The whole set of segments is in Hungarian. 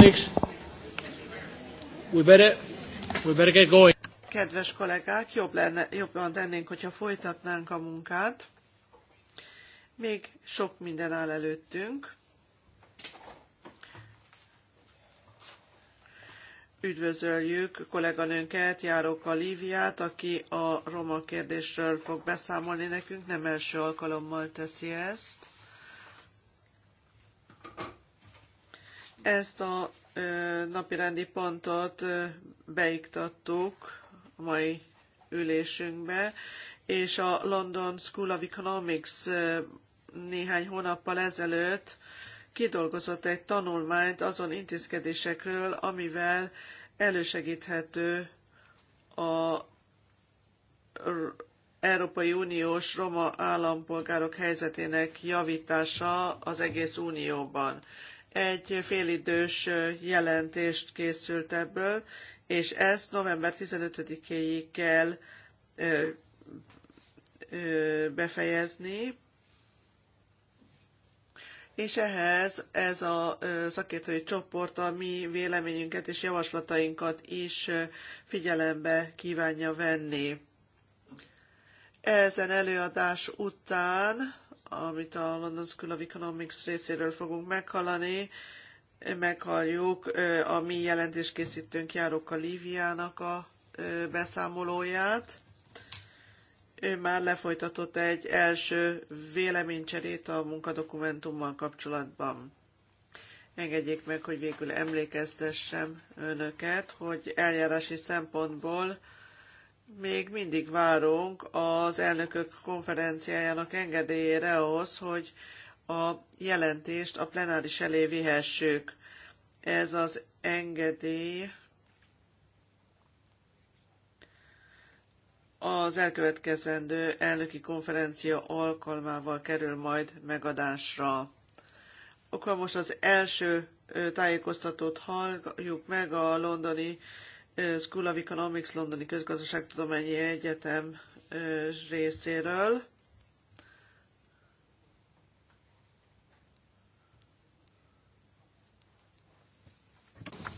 Colleagues, we better, we better get going. Kedves kollégák, jobb lenne, jobban tennénk, hogyha folytatnánk a munkát. Még sok minden áll előttünk. Üdvözöljük kolléganőnket, járók a Líviát, aki a roma kérdésről fog beszámolni nekünk, nem első alkalommal teszi ezt. Ezt a napirendi pontot beiktattuk a mai ülésünkbe, és a London School of Economics néhány hónappal ezelőtt kidolgozott egy tanulmányt azon intézkedésekről, amivel elősegíthető a Európai Uniós roma állampolgárok helyzetének javítása az egész Unióban. Egy félidős jelentést készült ebből, és ezt november 15-éig kell befejezni, és ehhez ez a szakértői csoport a mi véleményünket és javaslatainkat is figyelembe kívánja venni. Ezen előadás után amit a London School of Economics részéről fogunk meghallani. Meghalljuk a mi jelentéskészítőnk a Líviának a beszámolóját. Ő már lefolytatott egy első véleménycserét a munkadokumentummal kapcsolatban. Engedjék meg, hogy végül emlékeztessem önöket, hogy eljárási szempontból még mindig várunk az elnökök konferenciájának engedélyére ahhoz, hogy a jelentést a plenáris elé vihessük. Ez az engedély az elkövetkezendő elnöki konferencia alkalmával kerül majd megadásra. Akkor most az első tájékoztatót halljuk meg a londoni School of Economics Londoni Közgazdaságtudományi Egyetem részéről.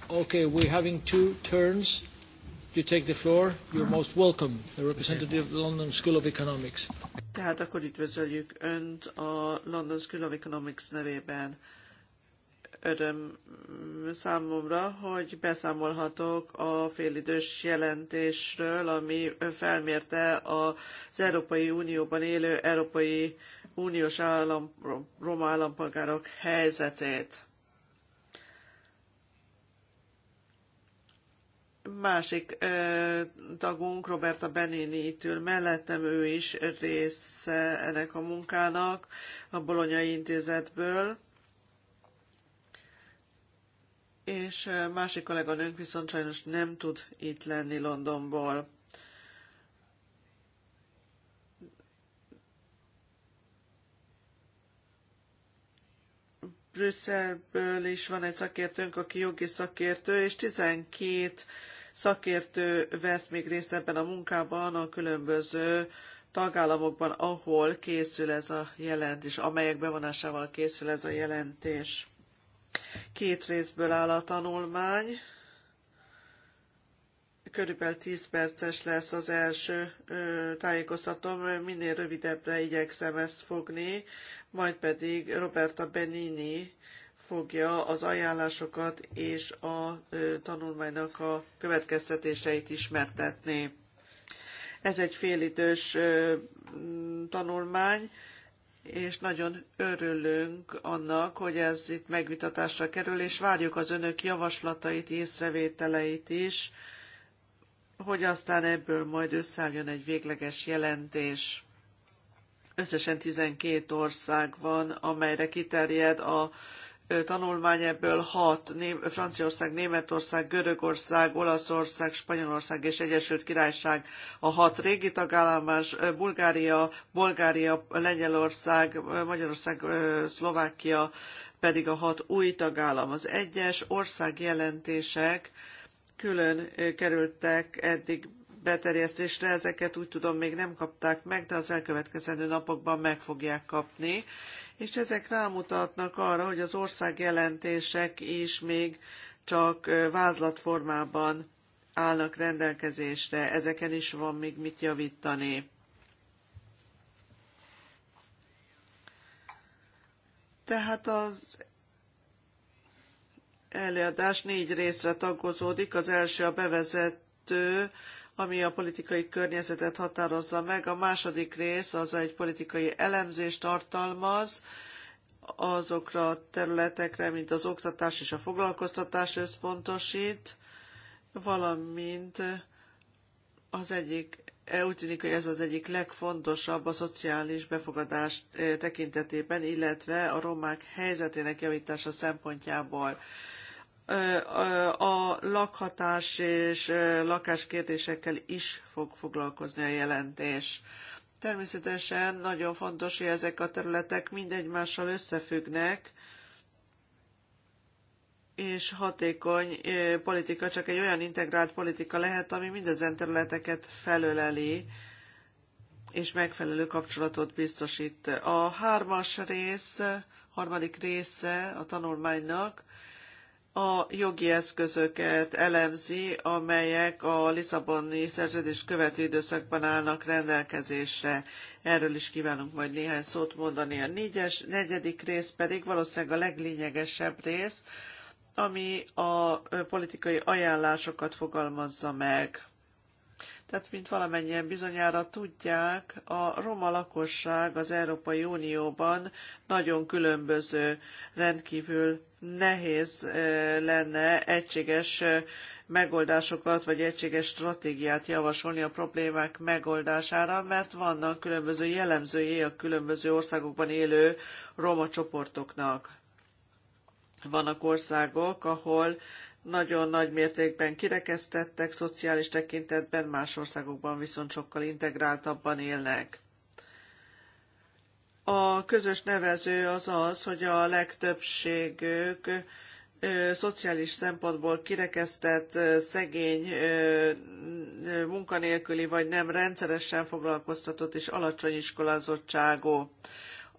Okay, we're having two turns. You take the floor. You're most welcome, the representative of the London School of Economics. Tehát akkor üdvözöljük Önt a London School of Economics nevében öröm számomra, hogy beszámolhatok a félidős jelentésről, ami felmérte az Európai Unióban élő Európai Uniós állam, roma állampolgárok helyzetét. másik ö, tagunk, Roberta Benini itt ül mellettem, ő is része ennek a munkának a Bolonyai Intézetből és másik kolléganőnk viszont sajnos nem tud itt lenni Londonból. Brüsszelből is van egy szakértőnk, aki jogi szakértő, és 12 szakértő vesz még részt ebben a munkában a különböző tagállamokban, ahol készül ez a jelentés, amelyek bevonásával készül ez a jelentés. Két részből áll a tanulmány. Körülbelül 10 perces lesz az első tájékoztatom, minél rövidebbre igyekszem ezt fogni, majd pedig Roberta Benini fogja az ajánlásokat és a tanulmánynak a következtetéseit ismertetni. Ez egy félidős tanulmány, és nagyon örülünk annak, hogy ez itt megvitatásra kerül, és várjuk az önök javaslatait, észrevételeit is, hogy aztán ebből majd összeálljon egy végleges jelentés. Összesen 12 ország van, amelyre kiterjed a tanulmány, ebből hat, Ném- Franciaország, Németország, Görögország, Olaszország, Spanyolország és Egyesült Királyság a hat régi tagállamás, Bulgária, Bulgária, Lengyelország, Magyarország, Szlovákia, pedig a hat új tagállam. Az egyes országjelentések külön kerültek eddig beterjesztésre, ezeket úgy tudom még nem kapták meg, de az elkövetkezendő napokban meg fogják kapni és ezek rámutatnak arra, hogy az országjelentések is még csak vázlatformában állnak rendelkezésre, ezeken is van még mit javítani. Tehát az előadás négy részre tagozódik. Az első a bevezető, ami a politikai környezetet határozza meg. A második rész az egy politikai elemzést tartalmaz, azokra a területekre, mint az oktatás és a foglalkoztatás összpontosít, valamint az egyik, e, úgy tűnik, hogy ez az egyik legfontosabb a szociális befogadás e, tekintetében, illetve a romák helyzetének javítása szempontjából a lakhatás és lakáskérdésekkel is fog foglalkozni a jelentés. Természetesen nagyon fontos, hogy ezek a területek mindegymással összefüggnek, és hatékony politika csak egy olyan integrált politika lehet, ami mindezen területeket felöleli, és megfelelő kapcsolatot biztosít. A hármas rész, harmadik része a tanulmánynak a jogi eszközöket elemzi, amelyek a Lisszaboni szerződés követő időszakban állnak rendelkezésre. Erről is kívánunk majd néhány szót mondani. A négyes, negyedik rész pedig valószínűleg a leglényegesebb rész, ami a politikai ajánlásokat fogalmazza meg. Tehát, mint valamennyien bizonyára tudják, a roma lakosság az Európai Unióban nagyon különböző, rendkívül nehéz eh, lenne egységes eh, megoldásokat vagy egységes stratégiát javasolni a problémák megoldására, mert vannak különböző jellemzői a különböző országokban élő roma csoportoknak. Vannak országok, ahol nagyon nagy mértékben kirekesztettek szociális tekintetben, más országokban viszont sokkal integráltabban élnek. A közös nevező az az, hogy a legtöbbségük szociális szempontból kirekesztett, szegény, munkanélküli vagy nem rendszeresen foglalkoztatott és alacsony iskolázottságú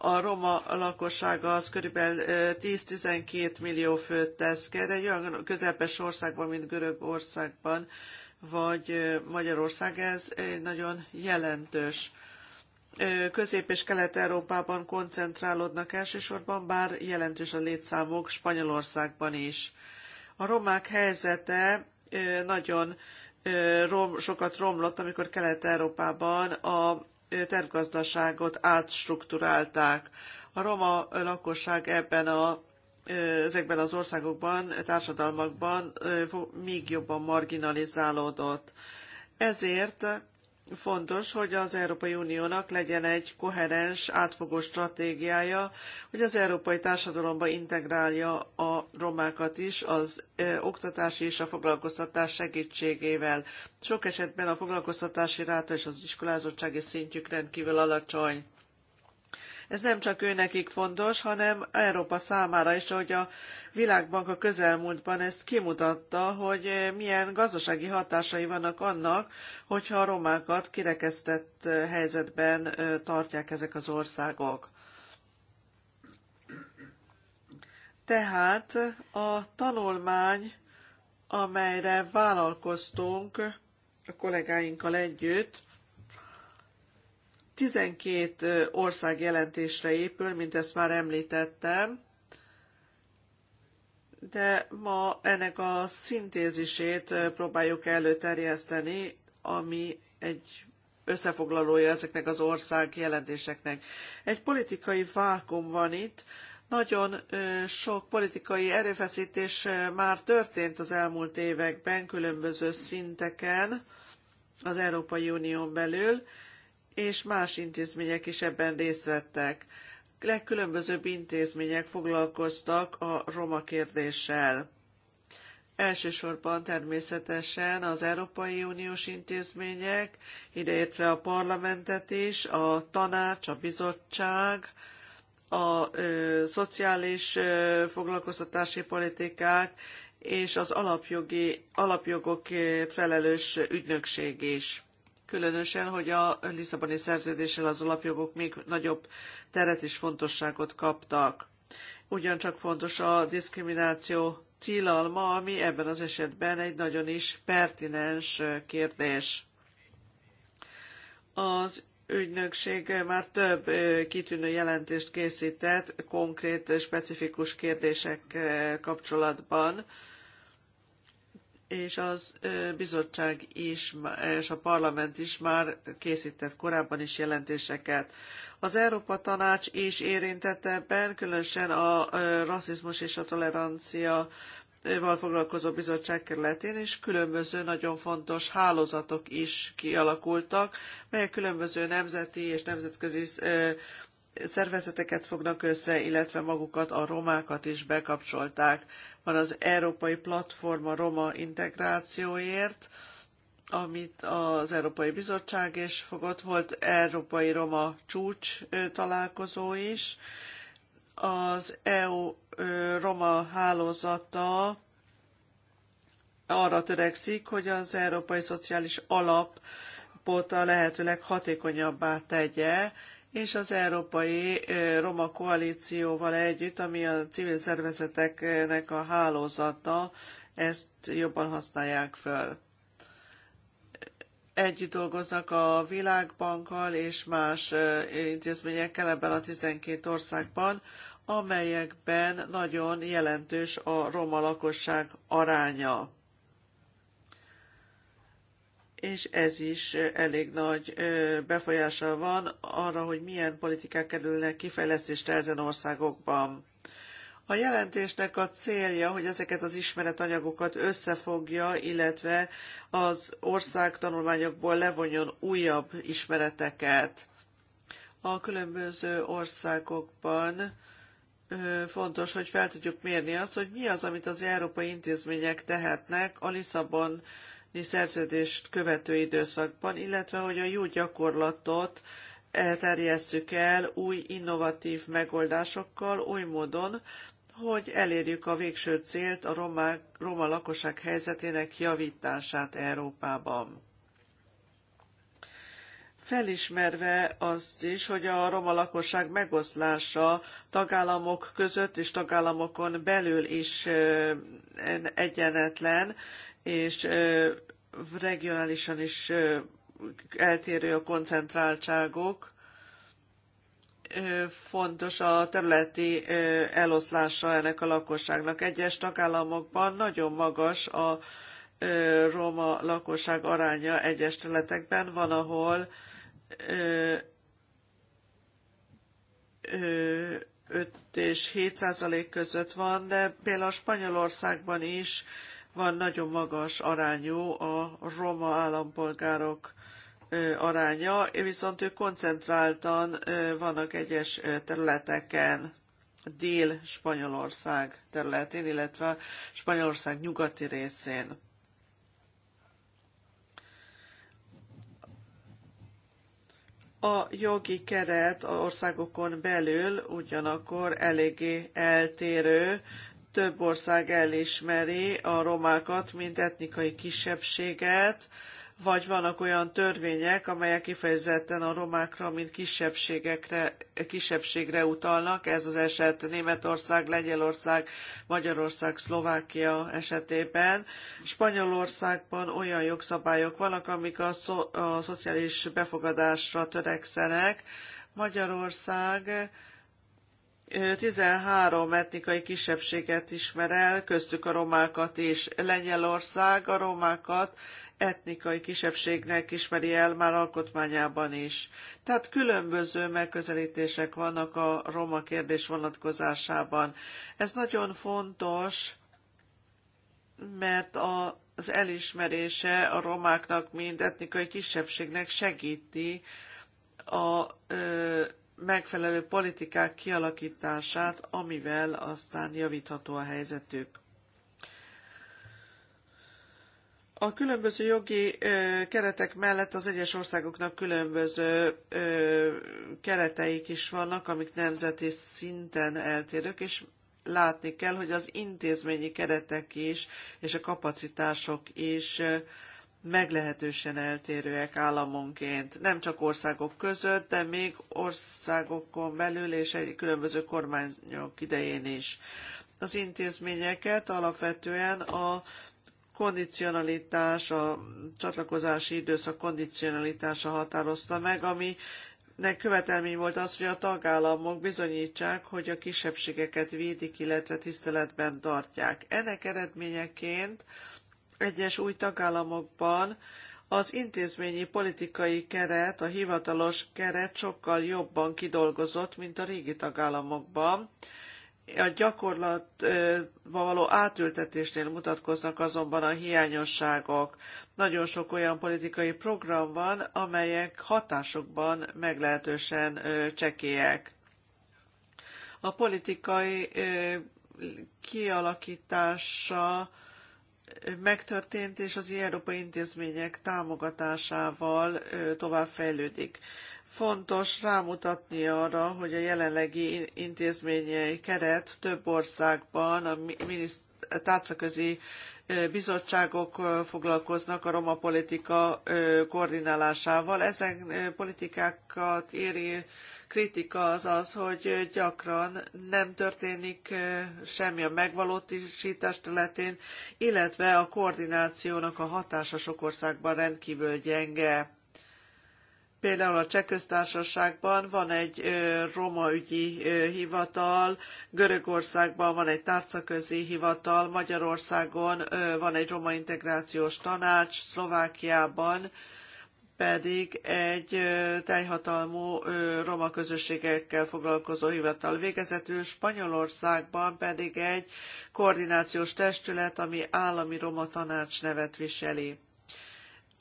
a roma lakossága az körülbelül 10-12 millió főt tesz ki, de egy olyan közepes országban, mint Görögországban vagy Magyarország, ez nagyon jelentős. Közép- és Kelet-Európában koncentrálódnak elsősorban, bár jelentős a létszámok Spanyolországban is. A romák helyzete nagyon sokat romlott, amikor Kelet-Európában a tervgazdaságot átstruktúrálták. A roma lakosság ebben a ezekben az országokban, társadalmakban még jobban marginalizálódott. Ezért fontos, hogy az Európai Uniónak legyen egy koherens, átfogó stratégiája, hogy az európai társadalomba integrálja a romákat is az oktatási és a foglalkoztatás segítségével. Sok esetben a foglalkoztatási ráta és az iskolázottsági szintjük rendkívül alacsony. Ez nem csak őnekik fontos, hanem Európa számára is, hogy a Világbank a közelmúltban ezt kimutatta, hogy milyen gazdasági hatásai vannak annak, hogyha a romákat kirekesztett helyzetben tartják ezek az országok. Tehát a tanulmány, amelyre vállalkoztunk a kollégáinkkal együtt, 12 ország jelentésre épül, mint ezt már említettem, de ma ennek a szintézisét próbáljuk előterjeszteni, ami egy összefoglalója ezeknek az ország jelentéseknek. Egy politikai vákum van itt, nagyon sok politikai erőfeszítés már történt az elmúlt években különböző szinteken az Európai Unión belül, és más intézmények is ebben részt vettek. Legkülönbözőbb intézmények foglalkoztak a roma kérdéssel. Elsősorban természetesen az Európai Uniós intézmények, ideértve a parlamentet is, a tanács, a bizottság, a ö, szociális ö, foglalkoztatási politikák és az alapjogi, alapjogokért felelős ügynökség is különösen, hogy a Lisszaboni szerződéssel az alapjogok még nagyobb teret és fontosságot kaptak. Ugyancsak fontos a diszkrimináció tilalma, ami ebben az esetben egy nagyon is pertinens kérdés. Az ügynökség már több kitűnő jelentést készített konkrét, specifikus kérdések kapcsolatban és az bizottság is, és a parlament is már készített korábban is jelentéseket. Az Európa Tanács is érintett ebben, különösen a rasszizmus és a tolerancia val foglalkozó bizottság kerületén, és különböző nagyon fontos hálózatok is kialakultak, melyek különböző nemzeti és nemzetközi szervezeteket fognak össze, illetve magukat, a romákat is bekapcsolták van az Európai Platforma Roma Integrációért, amit az Európai Bizottság is fogott, volt Európai Roma Csúcs találkozó is, az EU Roma hálózata arra törekszik, hogy az Európai Szociális Alap a lehetőleg hatékonyabbá tegye, és az Európai Roma Koalícióval együtt, ami a civil szervezeteknek a hálózata, ezt jobban használják föl. Együtt dolgoznak a Világbankkal és más intézményekkel ebben a 12 országban, amelyekben nagyon jelentős a roma lakosság aránya és ez is elég nagy befolyással van arra, hogy milyen politikák kerülnek kifejlesztésre ezen országokban. A jelentésnek a célja, hogy ezeket az ismeretanyagokat összefogja, illetve az ország tanulmányokból levonjon újabb ismereteket. A különböző országokban fontos, hogy fel tudjuk mérni azt, hogy mi az, amit az európai intézmények tehetnek a Lisszabon szerződést követő időszakban, illetve hogy a jó gyakorlatot terjesszük el új innovatív megoldásokkal oly módon, hogy elérjük a végső célt, a romák, roma lakosság helyzetének javítását Európában. Felismerve azt is, hogy a roma lakosság megoszlása tagállamok között és tagállamokon belül is egyenetlen, és regionálisan is eltérő a koncentráltságok. Fontos a területi eloszlása ennek a lakosságnak. Egyes tagállamokban nagyon magas a roma lakosság aránya egyes területekben. Van, ahol 5 és 7 százalék között van, de például Spanyolországban is van nagyon magas arányú a roma állampolgárok aránya, viszont ők koncentráltan vannak egyes területeken, Dél-Spanyolország területén, illetve Spanyolország nyugati részén. A jogi keret a országokon belül ugyanakkor eléggé eltérő, több ország elismeri a romákat, mint etnikai kisebbséget, vagy vannak olyan törvények, amelyek kifejezetten a romákra, mint kisebbségekre, kisebbségre utalnak. Ez az eset Németország, Lengyelország, Magyarország, Szlovákia esetében. Spanyolországban olyan jogszabályok vannak, amik a, szo- a szociális befogadásra törekszenek. Magyarország 13 etnikai kisebbséget ismer el, köztük a romákat is. Lengyelország a romákat etnikai kisebbségnek ismeri el már alkotmányában is. Tehát különböző megközelítések vannak a roma kérdés vonatkozásában. Ez nagyon fontos, mert a, az elismerése a romáknak, mint etnikai kisebbségnek segíti a ö, megfelelő politikák kialakítását, amivel aztán javítható a helyzetük. A különböző jogi keretek mellett az egyes országoknak különböző kereteik is vannak, amik nemzeti szinten eltérők, és látni kell, hogy az intézményi keretek is, és a kapacitások is meglehetősen eltérőek államonként, nem csak országok között, de még országokon belül és egy különböző kormányok idején is. Az intézményeket alapvetően a kondicionalitás, a csatlakozási időszak kondicionalitása határozta meg, ami nek követelmény volt az, hogy a tagállamok bizonyítsák, hogy a kisebbségeket védik, illetve tiszteletben tartják. Ennek eredményeként egyes új tagállamokban az intézményi politikai keret, a hivatalos keret sokkal jobban kidolgozott, mint a régi tagállamokban. A gyakorlatba való átültetésnél mutatkoznak azonban a hiányosságok. Nagyon sok olyan politikai program van, amelyek hatásokban meglehetősen csekélyek. A politikai kialakítása megtörtént, és az európai intézmények támogatásával továbbfejlődik. Fontos rámutatni arra, hogy a jelenlegi intézményei keret több országban a tárcaközi bizottságok foglalkoznak a roma politika koordinálásával. Ezen politikákat éri kritika az az, hogy gyakran nem történik semmi a megvalósítás területén, illetve a koordinációnak a hatása sok országban rendkívül gyenge. Például a Cseh köztársaságban van egy roma ügyi hivatal, Görögországban van egy tárcaközi hivatal, Magyarországon van egy roma integrációs tanács, Szlovákiában pedig egy teljhatalmú roma közösségekkel foglalkozó hivatal végezetül, Spanyolországban pedig egy koordinációs testület, ami állami roma tanács nevet viseli.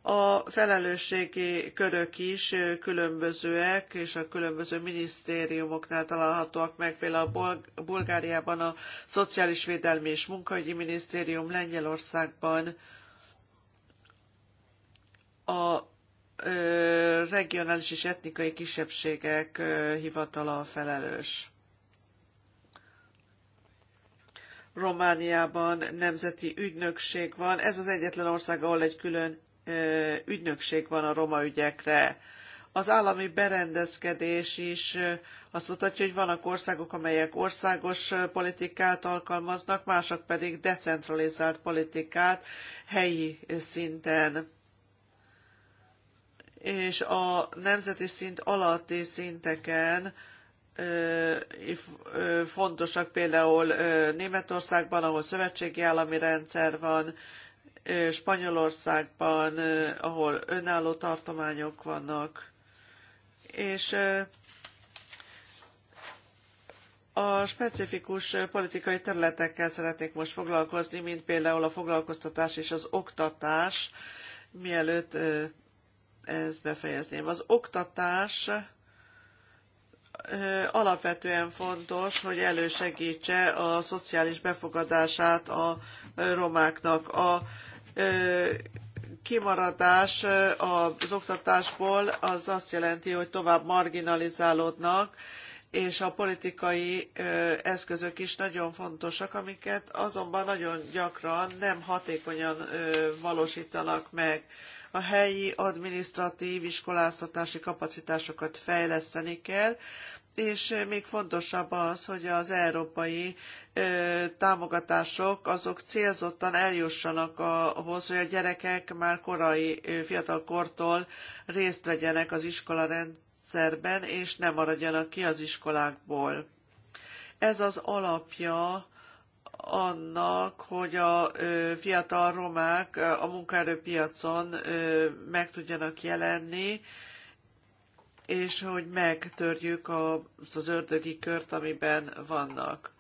A felelősségi körök is különbözőek, és a különböző minisztériumoknál találhatóak meg, például a Bulgáriában a Szociális Védelmi és Munkahogyi Minisztérium, Lengyelországban a regionális és etnikai kisebbségek hivatala felelős. Romániában nemzeti ügynökség van. Ez az egyetlen ország, ahol egy külön ügynökség van a roma ügyekre. Az állami berendezkedés is azt mutatja, hogy vannak országok, amelyek országos politikát alkalmaznak, mások pedig decentralizált politikát helyi szinten és a nemzeti szint alatti szinteken fontosak például Németországban, ahol szövetségi állami rendszer van, Spanyolországban, ahol önálló tartományok vannak. És a specifikus politikai területekkel szeretnék most foglalkozni, mint például a foglalkoztatás és az oktatás, mielőtt ezt befejezném. Az oktatás alapvetően fontos, hogy elősegítse a szociális befogadását a romáknak. A kimaradás az oktatásból az azt jelenti, hogy tovább marginalizálódnak, és a politikai eszközök is nagyon fontosak, amiket azonban nagyon gyakran nem hatékonyan valósítanak meg a helyi adminisztratív iskoláztatási kapacitásokat fejleszteni kell, és még fontosabb az, hogy az európai ö, támogatások azok célzottan eljussanak ahhoz, hogy a gyerekek már korai ö, fiatal kortól részt vegyenek az iskola rendszerben, és ne maradjanak ki az iskolákból. Ez az alapja annak, hogy a fiatal romák a munkaerőpiacon meg tudjanak jelenni, és hogy megtörjük azt az ördögi kört, amiben vannak.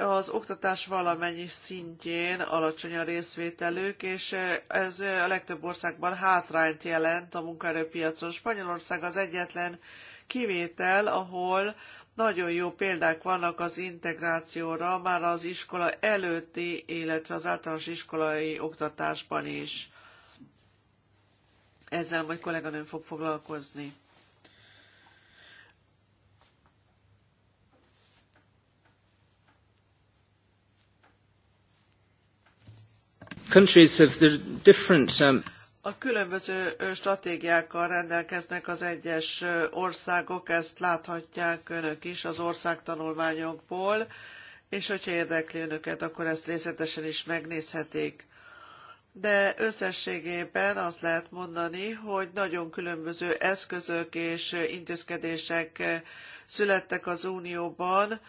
Az oktatás valamennyi szintjén alacsony a részvételük, és ez a legtöbb országban hátrányt jelent a munkaerőpiacon. Spanyolország az egyetlen kivétel, ahol nagyon jó példák vannak az integrációra már az iskola előtti, illetve az általános iskolai oktatásban is. Ezzel majd kolléganőm fog foglalkozni. countries have the different um a különböző stratégiákkal rendelkeznek az egyes országok, ezt láthatják önök is az országtanulmányokból, és hogyha érdekli önöket, akkor ezt részletesen is megnézhetik. De összességében azt lehet mondani, hogy nagyon különböző eszközök és intézkedések születtek az Unióban,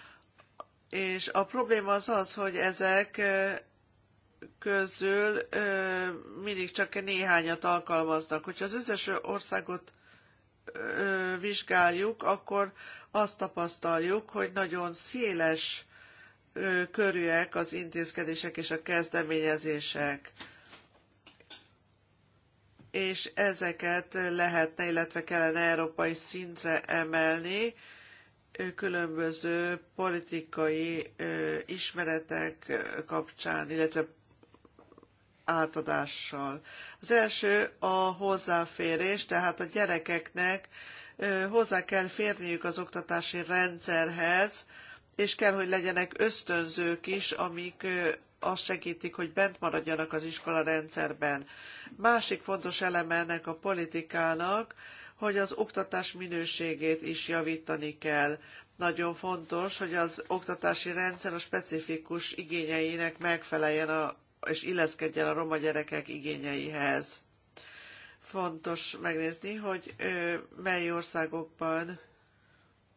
és a probléma az az, hogy ezek közül mindig csak néhányat alkalmaznak. Hogyha az összes országot vizsgáljuk, akkor azt tapasztaljuk, hogy nagyon széles körűek az intézkedések és a kezdeményezések. És ezeket lehetne, illetve kellene európai szintre emelni, különböző politikai ismeretek kapcsán, illetve átadással. Az első a hozzáférés, tehát a gyerekeknek hozzá kell férniük az oktatási rendszerhez, és kell, hogy legyenek ösztönzők is, amik azt segítik, hogy bent maradjanak az iskola rendszerben. Másik fontos eleme ennek a politikának, hogy az oktatás minőségét is javítani kell. Nagyon fontos, hogy az oktatási rendszer a specifikus igényeinek megfeleljen a és illeszkedjen a roma gyerekek igényeihez. Fontos megnézni, hogy mely országokban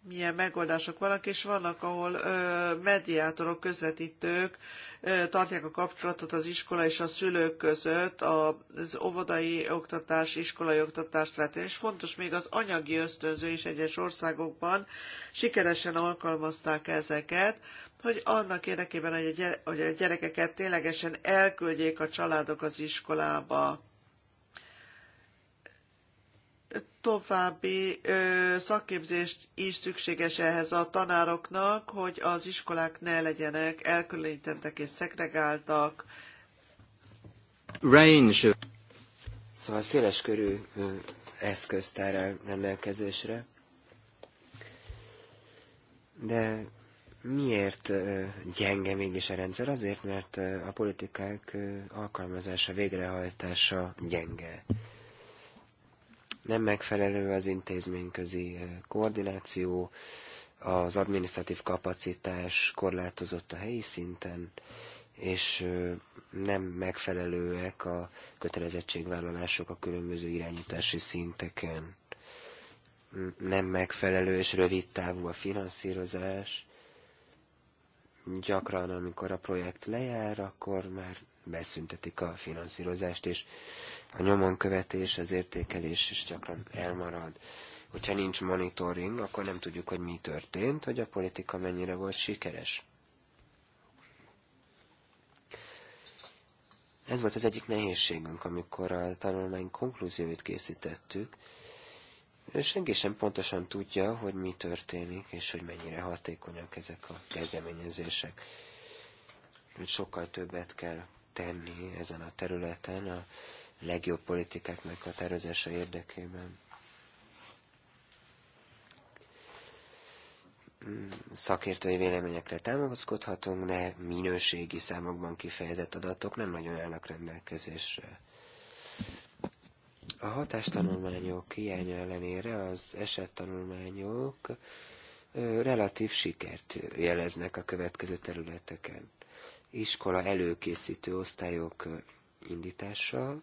milyen megoldások vannak, és vannak, ahol ö, mediátorok, közvetítők ö, tartják a kapcsolatot az iskola és a szülők között, az óvodai oktatás, iskolai oktatás területén, és fontos még az anyagi ösztönző is egyes országokban, sikeresen alkalmazták ezeket, hogy annak érdekében, hogy a, gyere, hogy a gyerekeket ténylegesen elküldjék a családok az iskolába. További ö, szakképzést is szükséges ehhez a tanároknak, hogy az iskolák ne legyenek elkülönítettek és szegregáltak. Range. Szóval körű eszköztár rendelkezésre. De Miért gyenge mégis a rendszer? Azért, mert a politikák alkalmazása, végrehajtása gyenge. Nem megfelelő az intézményközi koordináció, az adminisztratív kapacitás korlátozott a helyi szinten, és nem megfelelőek a kötelezettségvállalások a különböző irányítási szinteken. Nem megfelelő és rövid távú a finanszírozás, gyakran, amikor a projekt lejár, akkor már beszüntetik a finanszírozást, és a nyomon követés, az értékelés is gyakran elmarad. Hogyha nincs monitoring, akkor nem tudjuk, hogy mi történt, hogy a politika mennyire volt sikeres. Ez volt az egyik nehézségünk, amikor a tanulmány konklúzióit készítettük, senki sem pontosan tudja, hogy mi történik, és hogy mennyire hatékonyak ezek a kezdeményezések. Sokkal többet kell tenni ezen a területen a legjobb politikáknak a tervezése érdekében. Szakértői véleményekre támaszkodhatunk, de minőségi számokban kifejezett adatok nem nagyon állnak rendelkezésre a hatástanulmányok hiánya ellenére az esettanulmányok relatív sikert jeleznek a következő területeken. Iskola előkészítő osztályok indítása,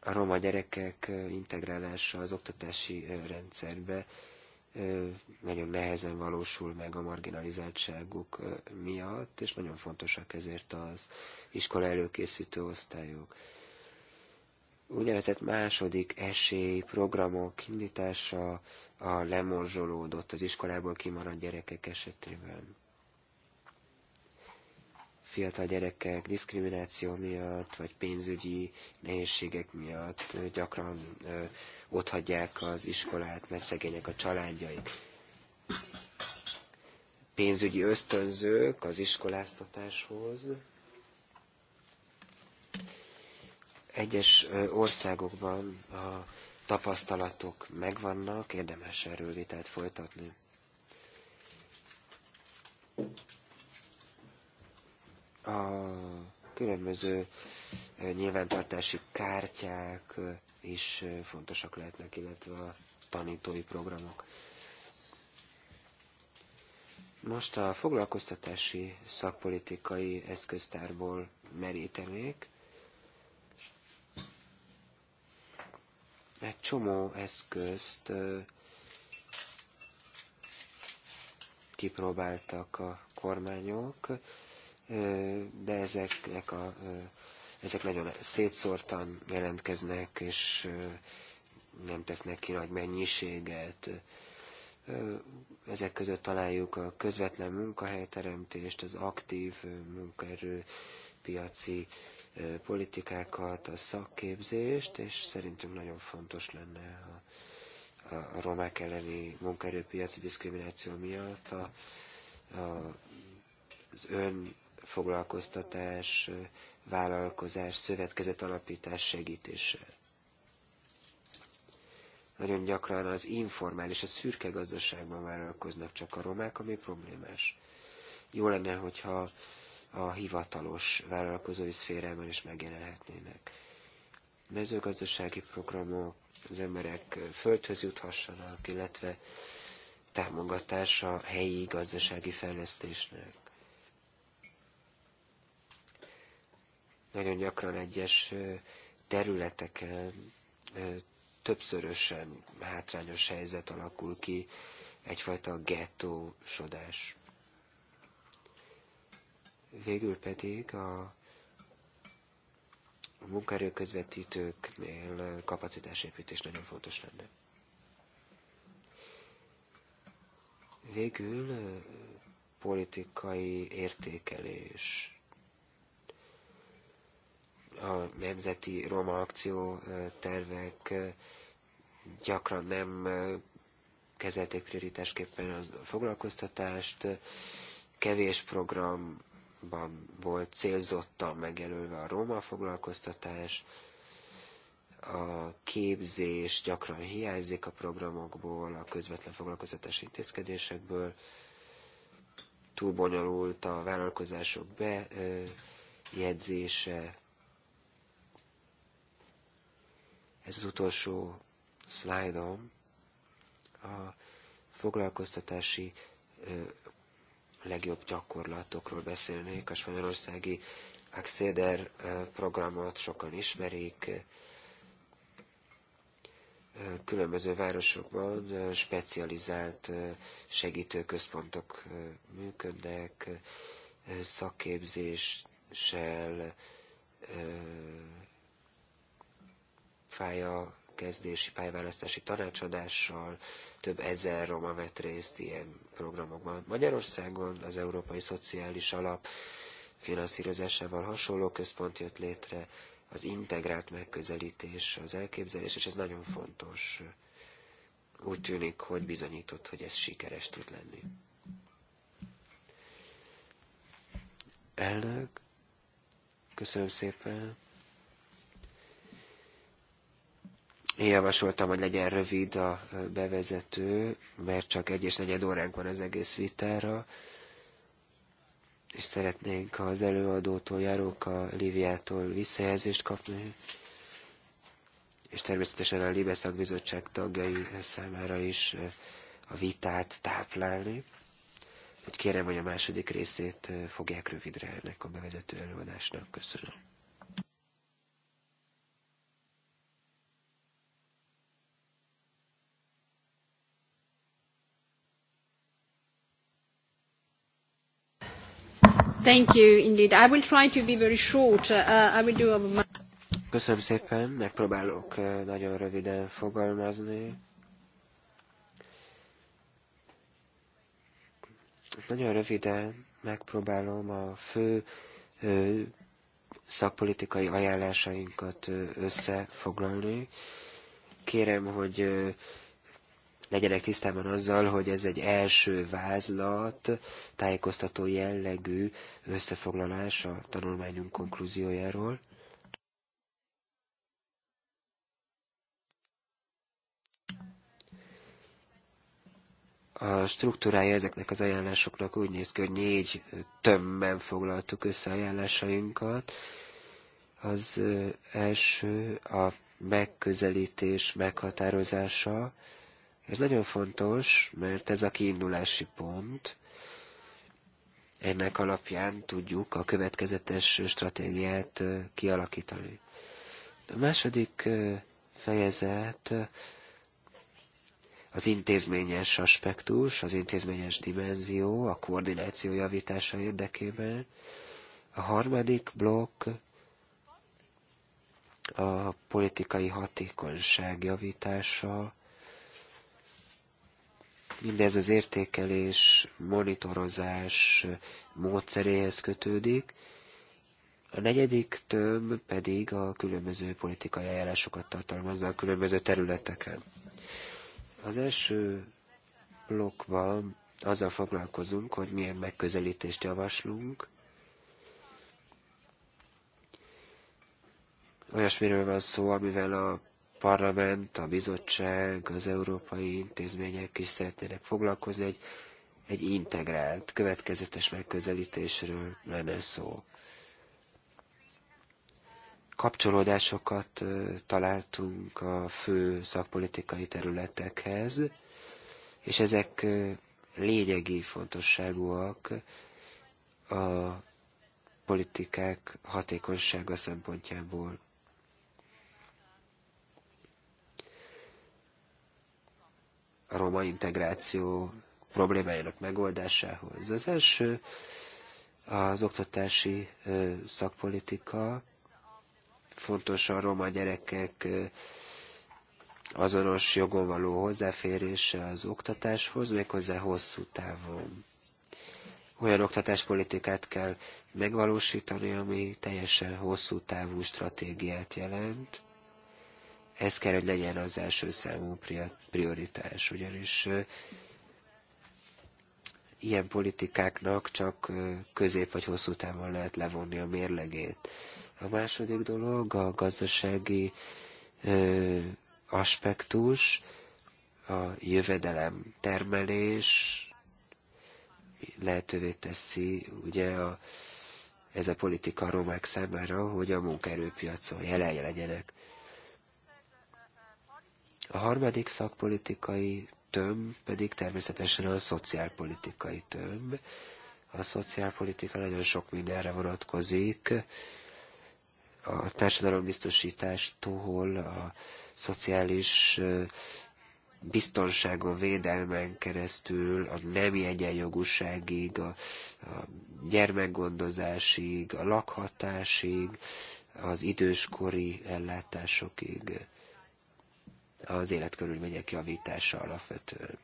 a roma gyerekek integrálása az oktatási rendszerbe, nagyon nehezen valósul meg a marginalizáltságuk miatt, és nagyon fontosak ezért az iskola előkészítő osztályok. Úgynevezett második esély programok indítása a lemorzsolódott, az iskolából kimaradt gyerekek esetében fiatal gyerekek diszkrimináció miatt, vagy pénzügyi nehézségek miatt gyakran otthagyják az iskolát, mert szegények a családjaik. Pénzügyi ösztönzők az iskoláztatáshoz. Egyes országokban a tapasztalatok megvannak, érdemes erről vitát folytatni. a különböző eh, nyilvántartási kártyák eh, is eh, fontosak lehetnek, illetve a tanítói programok. Most a foglalkoztatási szakpolitikai eszköztárból merítenék. Egy csomó eszközt kipróbáltak a kormányok, de ezeknek a, ezek nagyon szétszórtan jelentkeznek, és nem tesznek ki nagy mennyiséget. Ezek között találjuk a közvetlen munkahelyteremtést, az aktív munkaerő piaci politikákat, a szakképzést, és szerintünk nagyon fontos lenne a, a, a romák elleni munkaerőpiaci diszkrimináció miatt a, a, az ön foglalkoztatás, vállalkozás, szövetkezet alapítás segítése. Nagyon gyakran az informális, a szürke gazdaságban vállalkoznak csak a romák, ami problémás. Jó lenne, hogyha a hivatalos vállalkozói szférában is megjelenhetnének. Mezőgazdasági programok, az emberek földhöz juthassanak, illetve támogatása helyi gazdasági fejlesztésnek. nagyon gyakran egyes területeken többszörösen hátrányos helyzet alakul ki, egyfajta gettósodás. Végül pedig a munkaerőközvetítőknél kapacitásépítés nagyon fontos lenne. Végül politikai értékelés a nemzeti roma akció tervek gyakran nem kezelték prioritásképpen a foglalkoztatást, kevés programban volt célzottan megjelölve a roma foglalkoztatás, a képzés gyakran hiányzik a programokból, a közvetlen foglalkoztatási intézkedésekből, túl bonyolult a vállalkozások bejegyzése, Ez az utolsó szlájdom. A foglalkoztatási legjobb gyakorlatokról beszélnék. A spanyolországi Axéder programot sokan ismerik. Különböző városokban specializált segítőközpontok működnek, szakképzéssel, pálya kezdési pályaválasztási tanácsadással több ezer roma vett részt ilyen programokban. Magyarországon az Európai Szociális Alap finanszírozásával hasonló központ jött létre, az integrált megközelítés, az elképzelés, és ez nagyon fontos. Úgy tűnik, hogy bizonyított, hogy ez sikeres tud lenni. Elnök, köszönöm szépen. Én javasoltam, hogy legyen rövid a bevezető, mert csak egy és negyed óránk van az egész vitára, és szeretnénk az előadótól, Járóka Liviától visszajelzést kapni, és természetesen a Libeszak Bizottság tagjai számára is a vitát táplálni. Úgy kérem, hogy a második részét fogják rövidre ennek a bevezető előadásnak. Köszönöm. Thank you indeed. I will try to be very short. Uh, I will do a... Köszönöm szépen, megpróbálok uh, nagyon röviden fogalmazni. Nagyon röviden megpróbálom a fő szakpolitikai ajánlásainkat összefoglalni. Kérem, hogy legyenek tisztában azzal, hogy ez egy első vázlat, tájékoztató jellegű összefoglalás a tanulmányunk konklúziójáról. a struktúrája ezeknek az ajánlásoknak úgy néz ki, hogy négy tömbben foglaltuk össze ajánlásainkat. Az első a megközelítés meghatározása, ez nagyon fontos, mert ez a kiindulási pont. Ennek alapján tudjuk a következetes stratégiát kialakítani. A második fejezet az intézményes aspektus, az intézményes dimenzió, a koordináció javítása érdekében. A harmadik blokk a politikai hatékonyság javítása, Mindez az értékelés, monitorozás módszeréhez kötődik, a negyedik töm pedig a különböző politikai eljárásokat tartalmazza a különböző területeken. Az első blokkban azzal foglalkozunk, hogy milyen megközelítést javaslunk. Olyasmiről van szó, amivel a parlament, a bizottság, az európai intézmények is szeretnének foglalkozni, egy, egy integrált, következetes megközelítésről lenne szó. Kapcsolódásokat találtunk a fő szakpolitikai területekhez, és ezek lényegi fontosságúak a politikák hatékonysága szempontjából. a roma integráció problémájának megoldásához. Az első az oktatási szakpolitika, fontos a roma gyerekek azonos jogon való hozzáférése az oktatáshoz, méghozzá hosszú távon. Olyan oktatáspolitikát kell megvalósítani, ami teljesen hosszú távú stratégiát jelent, ez kell, hogy legyen az első számú prioritás, ugyanis ilyen politikáknak csak közép vagy hosszú távon lehet levonni a mérlegét. A második dolog a gazdasági aspektus, a jövedelem termelés lehetővé teszi ugye a, ez a politika a romák számára, hogy a munkaerőpiacon jelen legyenek. A harmadik szakpolitikai tömb pedig természetesen a szociálpolitikai tömb. A szociálpolitika nagyon sok mindenre vonatkozik, a társadalombiztosítástól a szociális biztonságon, védelmen keresztül, a nemi egyenjogúságig, a, a gyermekgondozásig, a lakhatásig, az időskori ellátásokig az életkörülmények javítása alapvetően.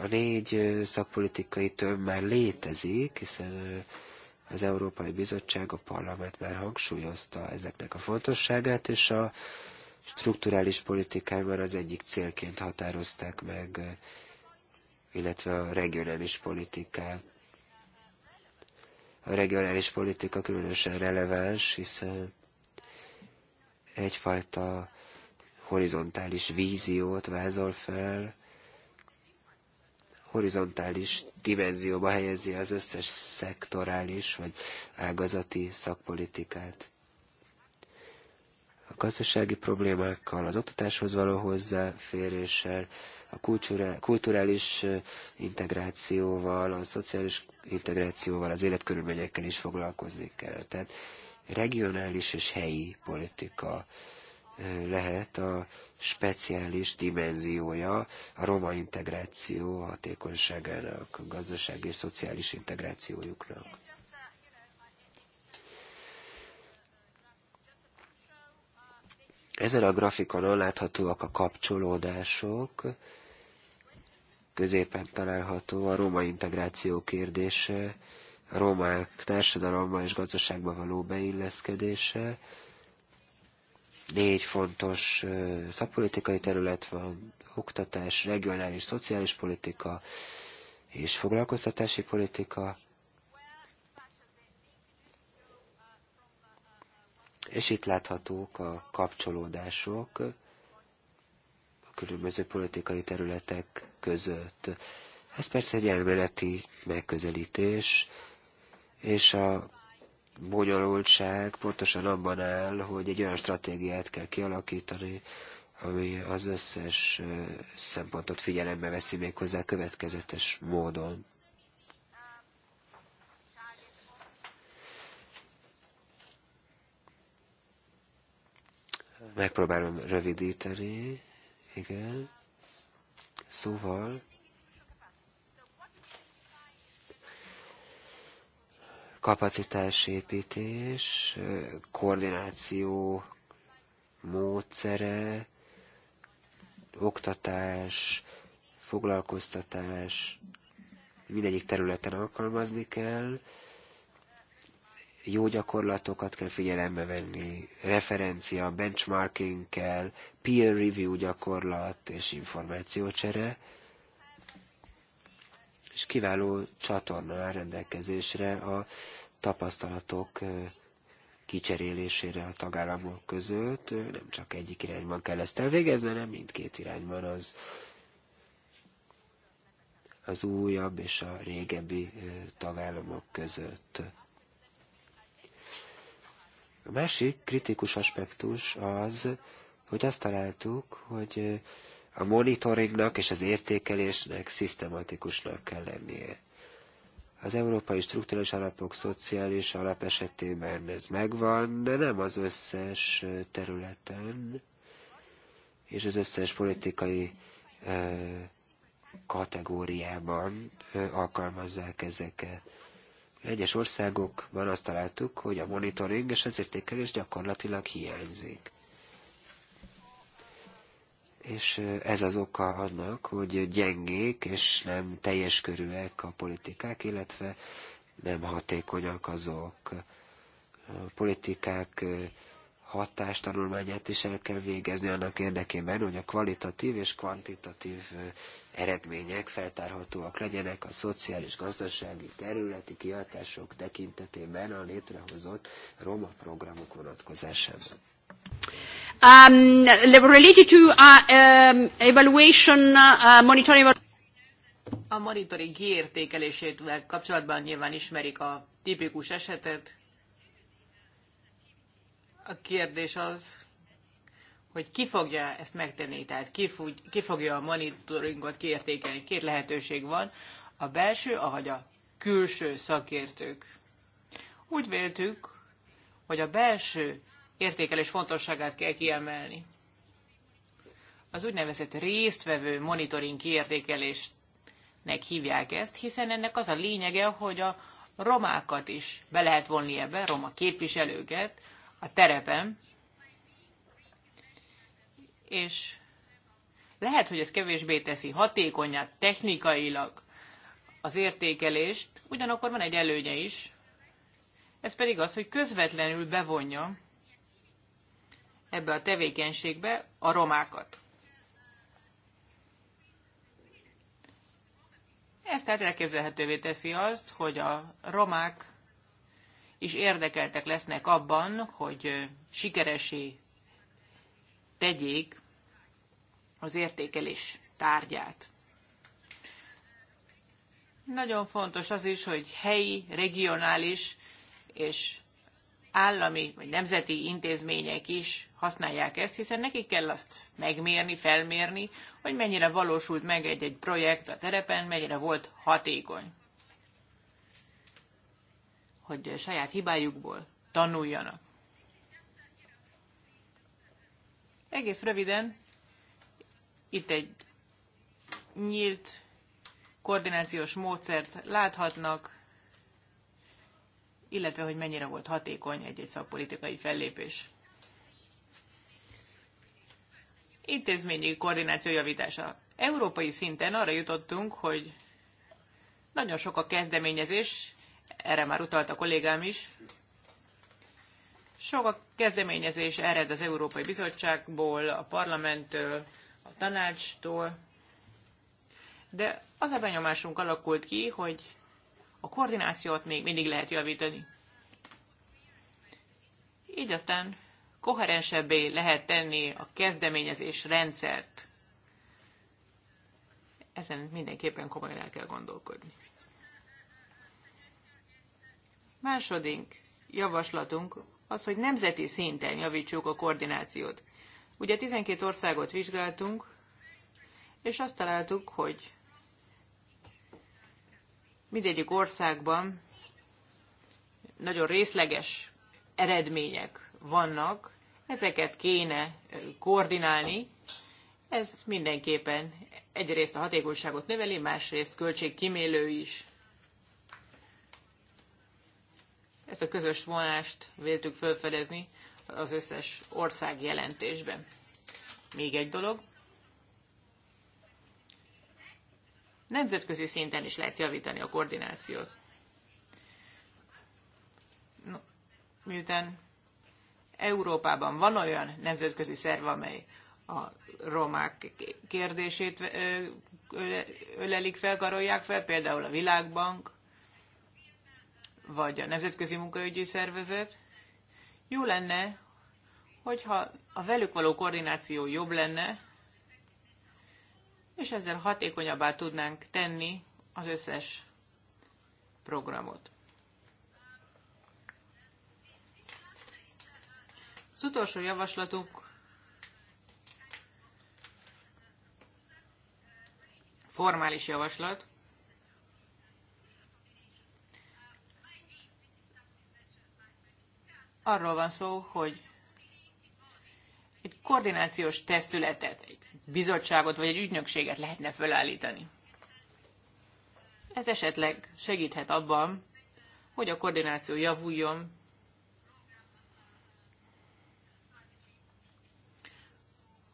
A négy szakpolitikai töm már létezik, hiszen az Európai Bizottság, a parlament már hangsúlyozta ezeknek a fontosságát, és a strukturális politikákban az egyik célként határozták meg, illetve a regionális politikát a regionális politika különösen releváns, hiszen egyfajta horizontális víziót vázol fel, horizontális dimenzióba helyezi az összes szektorális vagy ágazati szakpolitikát gazdasági problémákkal, az oktatáshoz való hozzáféréssel, a kulturális integrációval, a szociális integrációval, az életkörülményekkel is foglalkozni kell. Tehát regionális és helyi politika lehet a speciális dimenziója a roma integráció hatékonyságának, a gazdasági és szociális integrációjuknak. Ezen a grafikonon láthatóak a kapcsolódások, középen található a roma integráció kérdése, a romák társadalomban és gazdaságban való beilleszkedése. Négy fontos szakpolitikai terület van, oktatás, regionális, szociális politika és foglalkoztatási politika. És itt láthatók a kapcsolódások a különböző politikai területek között. Ez persze egy elméleti megközelítés, és a bonyolultság pontosan abban áll, hogy egy olyan stratégiát kell kialakítani, ami az összes szempontot figyelembe veszi még hozzá következetes módon. Megpróbálom rövidíteni. Igen. Szóval... kapacitásépítés, koordináció módszere, oktatás, foglalkoztatás, mindegyik területen alkalmazni kell, jó gyakorlatokat kell figyelembe venni, referencia, benchmarking kell, peer review gyakorlat és információcsere, és kiváló csatorna áll rendelkezésre a tapasztalatok kicserélésére a tagállamok között. Nem csak egyik irányban kell ezt elvégezni, hanem mindkét irányban az az újabb és a régebbi tagállamok között. A másik kritikus aspektus az, hogy azt találtuk, hogy eh, a monitoringnak és az értékelésnek szisztematikusnak kell lennie. Az európai struktúrális alapok szociális alap esetében ez megvan, de nem az összes eh, területen és az összes politikai eh, kategóriában alkalmazzák ezeket. Egyes országokban azt találtuk, hogy a monitoring és az értékelés gyakorlatilag hiányzik. És ez az oka annak, hogy gyengék és nem teljes körűek a politikák, illetve nem hatékonyak azok. A politikák hatástanulmányát is el kell végezni annak érdekében, hogy a kvalitatív és kvantitatív eredmények feltárhatóak legyenek a szociális, gazdasági, területi kihatások tekintetében a létrehozott roma programok vonatkozásában. Um, related to uh, um, evaluation, uh, monitoring... A monitoring kiértékelésével kapcsolatban nyilván ismerik a tipikus esetet, a kérdés az, hogy ki fogja ezt megtenni, tehát ki, fog, ki fogja a monitoringot kiértékelni. Két lehetőség van, a belső, ahogy a külső szakértők. Úgy véltük, hogy a belső értékelés fontosságát kell kiemelni. Az úgynevezett résztvevő monitoring kiértékelésnek hívják ezt, hiszen ennek az a lényege, hogy a romákat is be lehet vonni ebbe, roma képviselőket, a terepen, és lehet, hogy ez kevésbé teszi hatékonyá technikailag az értékelést, ugyanakkor van egy előnye is, ez pedig az, hogy közvetlenül bevonja ebbe a tevékenységbe a romákat. Ez tehát elképzelhetővé teszi azt, hogy a romák is érdekeltek lesznek abban, hogy sikeresé tegyék az értékelés tárgyát. Nagyon fontos az is, hogy helyi, regionális és állami vagy nemzeti intézmények is használják ezt, hiszen nekik kell azt megmérni, felmérni, hogy mennyire valósult meg egy-egy projekt a terepen, mennyire volt hatékony hogy saját hibájukból tanuljanak. Egész röviden, itt egy nyílt koordinációs módszert láthatnak, illetve hogy mennyire volt hatékony egy-egy szakpolitikai fellépés. Intézményi koordináció javítása. Európai szinten arra jutottunk, hogy nagyon sok a kezdeményezés, erre már utalt a kollégám is. Sok a kezdeményezés ered az Európai Bizottságból, a parlamenttől, a tanácstól, de az a benyomásunk alakult ki, hogy a koordinációt még mindig lehet javítani. Így aztán koherensebbé lehet tenni a kezdeményezés rendszert. Ezen mindenképpen komolyan el kell gondolkodni. Második javaslatunk az, hogy nemzeti szinten javítsuk a koordinációt. Ugye 12 országot vizsgáltunk, és azt találtuk, hogy mindegyik országban nagyon részleges eredmények vannak, ezeket kéne koordinálni, ez mindenképpen egyrészt a hatékonyságot növeli, másrészt költségkímélő is. Ezt a közös vonást véltük felfedezni az összes ország jelentésben. Még egy dolog. Nemzetközi szinten is lehet javítani a koordinációt. No, miután Európában van olyan nemzetközi szerv, amely a romák kérdését ölelik fel, karolják fel, például a Világbank, vagy a Nemzetközi Munkaügyi Szervezet. Jó lenne, hogyha a velük való koordináció jobb lenne, és ezzel hatékonyabbá tudnánk tenni az összes programot. Az utolsó javaslatunk formális javaslat. Arról van szó, hogy egy koordinációs testületet, egy bizottságot vagy egy ügynökséget lehetne felállítani. Ez esetleg segíthet abban, hogy a koordináció javuljon,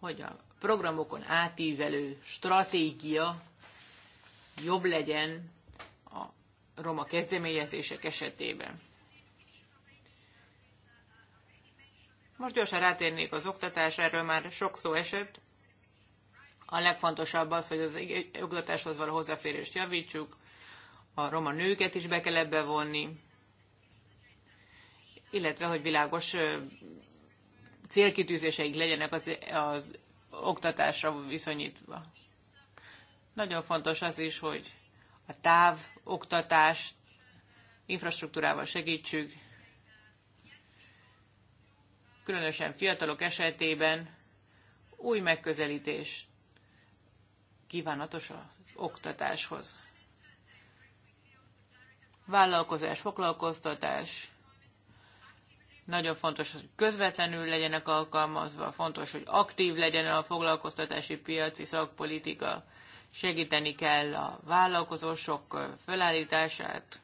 hogy a programokon átívelő stratégia jobb legyen a roma kezdeményezések esetében. Most gyorsan rátérnék az oktatásra, erről már sok szó esett. A legfontosabb az, hogy az oktatáshoz való hozzáférést javítsuk, a roma nőket is be kell ebbe vonni, illetve hogy világos célkitűzéseik legyenek az, az oktatásra viszonyítva. Nagyon fontos az is, hogy a távoktatást infrastruktúrával segítsük, különösen fiatalok esetében új megközelítés kívánatos az oktatáshoz. Vállalkozás, foglalkoztatás, nagyon fontos, hogy közvetlenül legyenek alkalmazva, fontos, hogy aktív legyen a foglalkoztatási piaci szakpolitika, segíteni kell a vállalkozósok felállítását,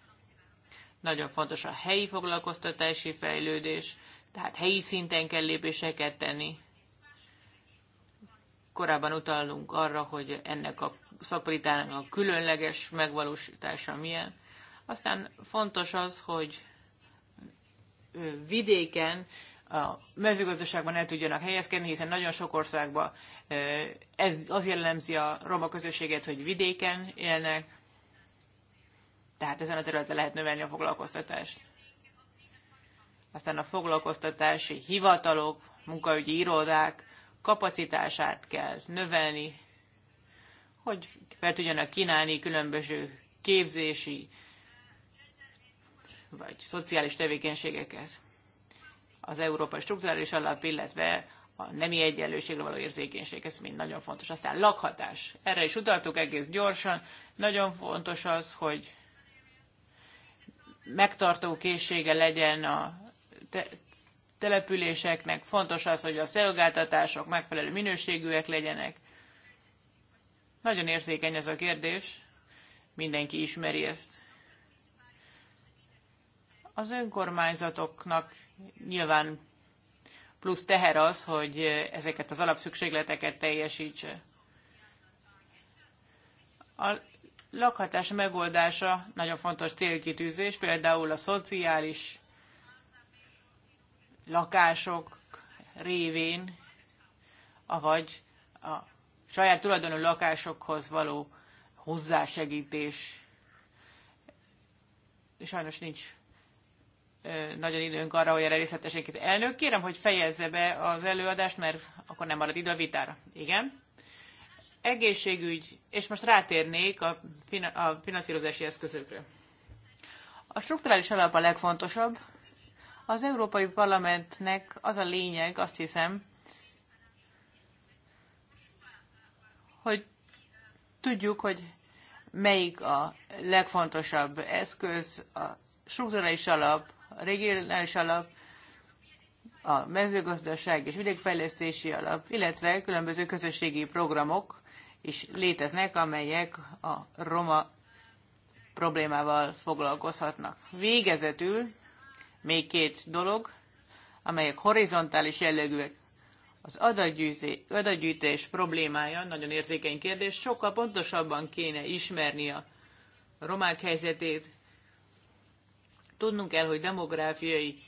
nagyon fontos a helyi foglalkoztatási fejlődés, tehát helyi szinten kell lépéseket tenni. Korábban utalunk arra, hogy ennek a szakpolitának a különleges megvalósítása milyen. Aztán fontos az, hogy vidéken a mezőgazdaságban el tudjanak helyezkedni, hiszen nagyon sok országban ez az jellemzi a roma közösséget, hogy vidéken élnek, tehát ezen a területen lehet növelni a foglalkoztatást aztán a foglalkoztatási hivatalok, munkaügyi irodák kapacitását kell növelni, hogy fel tudjanak kínálni különböző képzési vagy szociális tevékenységeket. Az Európai Strukturális Alap, illetve a nemi egyenlőségre való érzékenység, ez mind nagyon fontos. Aztán lakhatás. Erre is utaltuk egész gyorsan. Nagyon fontos az, hogy megtartó készsége legyen a te- településeknek. Fontos az, hogy a szolgáltatások megfelelő minőségűek legyenek. Nagyon érzékeny ez a kérdés, mindenki ismeri ezt. Az önkormányzatoknak nyilván plusz teher az, hogy ezeket az alapszükségleteket teljesítse. A lakhatás megoldása nagyon fontos célkitűzés, például a szociális lakások révén, avagy a saját tulajdonú lakásokhoz való hozzásegítés. És sajnos nincs nagyon időnk arra, hogy erre részletesénk. Elnök, kérem, hogy fejezze be az előadást, mert akkor nem marad idő a vitára. Igen? Egészségügy, és most rátérnék a, fina, a finanszírozási eszközökre. A strukturális alap a legfontosabb, az Európai Parlamentnek az a lényeg, azt hiszem, hogy tudjuk, hogy melyik a legfontosabb eszköz, a strukturális alap, a regionális alap, a mezőgazdaság és vidékfejlesztési alap, illetve különböző közösségi programok is léteznek, amelyek a roma problémával foglalkozhatnak. Végezetül még két dolog, amelyek horizontális jellegűek. Az adatgyűjtés problémája nagyon érzékeny kérdés, sokkal pontosabban kéne ismerni a romák helyzetét. Tudnunk kell, hogy demográfiai,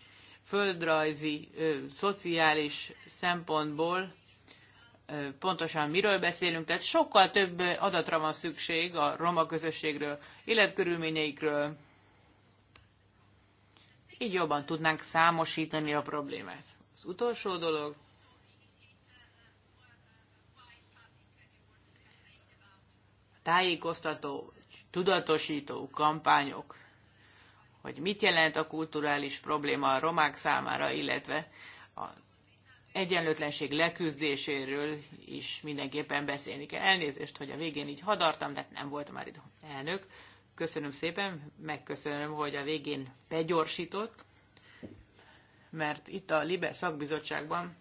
földrajzi, ö, szociális szempontból ö, pontosan miről beszélünk, tehát sokkal több adatra van szükség a roma közösségről, életkörülményeikről, így jobban tudnánk számosítani a problémát. Az utolsó dolog, tájékoztató, tudatosító kampányok, hogy mit jelent a kulturális probléma a romák számára, illetve a egyenlőtlenség leküzdéséről is mindenképpen beszélni kell. Elnézést, hogy a végén így hadartam, de nem voltam már itt elnök. Köszönöm szépen, megköszönöm, hogy a végén begyorsított, mert itt a Libe szakbizottságban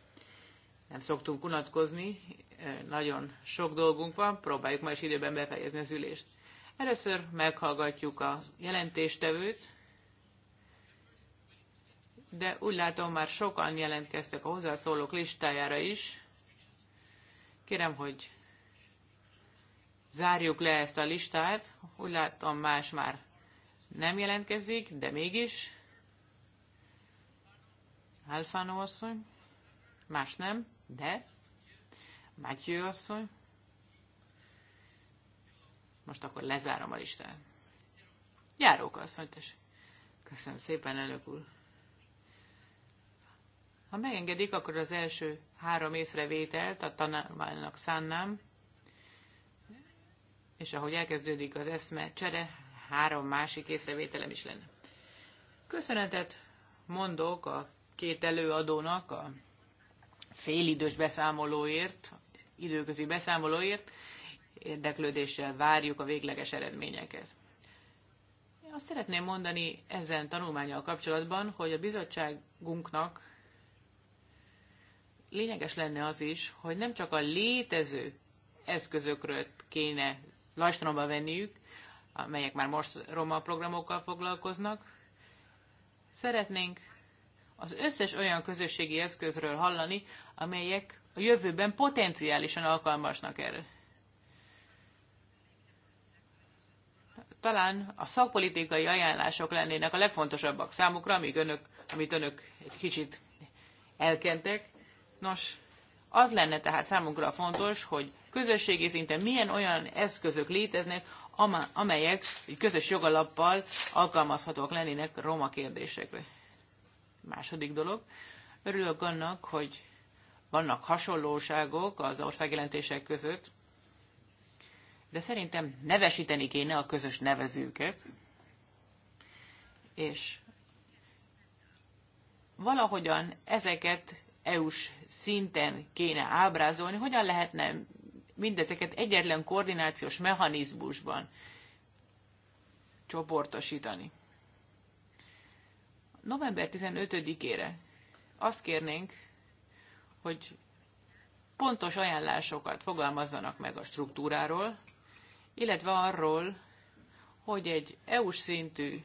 nem szoktunk unatkozni, eh, nagyon sok dolgunk van, próbáljuk ma is időben befejezni az ülést. Először meghallgatjuk a jelentéstevőt, de úgy látom már sokan jelentkeztek a hozzászólók listájára is. Kérem, hogy Zárjuk le ezt a listát. Úgy láttam, más már nem jelentkezik, de mégis. Alfano asszony. Más nem, de. Matthew asszony. Most akkor lezárom a listát. Járók asszony, tessék. Köszönöm szépen, elnök úr. Ha megengedik, akkor az első három észrevételt a tanulmánynak szánnám és ahogy elkezdődik az eszme csere, három másik észrevételem is lenne. Köszönetet mondok a két előadónak a félidős beszámolóért, időközi beszámolóért, érdeklődéssel várjuk a végleges eredményeket. Én azt szeretném mondani ezen tanulmányal kapcsolatban, hogy a bizottságunknak lényeges lenne az is, hogy nem csak a létező eszközökről kéne lajstromba venniük, amelyek már most roma programokkal foglalkoznak. Szeretnénk az összes olyan közösségi eszközről hallani, amelyek a jövőben potenciálisan alkalmasnak erre. Talán a szakpolitikai ajánlások lennének a legfontosabbak számukra, amíg önök, amit önök egy kicsit elkentek. Nos, az lenne tehát számunkra fontos, hogy közösségi szinten milyen olyan eszközök léteznek, amelyek közös jogalappal alkalmazhatóak lennének roma kérdésekre. Második dolog, örülök annak, hogy vannak hasonlóságok az országjelentések között, de szerintem nevesíteni kéne a közös nevezőket, és valahogyan ezeket EU-s szinten kéne ábrázolni, hogyan lehetne mindezeket egyetlen koordinációs mechanizmusban csoportosítani. November 15-ére azt kérnénk, hogy pontos ajánlásokat fogalmazzanak meg a struktúráról, illetve arról, hogy egy EU-s szintű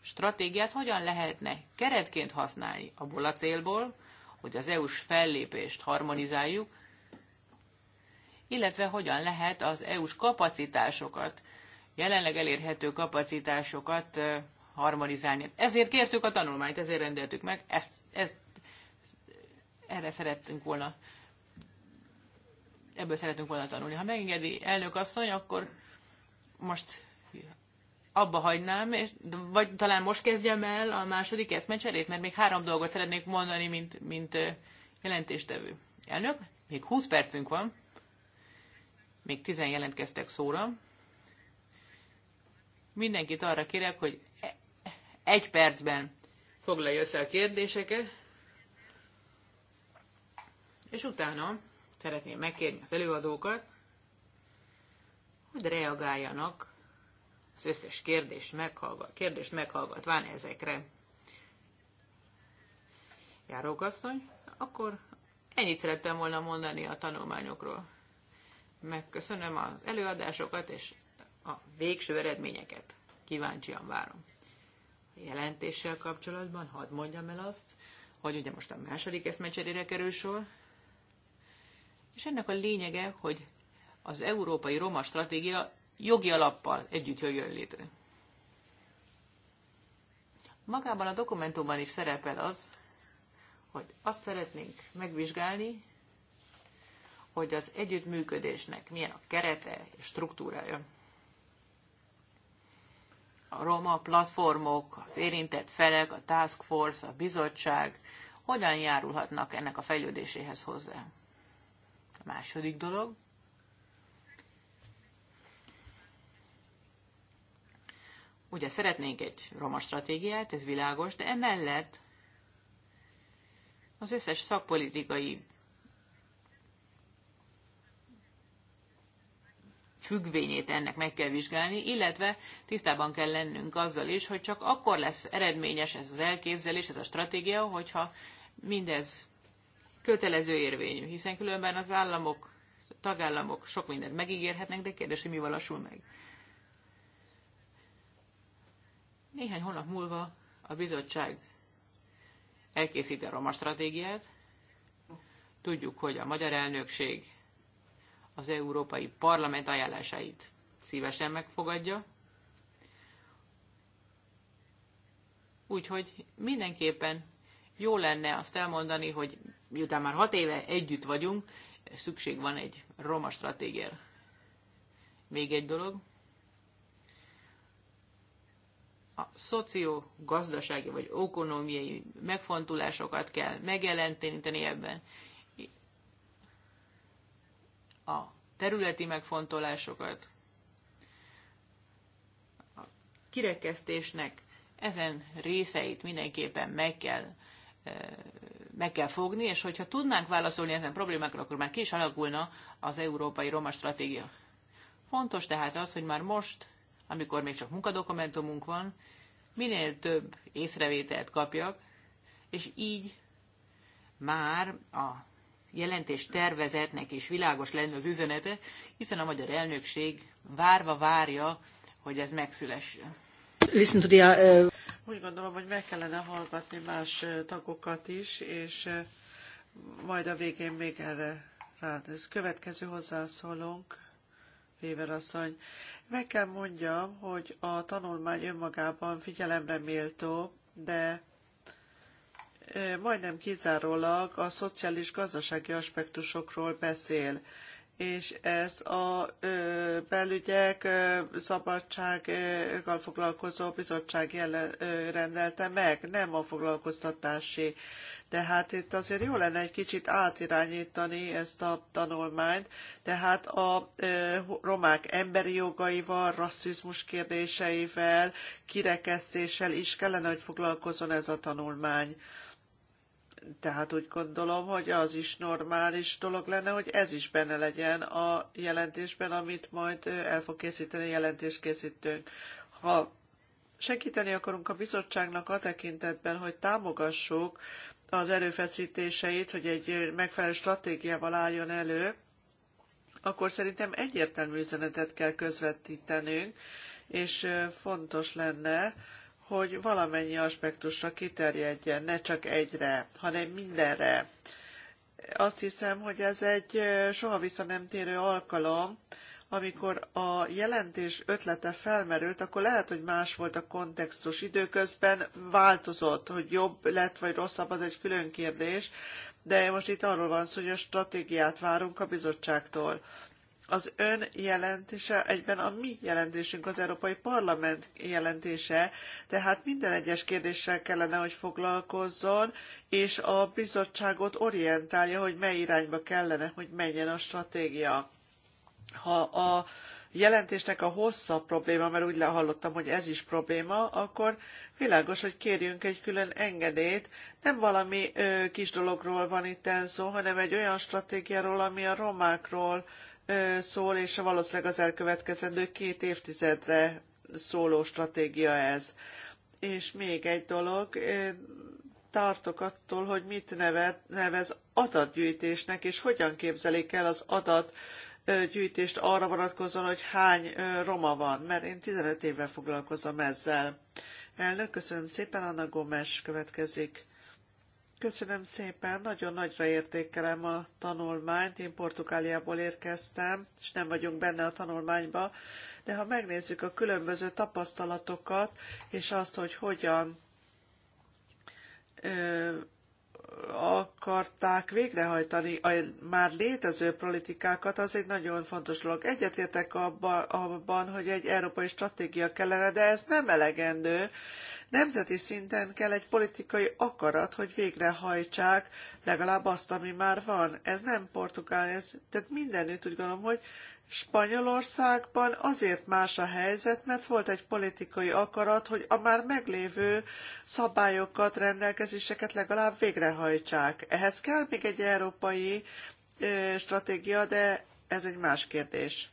stratégiát hogyan lehetne keretként használni abból a célból, hogy az EU-s fellépést harmonizáljuk, illetve hogyan lehet az EU-s kapacitásokat, jelenleg elérhető kapacitásokat harmonizálni. Ezért kértük a tanulmányt, ezért rendeltük meg, ezt, ezt, erre szerettünk volna, ebből szeretünk volna tanulni. Ha megengedi elnök asszony, akkor most abba hagynám, és, vagy talán most kezdjem el a második eszmecserét, mert még három dolgot szeretnék mondani, mint, mint jelentéstevő. Elnök, még 20 percünk van még tizen jelentkeztek szóra. Mindenkit arra kérek, hogy e- egy percben foglalja össze a kérdéseket, és utána szeretném megkérni az előadókat, hogy reagáljanak az összes kérdést, meghallgat, kérdést meghallgatván ezekre. Járókasszony, akkor ennyit szerettem volna mondani a tanulmányokról megköszönöm az előadásokat és a végső eredményeket. Kíváncsian várom. A jelentéssel kapcsolatban hadd mondjam el azt, hogy ugye most a második eszmecserére kerül sor, és ennek a lényege, hogy az európai roma stratégia jogi alappal együtt jöjjön létre. Magában a dokumentumban is szerepel az, hogy azt szeretnénk megvizsgálni, hogy az együttműködésnek milyen a kerete és struktúrája. A roma platformok, az érintett felek, a task force, a bizottság hogyan járulhatnak ennek a fejlődéséhez hozzá. A második dolog, Ugye szeretnénk egy roma stratégiát, ez világos, de emellett az összes szakpolitikai függvényét ennek meg kell vizsgálni, illetve tisztában kell lennünk azzal is, hogy csak akkor lesz eredményes ez az elképzelés, ez a stratégia, hogyha mindez kötelező érvényű, hiszen különben az államok, tagállamok sok mindent megígérhetnek, de kérdés, hogy mi valósul meg. Néhány hónap múlva a bizottság elkészíti a roma stratégiát. Tudjuk, hogy a magyar elnökség az Európai Parlament ajánlásait szívesen megfogadja. Úgyhogy mindenképpen jó lenne azt elmondani, hogy miután már hat éve együtt vagyunk, szükség van egy roma stratégiára. Még egy dolog. A szociogazdasági vagy ökonomiai megfontolásokat kell megjelenteni ebben, a területi megfontolásokat. A kirekesztésnek ezen részeit mindenképpen meg kell meg kell fogni, és hogyha tudnánk válaszolni ezen problémákra, akkor már ki is alakulna az európai roma stratégia. Fontos tehát az, hogy már most, amikor még csak munkadokumentumunk van, minél több észrevételt kapjak, és így már a jelentés tervezetnek is világos lenne az üzenete, hiszen a magyar elnökség várva várja, hogy ez megszülessen. Listen to the, uh... Úgy gondolom, hogy meg kellene hallgatni más uh, tagokat is, és uh, majd a végén még erre rád. Ez következő hozzászólónk, Véver asszony. Meg kell mondjam, hogy a tanulmány önmagában figyelemre méltó, de majdnem kizárólag a szociális-gazdasági aspektusokról beszél, és ez a belügyek szabadsággal foglalkozó bizottság jelen, rendelte meg, nem a foglalkoztatási. De hát itt azért jó lenne egy kicsit átirányítani ezt a tanulmányt, tehát a romák emberi jogaival, rasszizmus kérdéseivel, kirekesztéssel is kellene, hogy foglalkozzon ez a tanulmány. Tehát úgy gondolom, hogy az is normális dolog lenne, hogy ez is benne legyen a jelentésben, amit majd el fog készíteni a jelentéskészítőnk. Ha segíteni akarunk a bizottságnak a tekintetben, hogy támogassuk az erőfeszítéseit, hogy egy megfelelő stratégiával álljon elő, akkor szerintem egyértelmű üzenetet kell közvetítenünk, és fontos lenne, hogy valamennyi aspektusra kiterjedjen, ne csak egyre, hanem mindenre. Azt hiszem, hogy ez egy soha vissza nem térő alkalom, amikor a jelentés ötlete felmerült, akkor lehet, hogy más volt a kontextus. Időközben változott, hogy jobb lett vagy rosszabb, az egy külön kérdés, de most itt arról van szó, hogy a stratégiát várunk a bizottságtól az ön jelentése egyben a mi jelentésünk, az Európai Parlament jelentése, tehát minden egyes kérdéssel kellene, hogy foglalkozzon, és a bizottságot orientálja, hogy mely irányba kellene, hogy menjen a stratégia. Ha a jelentésnek a hossza probléma, mert úgy lehallottam, hogy ez is probléma, akkor világos, hogy kérjünk egy külön engedélyt. Nem valami ö, kis dologról van itt szó, hanem egy olyan stratégiáról, ami a romákról szól, és valószínűleg az elkövetkezendő két évtizedre szóló stratégia ez. És még egy dolog, tartok attól, hogy mit nevet, nevez adatgyűjtésnek, és hogyan képzelik el az adatgyűjtést arra vonatkozóan, hogy hány roma van, mert én 15 éve foglalkozom ezzel. Elnök, köszönöm szépen, Anna Gomes következik. Köszönöm szépen, nagyon nagyra értékelem a tanulmányt. Én Portugáliából érkeztem, és nem vagyunk benne a tanulmányba, de ha megnézzük a különböző tapasztalatokat, és azt, hogy hogyan ö, akarták végrehajtani a már létező politikákat, az egy nagyon fontos dolog. Egyetértek abban, abban, hogy egy európai stratégia kellene, de ez nem elegendő, Nemzeti szinten kell egy politikai akarat, hogy végrehajtsák legalább azt, ami már van. Ez nem Portugál, ez, tehát mindenütt úgy gondolom, hogy Spanyolországban azért más a helyzet, mert volt egy politikai akarat, hogy a már meglévő szabályokat, rendelkezéseket legalább végrehajtsák. Ehhez kell még egy európai stratégia, de ez egy más kérdés.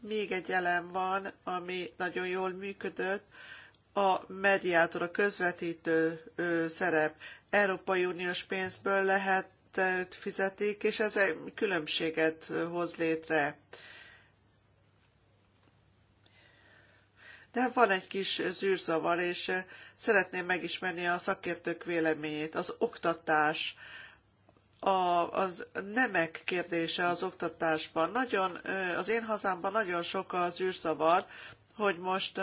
Még egy elem van, ami nagyon jól működött, a mediátor, a közvetítő szerep Európai Uniós pénzből lehet fizetik, és ez egy különbséget hoz létre. De hát van egy kis zűrzavar, és szeretném megismerni a szakértők véleményét. Az oktatás, a, az nemek kérdése az oktatásban. Nagyon, az én hazámban nagyon sok az űrzavar, hogy most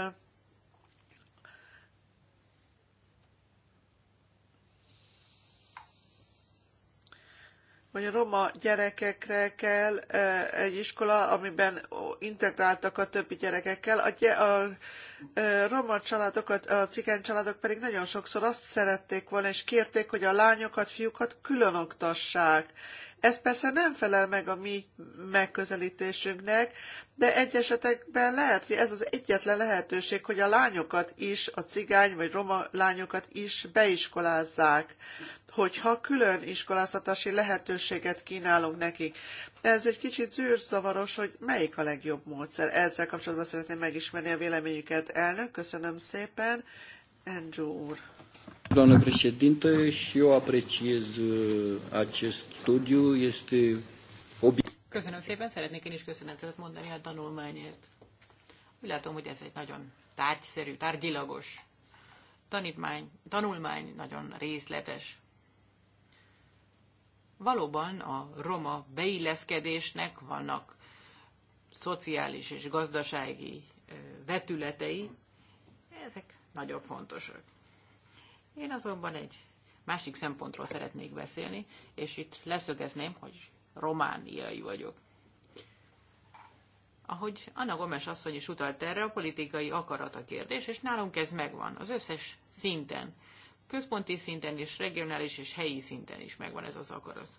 hogy a roma gyerekekre kell egy iskola, amiben integráltak a többi gyerekekkel. A, gy- a, a roma családok, a cigány családok pedig nagyon sokszor azt szerették volna, és kérték, hogy a lányokat, fiúkat külön oktassák. Ez persze nem felel meg a mi megközelítésünknek, de egy esetekben lehet, hogy ez az egyetlen lehetőség, hogy a lányokat is, a cigány vagy roma lányokat is beiskolázzák, hogyha külön iskoláztatási lehetőséget kínálunk nekik. Ez egy kicsit zűrzavaros, hogy melyik a legjobb módszer. Ezzel kapcsolatban szeretném megismerni a véleményüket. Elnök, köszönöm szépen. Andrew úr. Doamnă președintă, și eu apreciez uh, acest studiu. Este obiectiv. Köszönöm szépen, szeretnék én is köszönetet mondani a tanulmányért. Úgy látom, hogy ez egy nagyon tárgyszerű, tárgyilagos tanítmány, tanulmány, nagyon részletes. Valóban a roma beilleszkedésnek vannak szociális és gazdasági vetületei, ezek nagyon fontosak. Én azonban egy másik szempontról szeretnék beszélni, és itt leszögezném, hogy romániai vagyok. Ahogy Anna Gomes asszony is utalt erre, a politikai akarat a kérdés, és nálunk ez megvan, az összes szinten. Központi szinten és regionális és helyi szinten is megvan ez az akarat.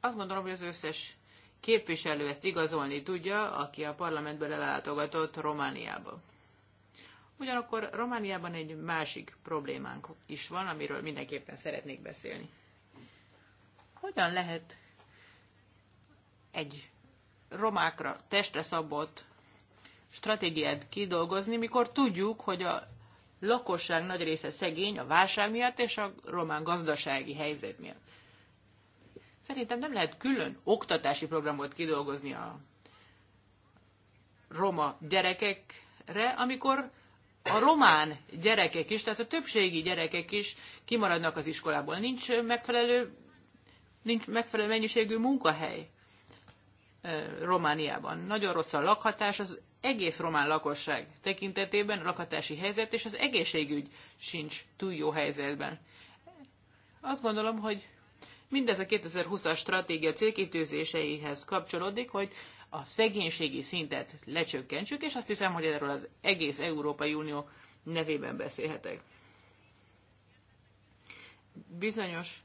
Azt gondolom, hogy az összes képviselő ezt igazolni tudja, aki a parlamentből ellátogatott Romániába. Ugyanakkor Romániában egy másik problémánk is van, amiről mindenképpen szeretnék beszélni. Hogyan lehet egy romákra testre szabott stratégiát kidolgozni, mikor tudjuk, hogy a lakosság nagy része szegény a válság miatt és a román gazdasági helyzet miatt. Szerintem nem lehet külön oktatási programot kidolgozni a roma gyerekekre, amikor a román gyerekek is, tehát a többségi gyerekek is kimaradnak az iskolából. Nincs megfelelő, nincs megfelelő mennyiségű munkahely Romániában. Nagyon rossz a lakhatás, az egész román lakosság tekintetében lakhatási helyzet, és az egészségügy sincs túl jó helyzetben. Azt gondolom, hogy mindez a 2020-as stratégia célkítőzéseihez kapcsolódik, hogy a szegénységi szintet lecsökkentsük, és azt hiszem, hogy erről az egész Európai Unió nevében beszélhetek. Bizonyos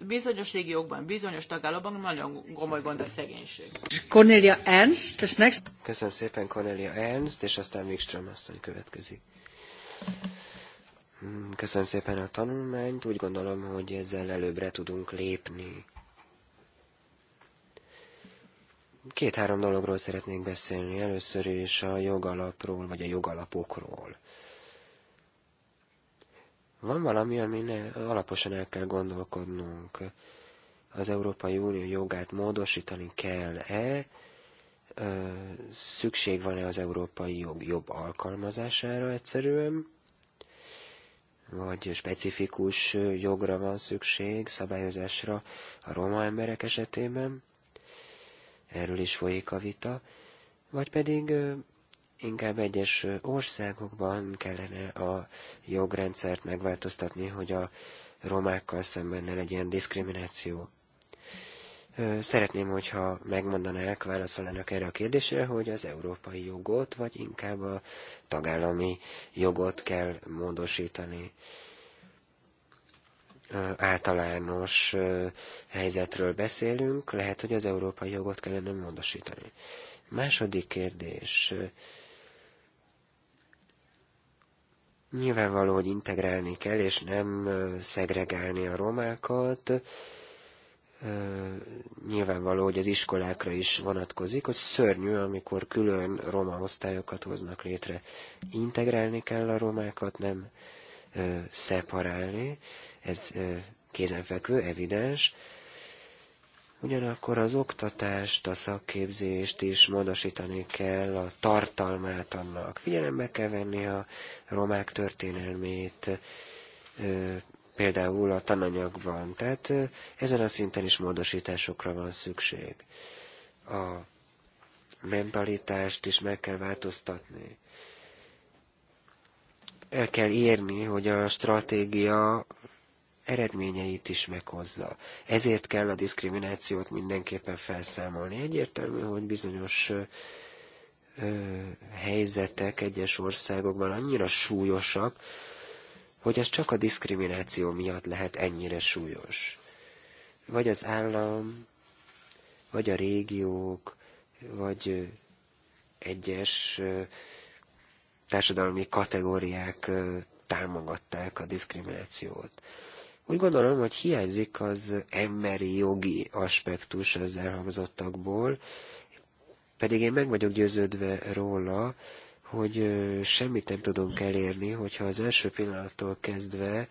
bizonyos régiókban, bizonyos tagállamokban nagyon komoly gond a szegénység. Cornelia Ernst, és next. Köszönöm szépen Cornelia Ernst, és aztán Wikström asszony következik. Mm, köszönöm szépen a tanulmányt, úgy gondolom, hogy ezzel előbbre tudunk lépni. Két-három dologról szeretnék beszélni. Először is a jogalapról, vagy a jogalapokról. Van valami, amin alaposan el kell gondolkodnunk. Az Európai Unió jogát módosítani kell-e? Szükség van-e az európai jog jobb alkalmazására egyszerűen? Vagy specifikus jogra van szükség, szabályozásra a roma emberek esetében? erről is folyik a vita, vagy pedig inkább egyes országokban kellene a jogrendszert megváltoztatni, hogy a romákkal szemben ne legyen diszkrimináció. Szeretném, hogyha megmondanák, válaszolnának erre a kérdésre, hogy az európai jogot, vagy inkább a tagállami jogot kell módosítani általános helyzetről beszélünk, lehet, hogy az európai jogot kellene módosítani. Második kérdés. Nyilvánvaló, hogy integrálni kell, és nem szegregálni a romákat. Nyilvánvaló, hogy az iskolákra is vonatkozik, hogy szörnyű, amikor külön roma osztályokat hoznak létre. Integrálni kell a romákat, nem szeparálni, ez kézenfekvő, evidens, Ugyanakkor az oktatást, a szakképzést is módosítani kell, a tartalmát annak. Figyelembe kell venni a romák történelmét, például a tananyagban. Tehát ezen a szinten is módosításokra van szükség. A mentalitást is meg kell változtatni el kell érni, hogy a stratégia eredményeit is meghozza. Ezért kell a diszkriminációt mindenképpen felszámolni. Egyértelmű, hogy bizonyos ö, helyzetek egyes országokban annyira súlyosak, hogy ez csak a diszkrimináció miatt lehet ennyire súlyos. Vagy az állam, vagy a régiók, vagy egyes társadalmi kategóriák támogatták a diszkriminációt. Úgy gondolom, hogy hiányzik az emberi jogi aspektus az elhangzottakból, pedig én meg vagyok győződve róla, hogy semmit nem tudunk elérni, hogyha az első pillanattól kezdve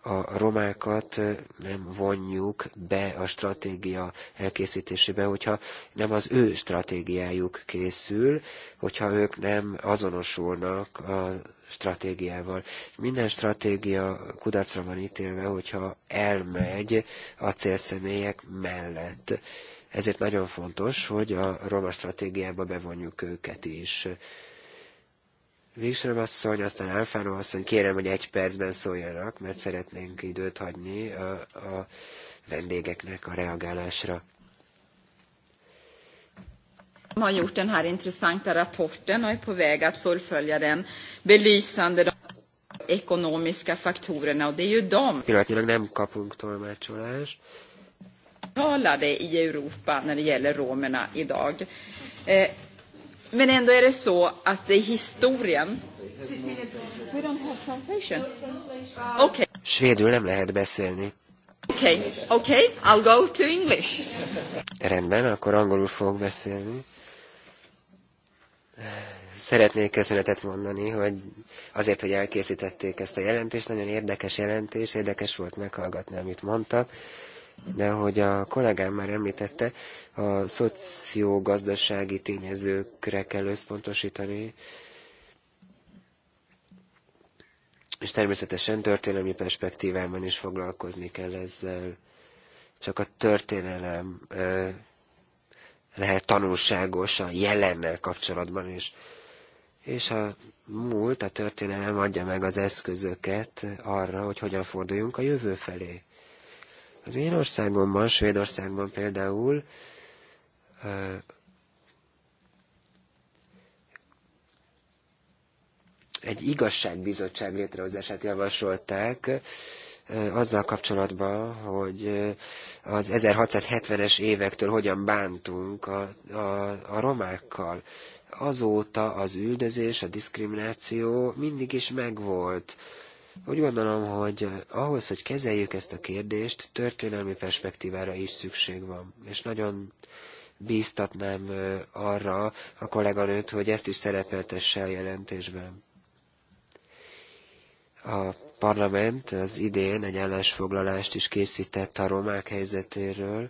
a romákat nem vonjuk be a stratégia elkészítésébe, hogyha nem az ő stratégiájuk készül, hogyha ők nem azonosulnak a stratégiával. Minden stratégia kudarcra van ítélve, hogyha elmegy a célszemélyek mellett. Ezért nagyon fontos, hogy a roma stratégiába bevonjuk őket is. Wikström asszony, aztán Alfánó asszony, kérem, hogy egy percben szóljanak, mert szeretnénk időt hagyni a, a vendégeknek a reagálásra. har gjort den här intressanta rapporten och är på väg att fullfölja den belysande de ekonomiska faktorerna och det är ju de talade i Europa när det gäller romerna idag. Eh, Men ändå är det så att det är historien... Okay. Svédül nem lehet beszélni. Okay, okay, I'll go to English. Rendben, akkor angolul fog beszélni. Szeretnék köszönetet mondani, hogy azért, hogy elkészítették ezt a jelentést, nagyon érdekes jelentés, érdekes volt meghallgatni, amit mondtak de ahogy a kollégám már említette, a szociogazdasági tényezőkre kell összpontosítani, és természetesen történelmi perspektívában is foglalkozni kell ezzel. Csak a történelem ö, lehet tanulságos a jelennel kapcsolatban is. És a múlt, a történelem adja meg az eszközöket arra, hogy hogyan forduljunk a jövő felé. Az én országomban, Svédországban például egy igazságbizottság létrehozását javasolták azzal kapcsolatban, hogy az 1670-es évektől hogyan bántunk a, a, a romákkal. Azóta az üldözés, a diszkrimináció mindig is megvolt. Úgy gondolom, hogy eh, ahhoz, hogy kezeljük ezt a kérdést, történelmi perspektívára is szükség van. És nagyon bíztatnám eh, arra a kolléganőt, hogy ezt is szerepeltesse a jelentésben. A parlament az idén egy állásfoglalást is készített a romák helyzetéről,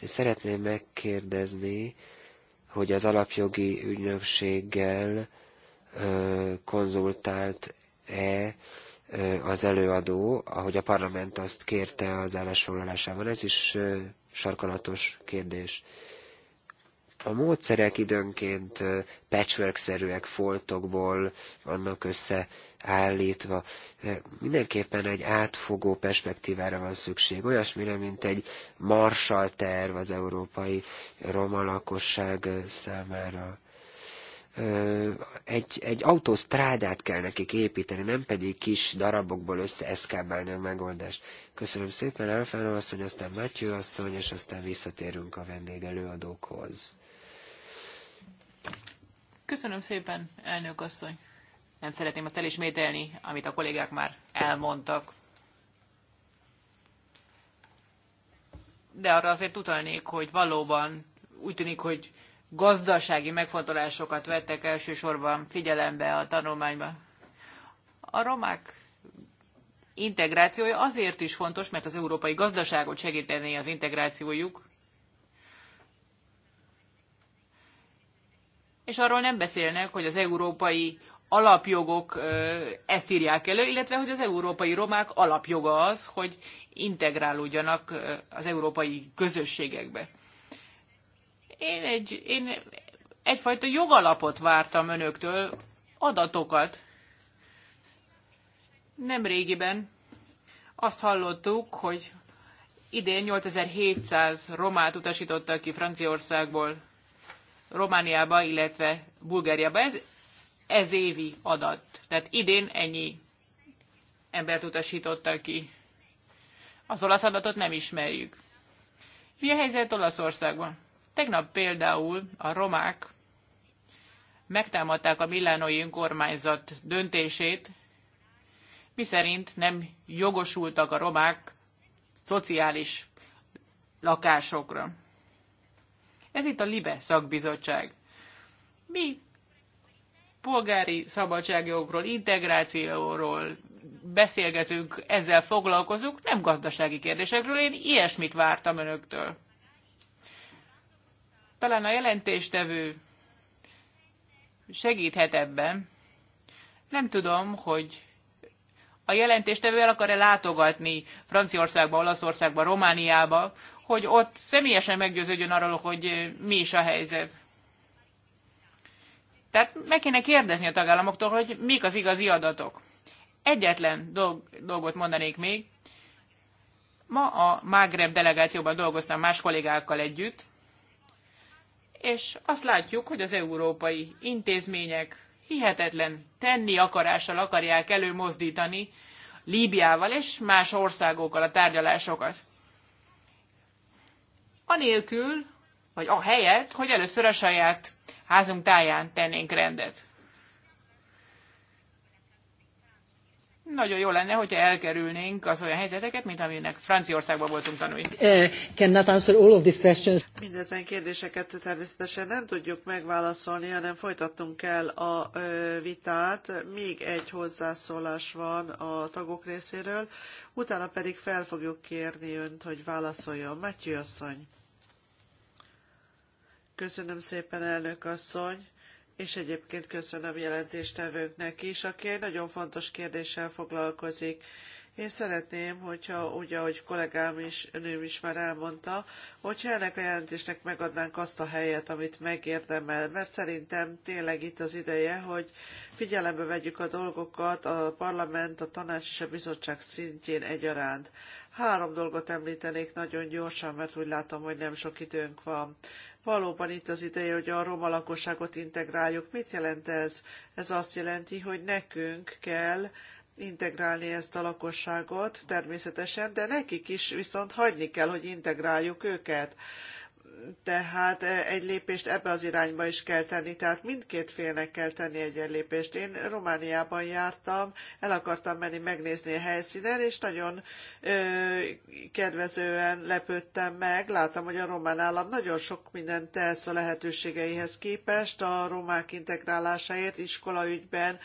és szeretném megkérdezni, hogy az alapjogi ügynökséggel eh, konzultált-e az előadó, ahogy a parlament azt kérte az állásfoglalásában. Ez is sarkalatos kérdés. A módszerek időnként patchwork-szerűek foltokból vannak összeállítva. Mindenképpen egy átfogó perspektívára van szükség. Olyasmire, mint egy marsal terv az európai roma lakosság számára egy, egy autósztrádát kell nekik építeni, nem pedig kis darabokból összeeszkábálni a megoldást. Köszönöm szépen, Elfánó asszony, aztán Matyő asszony, és aztán visszatérünk a vendégelőadókhoz. Köszönöm szépen, elnök asszony. Nem szeretném azt elismételni, amit a kollégák már elmondtak. De arra azért utalnék, hogy valóban úgy tűnik, hogy gazdasági megfontolásokat vettek elsősorban figyelembe a tanulmányban. A romák integrációja azért is fontos, mert az európai gazdaságot segíteni az integrációjuk, és arról nem beszélnek, hogy az európai alapjogok ezt írják elő, illetve hogy az európai romák alapjoga az, hogy integrálódjanak az európai közösségekbe. Én, egy, én egyfajta jogalapot vártam önöktől, adatokat. Nem régiben azt hallottuk, hogy idén 8700 romát utasítottak ki Franciaországból, Romániába, illetve Bulgáriába. Ez, ez évi adat. Tehát idén ennyi embert utasítottak ki. Az olasz adatot nem ismerjük. Mi a helyzet Olaszországban? Tegnap például a romák megtámadták a milánói önkormányzat döntését, miszerint nem jogosultak a romák szociális lakásokra. Ez itt a LIBE szakbizottság. Mi polgári szabadságjogról, integrációról beszélgetünk, ezzel foglalkozunk, nem gazdasági kérdésekről. Én ilyesmit vártam önöktől. Talán a jelentéstevő segíthet ebben. Nem tudom, hogy a jelentéstevő el akar-e látogatni Franciaországba, Olaszországba, Romániába, hogy ott személyesen meggyőződjön arról, hogy mi is a helyzet. Tehát meg kéne kérdezni a tagállamoktól, hogy mik az igazi adatok. Egyetlen dolg, dolgot mondanék még. Ma a Mágreb delegációban dolgoztam más kollégákkal együtt, és azt látjuk, hogy az európai intézmények hihetetlen tenni akarással akarják előmozdítani Líbiával és más országokkal a tárgyalásokat. Anélkül, vagy a helyet, hogy először a saját házunk táján tennénk rendet. nagyon jó lenne, hogyha elkerülnénk az olyan helyzeteket, mint aminek Franciaországban voltunk tanulni. Eh, cannot answer all of these questions. Mindezen kérdéseket természetesen nem tudjuk megválaszolni, hanem folytatunk kell a vitát. Még egy hozzászólás van a tagok részéről, utána pedig fel fogjuk kérni önt, hogy válaszoljon. Matyő asszony. Köszönöm szépen, elnök asszony és egyébként köszönöm jelentéstevőknek is, aki egy nagyon fontos kérdéssel foglalkozik. Én szeretném, hogyha úgy, ahogy kollégám is, nőm is már elmondta, hogyha ennek a jelentésnek megadnánk azt a helyet, amit megérdemel, mert szerintem tényleg itt az ideje, hogy figyelembe vegyük a dolgokat a parlament, a tanács és a bizottság szintjén egyaránt. Három dolgot említenék nagyon gyorsan, mert úgy látom, hogy nem sok időnk van. Valóban itt az ideje, hogy a roma lakosságot integráljuk. Mit jelent ez? Ez azt jelenti, hogy nekünk kell integrálni ezt a lakosságot természetesen, de nekik is viszont hagyni kell, hogy integráljuk őket tehát eh, egy lépést ebbe az irányba is kell tenni, tehát mindkét félnek kell tenni egy lépést. Én Romániában jártam, el akartam menni megnézni a helyszínen, és nagyon ö, kedvezően lepődtem meg. Láttam, hogy a román állam nagyon sok mindent tesz a lehetőségeihez képest, a romák integrálásáért iskolaügyben,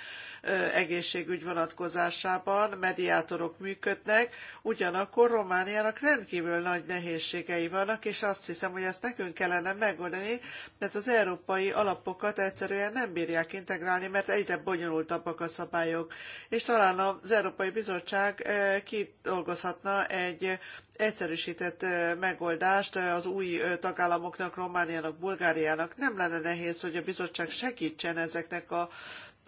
egészségügy vonatkozásában, mediátorok működnek, ugyanakkor Romániának rendkívül nagy nehézségei vannak, és azt hiszem, hogy ezt nekünk kellene megoldani, mert az európai alapokat egyszerűen nem bírják integrálni, mert egyre bonyolultabbak a szabályok. És talán az Európai Bizottság kidolgozhatna egy egyszerűsített megoldást az új tagállamoknak, Romániának, Bulgáriának. Nem lenne nehéz, hogy a bizottság segítsen ezeknek a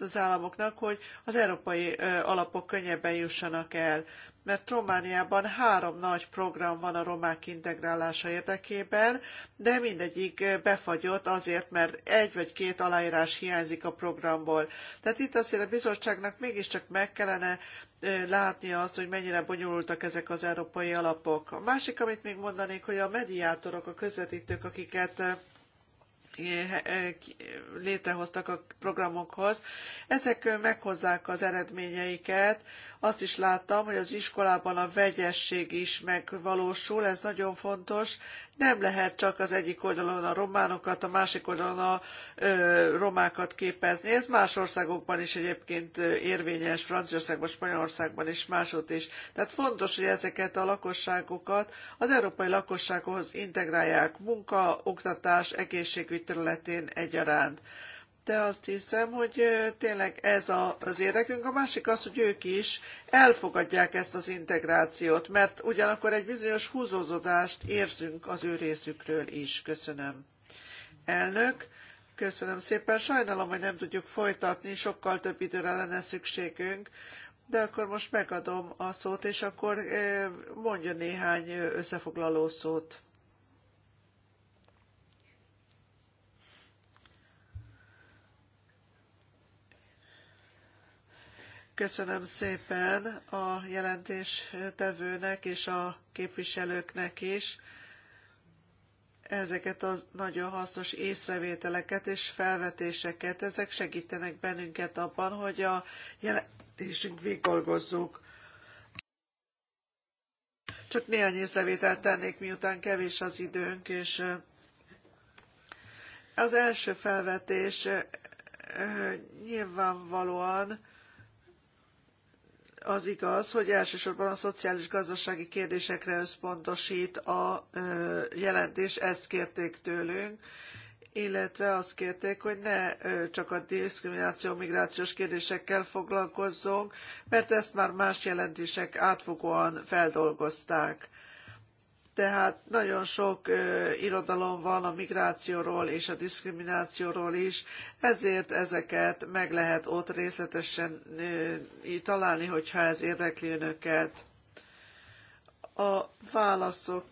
az államoknak, hogy az európai alapok könnyebben jussanak el. Mert Romániában három nagy program van a romák integrálása érdekében, de mindegyik befagyott azért, mert egy vagy két aláírás hiányzik a programból. Tehát itt azért a bizottságnak mégiscsak meg kellene látni azt, hogy mennyire bonyolultak ezek az európai alapok. A másik, amit még mondanék, hogy a mediátorok, a közvetítők, akiket Eh, létrehoztak a programokhoz. Ezek eh, meghozzák az eredményeiket, azt is láttam, hogy az iskolában a vegyesség is megvalósul, ez nagyon fontos. Nem lehet csak az egyik oldalon a románokat, a másik oldalon a ö, romákat képezni. Ez más országokban is egyébként érvényes, Franciaországban, Spanyolországban és másod is. Tehát fontos, hogy ezeket a lakosságokat az európai lakossághoz integrálják munka, oktatás, egészségügy területén egyaránt de azt hiszem, hogy tényleg ez a, az érdekünk. A másik az, hogy ők is elfogadják ezt az integrációt, mert ugyanakkor egy bizonyos húzózódást érzünk az ő részükről is. Köszönöm. Elnök, köszönöm szépen. Sajnálom, hogy nem tudjuk folytatni, sokkal több időre lenne szükségünk, de akkor most megadom a szót, és akkor mondja néhány összefoglaló szót. Köszönöm szépen a jelentéstevőnek és a képviselőknek is ezeket a nagyon hasznos észrevételeket és felvetéseket. Ezek segítenek bennünket abban, hogy a jelentésünk végigolgozzuk. Csak néhány észrevételt tennék, miután kevés az időnk, és az első felvetés nyilvánvalóan az igaz, hogy elsősorban a szociális-gazdasági kérdésekre összpontosít a jelentés, ezt kérték tőlünk, illetve azt kérték, hogy ne csak a diszkrimináció-migrációs kérdésekkel foglalkozzunk, mert ezt már más jelentések átfogóan feldolgozták tehát nagyon sok ö, irodalom van a migrációról és a diszkriminációról is, ezért ezeket meg lehet ott részletesen ö, találni, hogyha ez érdekli önöket. A válaszok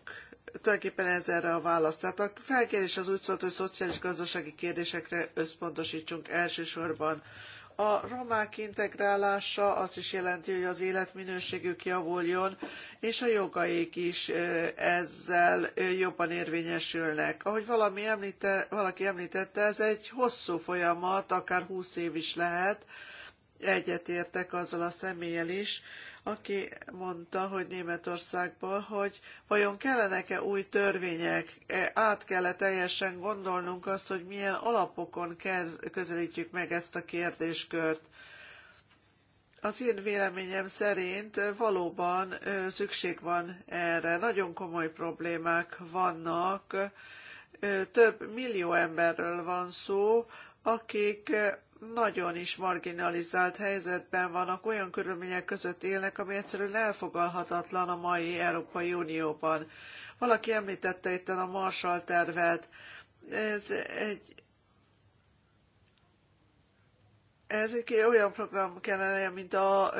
tulajdonképpen ez erre a válasz. Tehát a felkérés az úgy szólt, hogy szociális-gazdasági kérdésekre összpontosítsunk elsősorban. A romák integrálása azt is jelenti, hogy az életminőségük javuljon, és a jogaik is ezzel jobban érvényesülnek. Ahogy valami említe, valaki említette, ez egy hosszú folyamat, akár 20 év is lehet, egyetértek azzal a személlyel is, aki mondta, hogy Németországból, hogy vajon kellenek-e új törvények, e, át kell -e teljesen gondolnunk azt, hogy milyen alapokon közelítjük meg ezt a kérdéskört. Az én véleményem szerint valóban szükség van erre. Nagyon komoly problémák vannak. Több millió emberről van szó, akik nagyon is marginalizált helyzetben vannak, olyan körülmények között élnek, ami egyszerűen elfogalhatatlan a mai Európai Unióban. Valaki említette itt a Marshall tervet. Ez egy ez egy olyan program kellene, mint a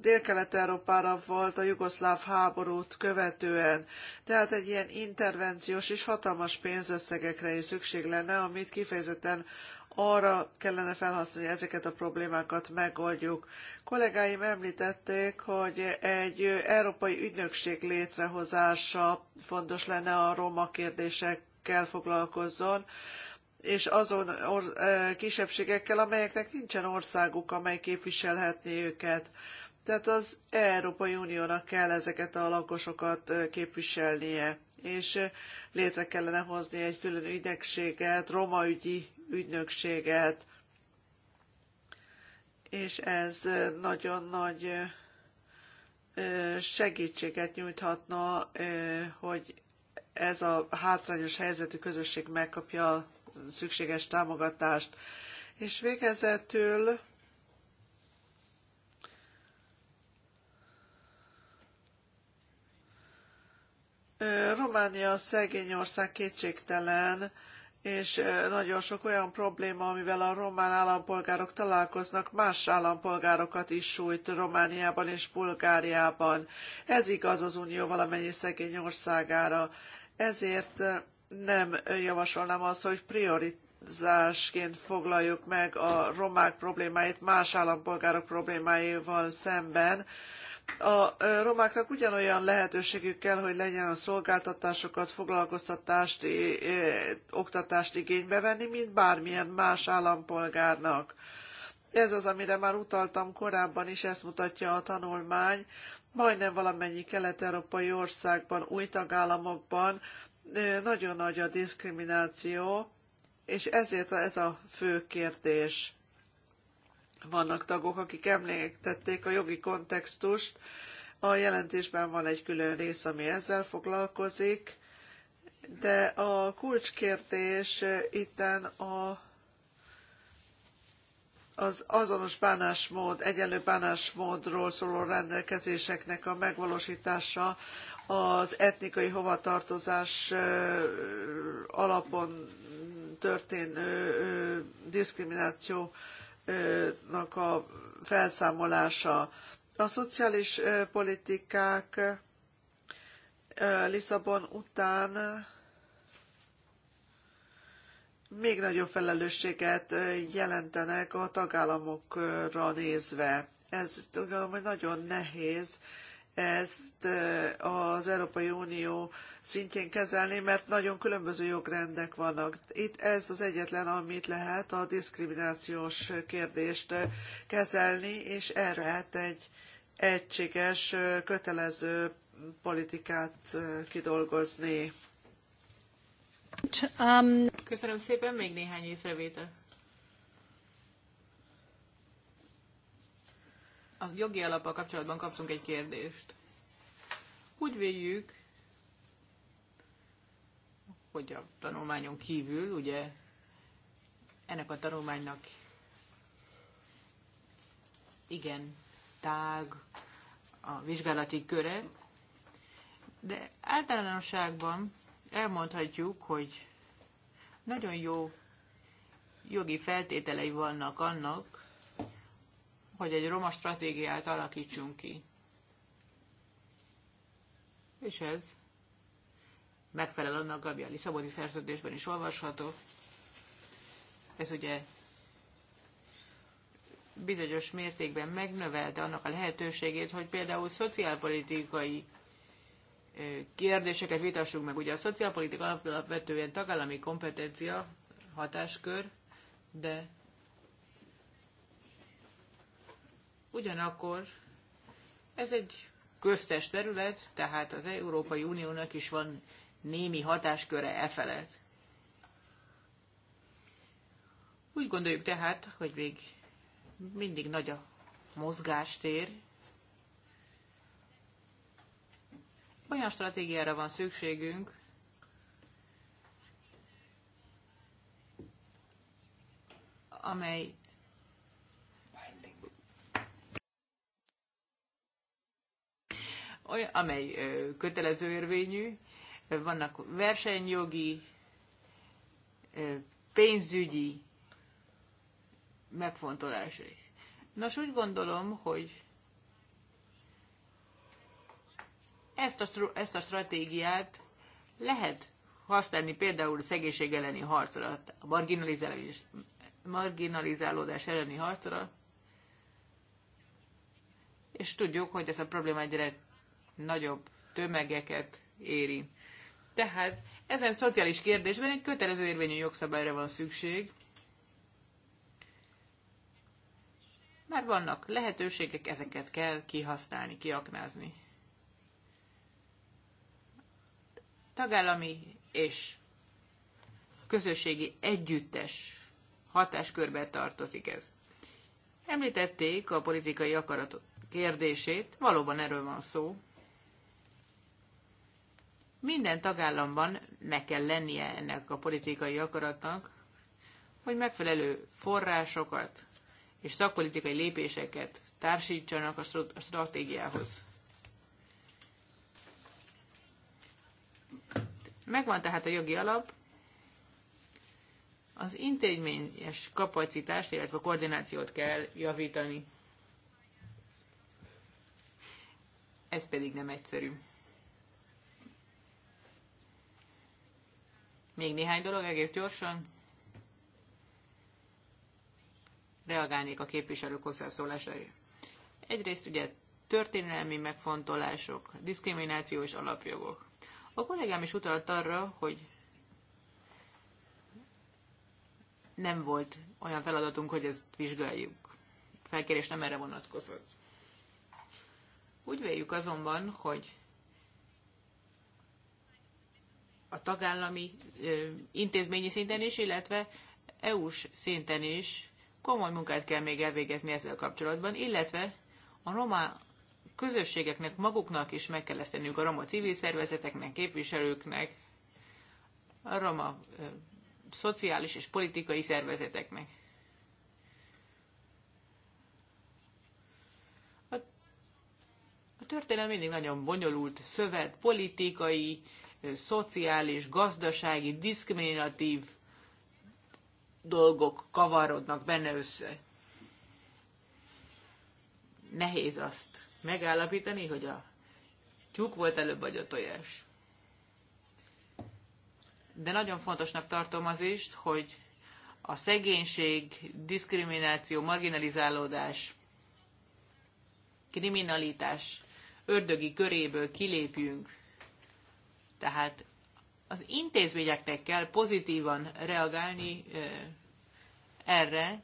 Dél-Kelet-Európára volt a jugoszláv háborút követően. Tehát egy ilyen intervenciós és hatalmas pénzösszegekre is szükség lenne, amit kifejezetten arra kellene felhasználni, hogy ezeket a problémákat megoldjuk. Kollégáim említették, hogy egy európai ügynökség létrehozása fontos lenne a roma kérdésekkel foglalkozzon, és azon kisebbségekkel, amelyeknek nincsen országuk, amely képviselhetné őket. Tehát az Európai Uniónak kell ezeket a lakosokat képviselnie, és létre kellene hozni egy külön ügynökséget, romaügyi ügynökséget, és ez nagyon nagy segítséget nyújthatna, hogy ez a hátrányos helyzetű közösség megkapja a szükséges támogatást. És végezetül Románia szegény ország kétségtelen, és nagyon sok olyan probléma, amivel a román állampolgárok találkoznak, más állampolgárokat is sújt Romániában és Bulgáriában. Ez igaz az Unió valamennyi szegény országára. Ezért nem javasolnám azt, hogy prioritásként foglaljuk meg a romák problémáit más állampolgárok problémáival szemben, a romáknak ugyanolyan lehetőségük kell, hogy legyen a szolgáltatásokat, foglalkoztatást, oktatást igénybe venni, mint bármilyen más állampolgárnak. Ez az, amire már utaltam korábban is, ezt mutatja a tanulmány. Majdnem valamennyi kelet-európai országban, új tagállamokban nagyon nagy a diszkrimináció, és ezért ez a fő kérdés. Vannak tagok, akik említették a jogi kontextust. A jelentésben van egy külön rész, ami ezzel foglalkozik, de a kulcskérdés eh, itten a az azonos bánásmód, egyenlő bánásmódról szóló rendelkezéseknek a megvalósítása az etnikai hovatartozás eh, alapon történő eh, diszkrimináció a felszámolása. A szociális politikák Lisszabon után még nagyobb felelősséget jelentenek a tagállamokra nézve. Ez tudom, hogy nagyon nehéz, ezt az Európai Unió szintjén kezelni, mert nagyon különböző jogrendek vannak. Itt ez az egyetlen, amit lehet a diszkriminációs kérdést kezelni, és erre hát egy egységes, kötelező politikát kidolgozni. Um, Köszönöm szépen, még néhány észrevétel. a jogi alappal kapcsolatban kaptunk egy kérdést. Úgy véljük, hogy a tanulmányon kívül, ugye ennek a tanulmánynak igen tág a vizsgálati köre, de általánosságban elmondhatjuk, hogy nagyon jó jogi feltételei vannak annak, hogy egy roma stratégiát alakítsunk ki. És ez megfelel annak, ami a Lisszaboni szerződésben is olvasható. Ez ugye bizonyos mértékben megnövelte annak a lehetőségét, hogy például szociálpolitikai kérdéseket vitassunk meg. Ugye a szociálpolitika alapvetően tagállami kompetencia, hatáskör, de Ugyanakkor ez egy köztes terület, tehát az Európai Uniónak is van némi hatásköre e felett. Úgy gondoljuk tehát, hogy még mindig nagy a mozgástér. Olyan stratégiára van szükségünk, amely amely kötelező érvényű, vannak versenyjogi, pénzügyi megfontolásai. Nos, úgy gondolom, hogy ezt a, ezt a stratégiát lehet használni például a szegénység elleni harcra, a marginalizálás, marginalizálódás elleni harcra, és tudjuk, hogy ez a probléma egyre nagyobb tömegeket éri. Tehát ezen szociális kérdésben egy kötelező érvényű jogszabályra van szükség. Már vannak lehetőségek, ezeket kell kihasználni, kiaknázni. Tagállami és közösségi együttes hatáskörbe tartozik ez. Említették a politikai akarat kérdését, valóban erről van szó. Minden tagállamban meg kell lennie ennek a politikai akaratnak, hogy megfelelő forrásokat és szakpolitikai lépéseket társítsanak a stratégiához. Megvan tehát a jogi alap, az intézményes kapacitást, illetve koordinációt kell javítani. Ez pedig nem egyszerű. Még néhány dolog, egész gyorsan. Reagálnék a képviselők hozzászólására. Egyrészt ugye történelmi megfontolások, diszkrimináció és alapjogok. A kollégám is utalt arra, hogy nem volt olyan feladatunk, hogy ezt vizsgáljuk. A felkérés nem erre vonatkozott. Úgy véljük azonban, hogy a tagállami intézményi szinten is, illetve EU-s szinten is komoly munkát kell még elvégezni ezzel kapcsolatban, illetve a roma közösségeknek maguknak is meg kell tenniük, a roma civil szervezeteknek, képviselőknek, a roma ö, szociális és politikai szervezeteknek. A, a történelem mindig nagyon bonyolult szövet, politikai, szociális, gazdasági, diszkriminatív dolgok kavarodnak benne össze. Nehéz azt megállapítani, hogy a tyúk volt előbb, vagy a tojás. De nagyon fontosnak tartom az is, hogy a szegénység, diszkrimináció, marginalizálódás, kriminalitás ördögi köréből kilépjünk, tehát az intézményeknek kell pozitívan reagálni erre,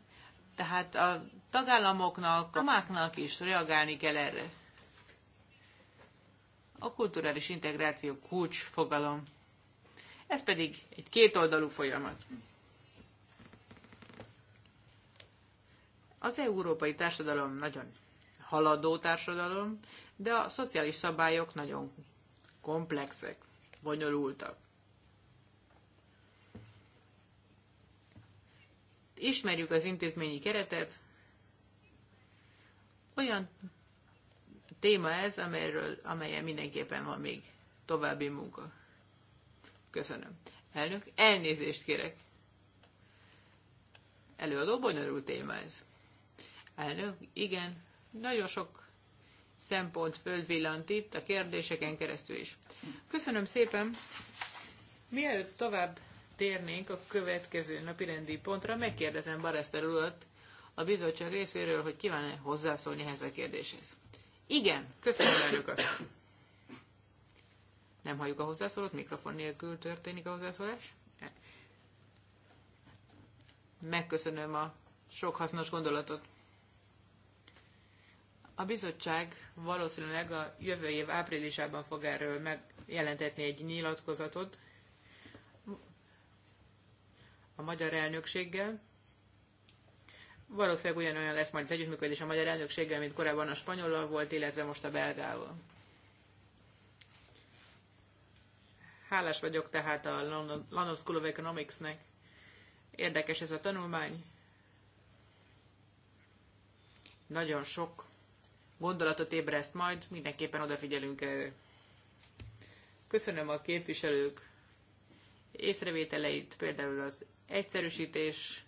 tehát a tagállamoknak, a máknak is reagálni kell erre. A kulturális integráció kulcs fogalom. Ez pedig egy kétoldalú folyamat. Az európai társadalom nagyon haladó társadalom, de a szociális szabályok nagyon komplexek bonyolultak. Ismerjük az intézményi keretet. Olyan téma ez, amelyről, amelyen mindenképpen van még további munka. Köszönöm. Elnök, elnézést kérek. Előadó bonyolult téma ez. Elnök, igen, nagyon sok szempont földvillant itt a kérdéseken keresztül is. Köszönöm szépen! Mielőtt tovább térnénk a következő napi rendi pontra, megkérdezem Bareszter urat a bizottság részéről, hogy kíván-e hozzászólni ehhez a kérdéshez. Igen, köszönöm elnök azt. Nem halljuk a hozzászólót, mikrofon nélkül történik a hozzászólás. Megköszönöm a sok hasznos gondolatot. A bizottság valószínűleg a jövő év áprilisában fog erről megjelentetni egy nyilatkozatot a magyar elnökséggel. Valószínűleg ugyanolyan lesz majd az együttműködés a magyar elnökséggel, mint korábban a spanyollal volt, illetve most a belgával. Hálás vagyok tehát a London School of Economics-nek. Érdekes ez a tanulmány. Nagyon sok gondolatot ébreszt majd, mindenképpen odafigyelünk erre. Köszönöm a képviselők észrevételeit, például az egyszerűsítésről,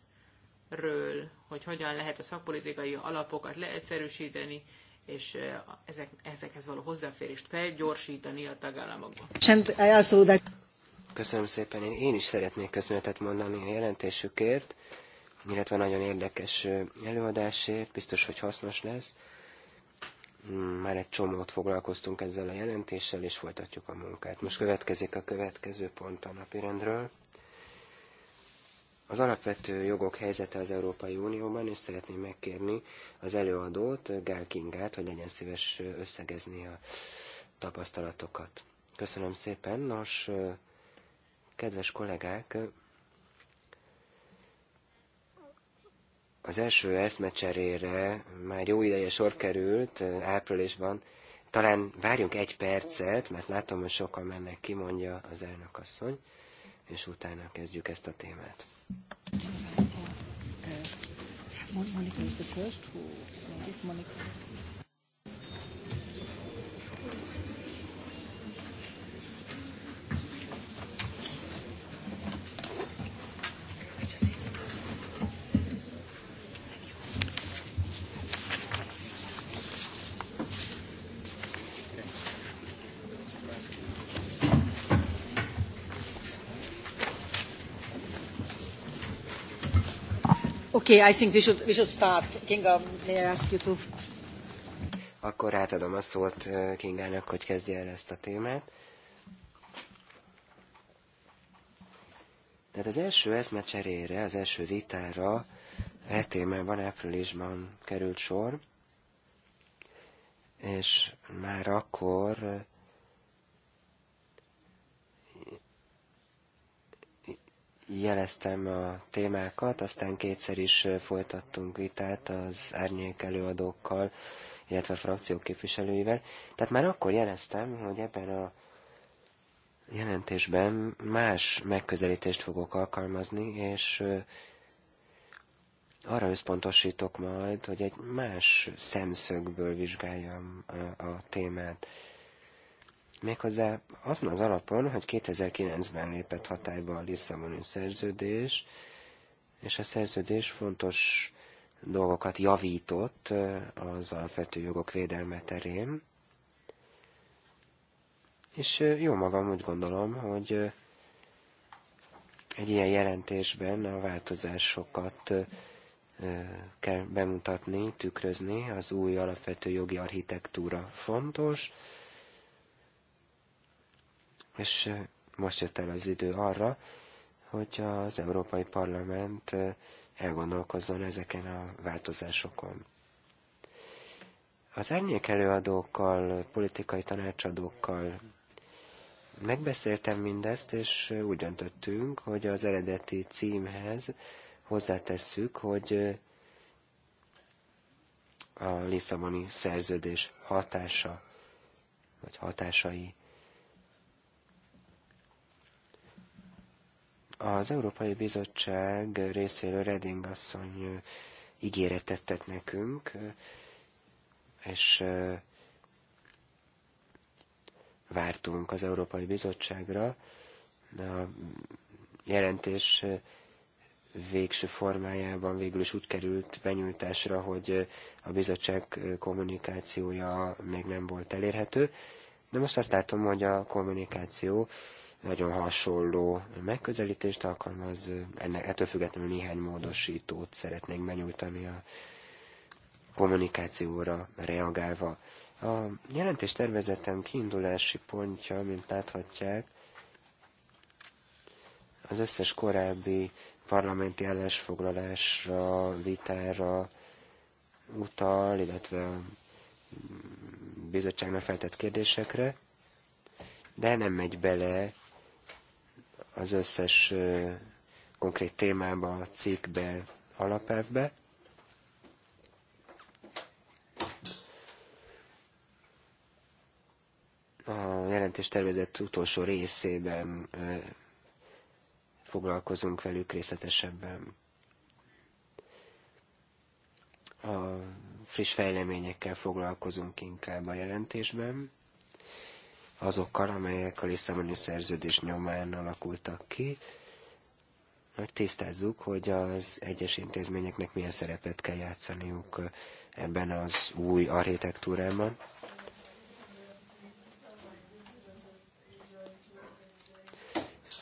hogy hogyan lehet a szakpolitikai alapokat leegyszerűsíteni, és eh, ezek, ezekhez való hozzáférést felgyorsítani a tagállamokban. Köszönöm szépen, én is szeretnék köszönetet mondani a jelentésükért, illetve nagyon érdekes eh, előadásért, biztos, hogy hasznos lesz. Már egy csomót foglalkoztunk ezzel a jelentéssel, és folytatjuk a munkát. Most következik a következő pont a napirendről. Az alapvető jogok helyzete az Európai Unióban, és szeretném megkérni az előadót, Gál Kingát, hogy legyen szíves összegezni a tapasztalatokat. Köszönöm szépen. Nos, kedves kollégák, Az első eszmecserére már jó ideje sor került áprilisban. Talán várjunk egy percet, mert látom, hogy sokan mennek ki, mondja az elnökasszony, és utána kezdjük ezt a témát. Monika, is the first who, Monika. Okay, I think we should, we should start. Kinga, may I ask you to... Akkor átadom a szót Kingának, hogy kezdje el ezt a témát. Tehát az első eszmecserére, az első vitára e témában áprilisban került sor, és már akkor jeleztem a témákat, aztán kétszer is folytattunk vitát az árnyék előadókkal, illetve a frakciók képviselőivel. Tehát már akkor jeleztem, hogy ebben a jelentésben más megközelítést fogok alkalmazni, és arra összpontosítok majd, hogy egy más szemszögből vizsgáljam a témát. Méghozzá azon az alapon, hogy 2009-ben lépett hatályba a Lisszaboni szerződés, és a szerződés fontos dolgokat javított az alapvető jogok védelme terén. És jó magam úgy gondolom, hogy egy ilyen jelentésben a változásokat kell bemutatni, tükrözni, az új alapvető jogi architektúra fontos, és most jött el az idő arra, hogy az Európai Parlament elgondolkozzon ezeken a változásokon. Az árnyék előadókkal, politikai tanácsadókkal megbeszéltem mindezt, és úgy döntöttünk, hogy az eredeti címhez hozzátesszük, hogy a Lisszaboni szerződés hatása, vagy hatásai Az Európai Bizottság részéről Reding asszony ígéretet tett nekünk, és vártunk az Európai Bizottságra, de a jelentés végső formájában végül is úgy került benyújtásra, hogy a bizottság kommunikációja még nem volt elérhető, de most azt látom, hogy a kommunikáció nagyon hasonló megközelítést alkalmaz, ennek ettől függetlenül néhány módosítót szeretnénk benyújtani a kommunikációra reagálva. A jelentés tervezetem kiindulási pontja, mint láthatják, az összes korábbi parlamenti állásfoglalásra, vitára utal, illetve a bizottságnak feltett kérdésekre, de nem megy bele az összes konkrét témába, cikkbe, alapelvbe. A jelentés tervezett utolsó részében foglalkozunk velük részletesebben. A friss fejleményekkel foglalkozunk inkább a jelentésben azokkal, amelyek a Lisszaboni szerződés nyomán alakultak ki, hogy tisztázzuk, hogy az egyes intézményeknek milyen szerepet kell játszaniuk ebben az új architektúrában.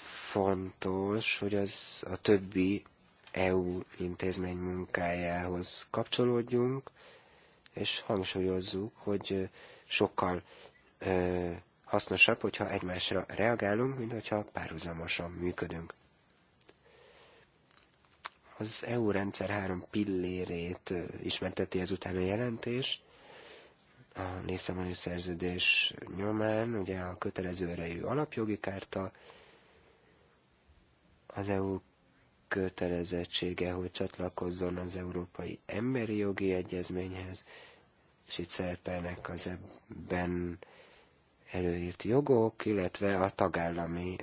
Fontos, hogy az a többi EU intézmény munkájához kapcsolódjunk, és hangsúlyozzuk, hogy sokkal hasznosabb, hogyha egymásra reagálunk, mint hogyha párhuzamosan működünk. Az EU rendszer három pillérét ismerteti ezután a jelentés. A Lisszaboni szerződés nyomán, ugye a kötelező erejű alapjogi kárta, az EU kötelezettsége, hogy csatlakozzon az Európai Emberi Jogi Egyezményhez, és itt szerepelnek az ebben előírt jogok, illetve a tagállami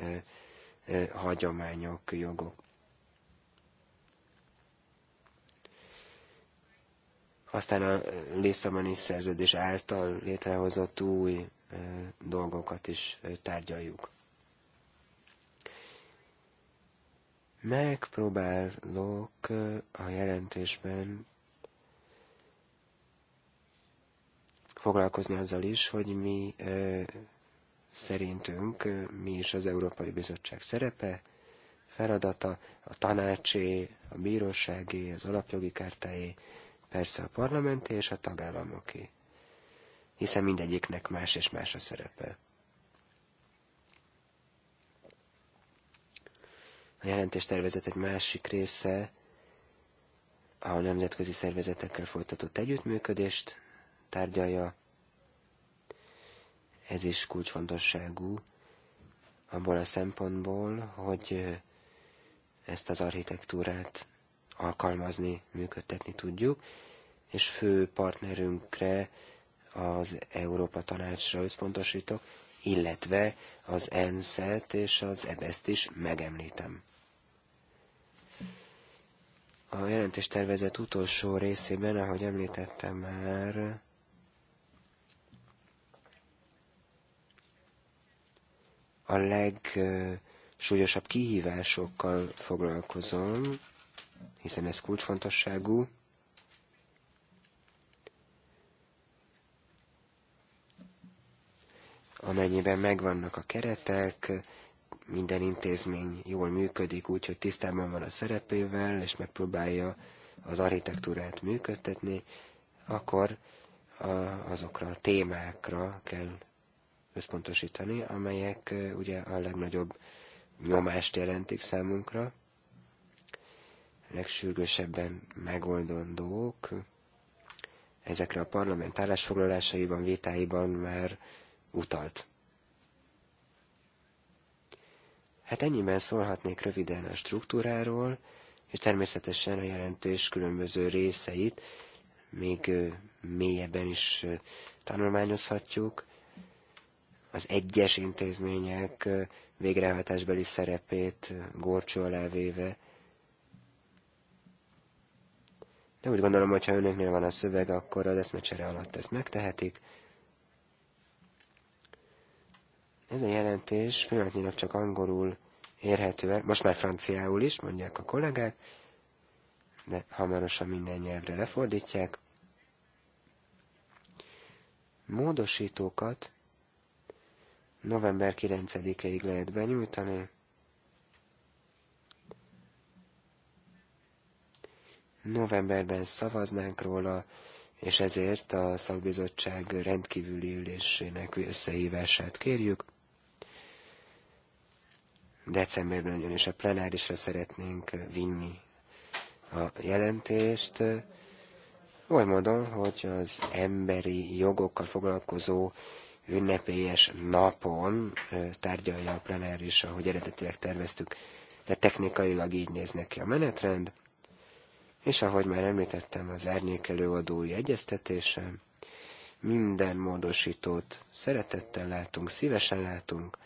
hagyományok, jogok. Aztán a Lisszaboni szerződés által létrehozott új dolgokat is tárgyaljuk. Megpróbálok a jelentésben foglalkozni azzal is, hogy mi szerintünk mi is az Európai Bizottság szerepe, feladata, a tanácsé, a bíróságé, az alapjogi kártáé, persze a parlamenté és a tagállamoké, hiszen mindegyiknek más és más a szerepe. A jelentéstervezet egy másik része a nemzetközi szervezetekkel folytatott együttműködést tárgyalja. Ez is kulcsfontosságú abból a szempontból, hogy ezt az architektúrát alkalmazni, működtetni tudjuk, és fő partnerünkre az Európa Tanácsra összpontosítok, illetve az ensz és az EBESZ-t is megemlítem. A jelentéstervezet utolsó részében, ahogy említettem már, a legsúlyosabb kihívásokkal foglalkozom, hiszen ez kulcsfontosságú. Amennyiben megvannak a keretek, minden intézmény jól működik, úgyhogy tisztában van a szerepével, és megpróbálja az architektúrát működtetni, akkor azokra a témákra kell összpontosítani, amelyek ugye a legnagyobb nyomást jelentik számunkra, legsürgősebben megoldandók. Ezekre a parlament állásfoglalásaiban, vitáiban már utalt. Hát ennyiben szólhatnék röviden a struktúráról, és természetesen a jelentés különböző részeit még mélyebben is tanulmányozhatjuk, az egyes intézmények végrehajtásbeli szerepét gorcsó alá véve. De úgy gondolom, hogy ha önöknél van a szöveg, akkor az eszmecsere alatt ezt megtehetik. Ez a jelentés pillanatnyilag csak angolul érhető el, most már franciául is, mondják a kollégák, de hamarosan minden nyelvre lefordítják. Módosítókat november 9-ig lehet benyújtani. Novemberben szavaznánk róla, és ezért a szakbizottság rendkívüli ülésének összehívását kérjük. Decemberben ugyanis a plenárisra szeretnénk vinni a jelentést, oly módon, hogy az emberi jogokkal foglalkozó ünnepélyes napon tárgyalja a plenáris, ahogy eredetileg terveztük. De technikailag így néz neki a menetrend, és ahogy már említettem az adói egyeztetésen, minden módosítót szeretettel látunk, szívesen látunk,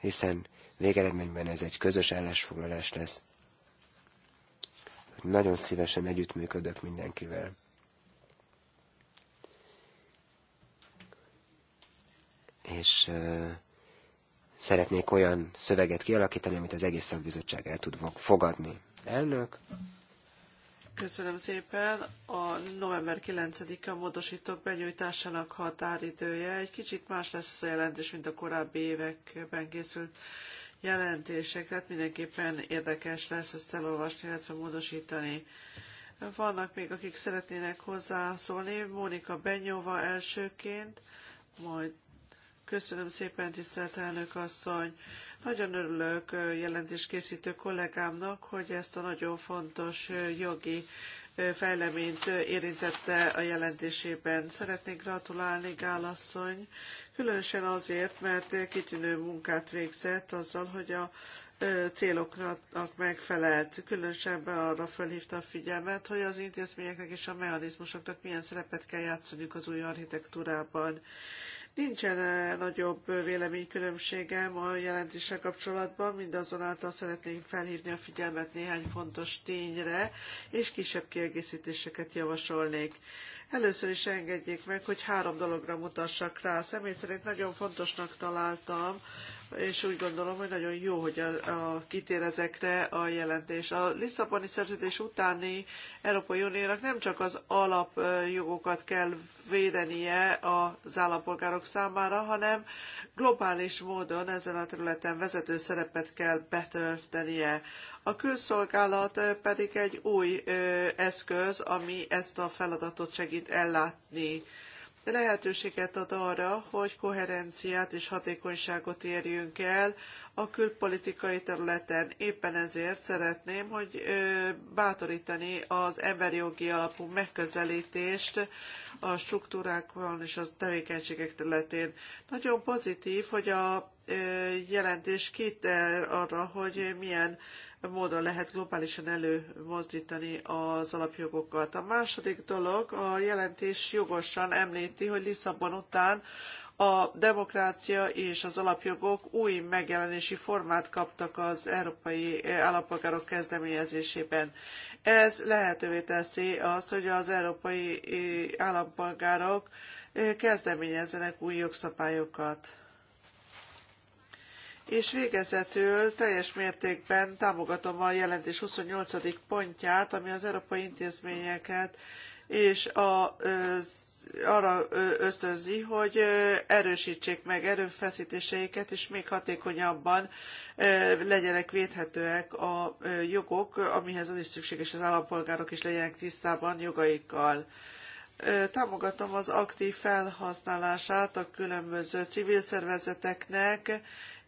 hiszen végeredményben ez egy közös állásfoglalás lesz. Nagyon szívesen együttműködök mindenkivel. és szeretnék olyan szöveget kialakítani, amit az egész szakbizottság el tud fogadni. Elnök! Köszönöm szépen. A november 9-a módosítók benyújtásának határidője egy kicsit más lesz az a jelentés, mint a korábbi években készült jelentések, tehát mindenképpen érdekes lesz ezt elolvasni, illetve módosítani. Vannak még, akik szeretnének hozzászólni. Mónika Benyova elsőként, majd Köszönöm szépen, tisztelt elnök asszony! Nagyon örülök jelentéskészítő kollégámnak, hogy ezt a nagyon fontos jogi fejleményt érintette a jelentésében. Szeretnék gratulálni Gálasszony, különösen azért, mert kitűnő munkát végzett azzal, hogy a céloknak megfelelt. Különösen arra felhívta a figyelmet, hogy az intézményeknek és a mechanizmusoknak milyen szerepet kell játszaniuk az új architektúrában Nincsen eh, nagyobb eh, véleménykülönbségem a jelentéssel kapcsolatban, mindazonáltal szeretném felhívni a figyelmet néhány fontos tényre, és kisebb kiegészítéseket javasolnék. Először is engedjék meg, hogy három dologra mutassak rá. Személy szerint nagyon fontosnak találtam és úgy gondolom, hogy nagyon jó, hogy a, a, kitér ezekre a jelentés. A Lisszaboni szerződés utáni Európai Uniónak nem csak az alapjogokat kell védenie az állampolgárok számára, hanem globális módon ezen a területen vezető szerepet kell betöltenie. A külszolgálat pedig egy új eszköz, ami ezt a feladatot segít ellátni lehetőséget ad arra, hogy koherenciát és hatékonyságot érjünk el a külpolitikai területen. Éppen ezért szeretném, hogy bátorítani az emberi jogi alapú megközelítést a struktúrákon és a tevékenységek területén. Nagyon pozitív, hogy a jelentés kitér arra, hogy milyen módon lehet globálisan előmozdítani az alapjogokat. A második dolog, a jelentés jogosan említi, hogy Lisszabon után a demokrácia és az alapjogok új megjelenési formát kaptak az európai állampolgárok kezdeményezésében. Ez lehetővé teszi azt, hogy az európai állampolgárok kezdeményezzenek új jogszabályokat és végezetül teljes mértékben támogatom a jelentés 28. pontját, ami az európai intézményeket és a, arra ösztönzi, hogy erősítsék meg erőfeszítéseiket, és még hatékonyabban legyenek védhetőek a jogok, amihez az is szükséges, az állampolgárok is legyenek tisztában jogaikkal támogatom az aktív felhasználását a különböző civil szervezeteknek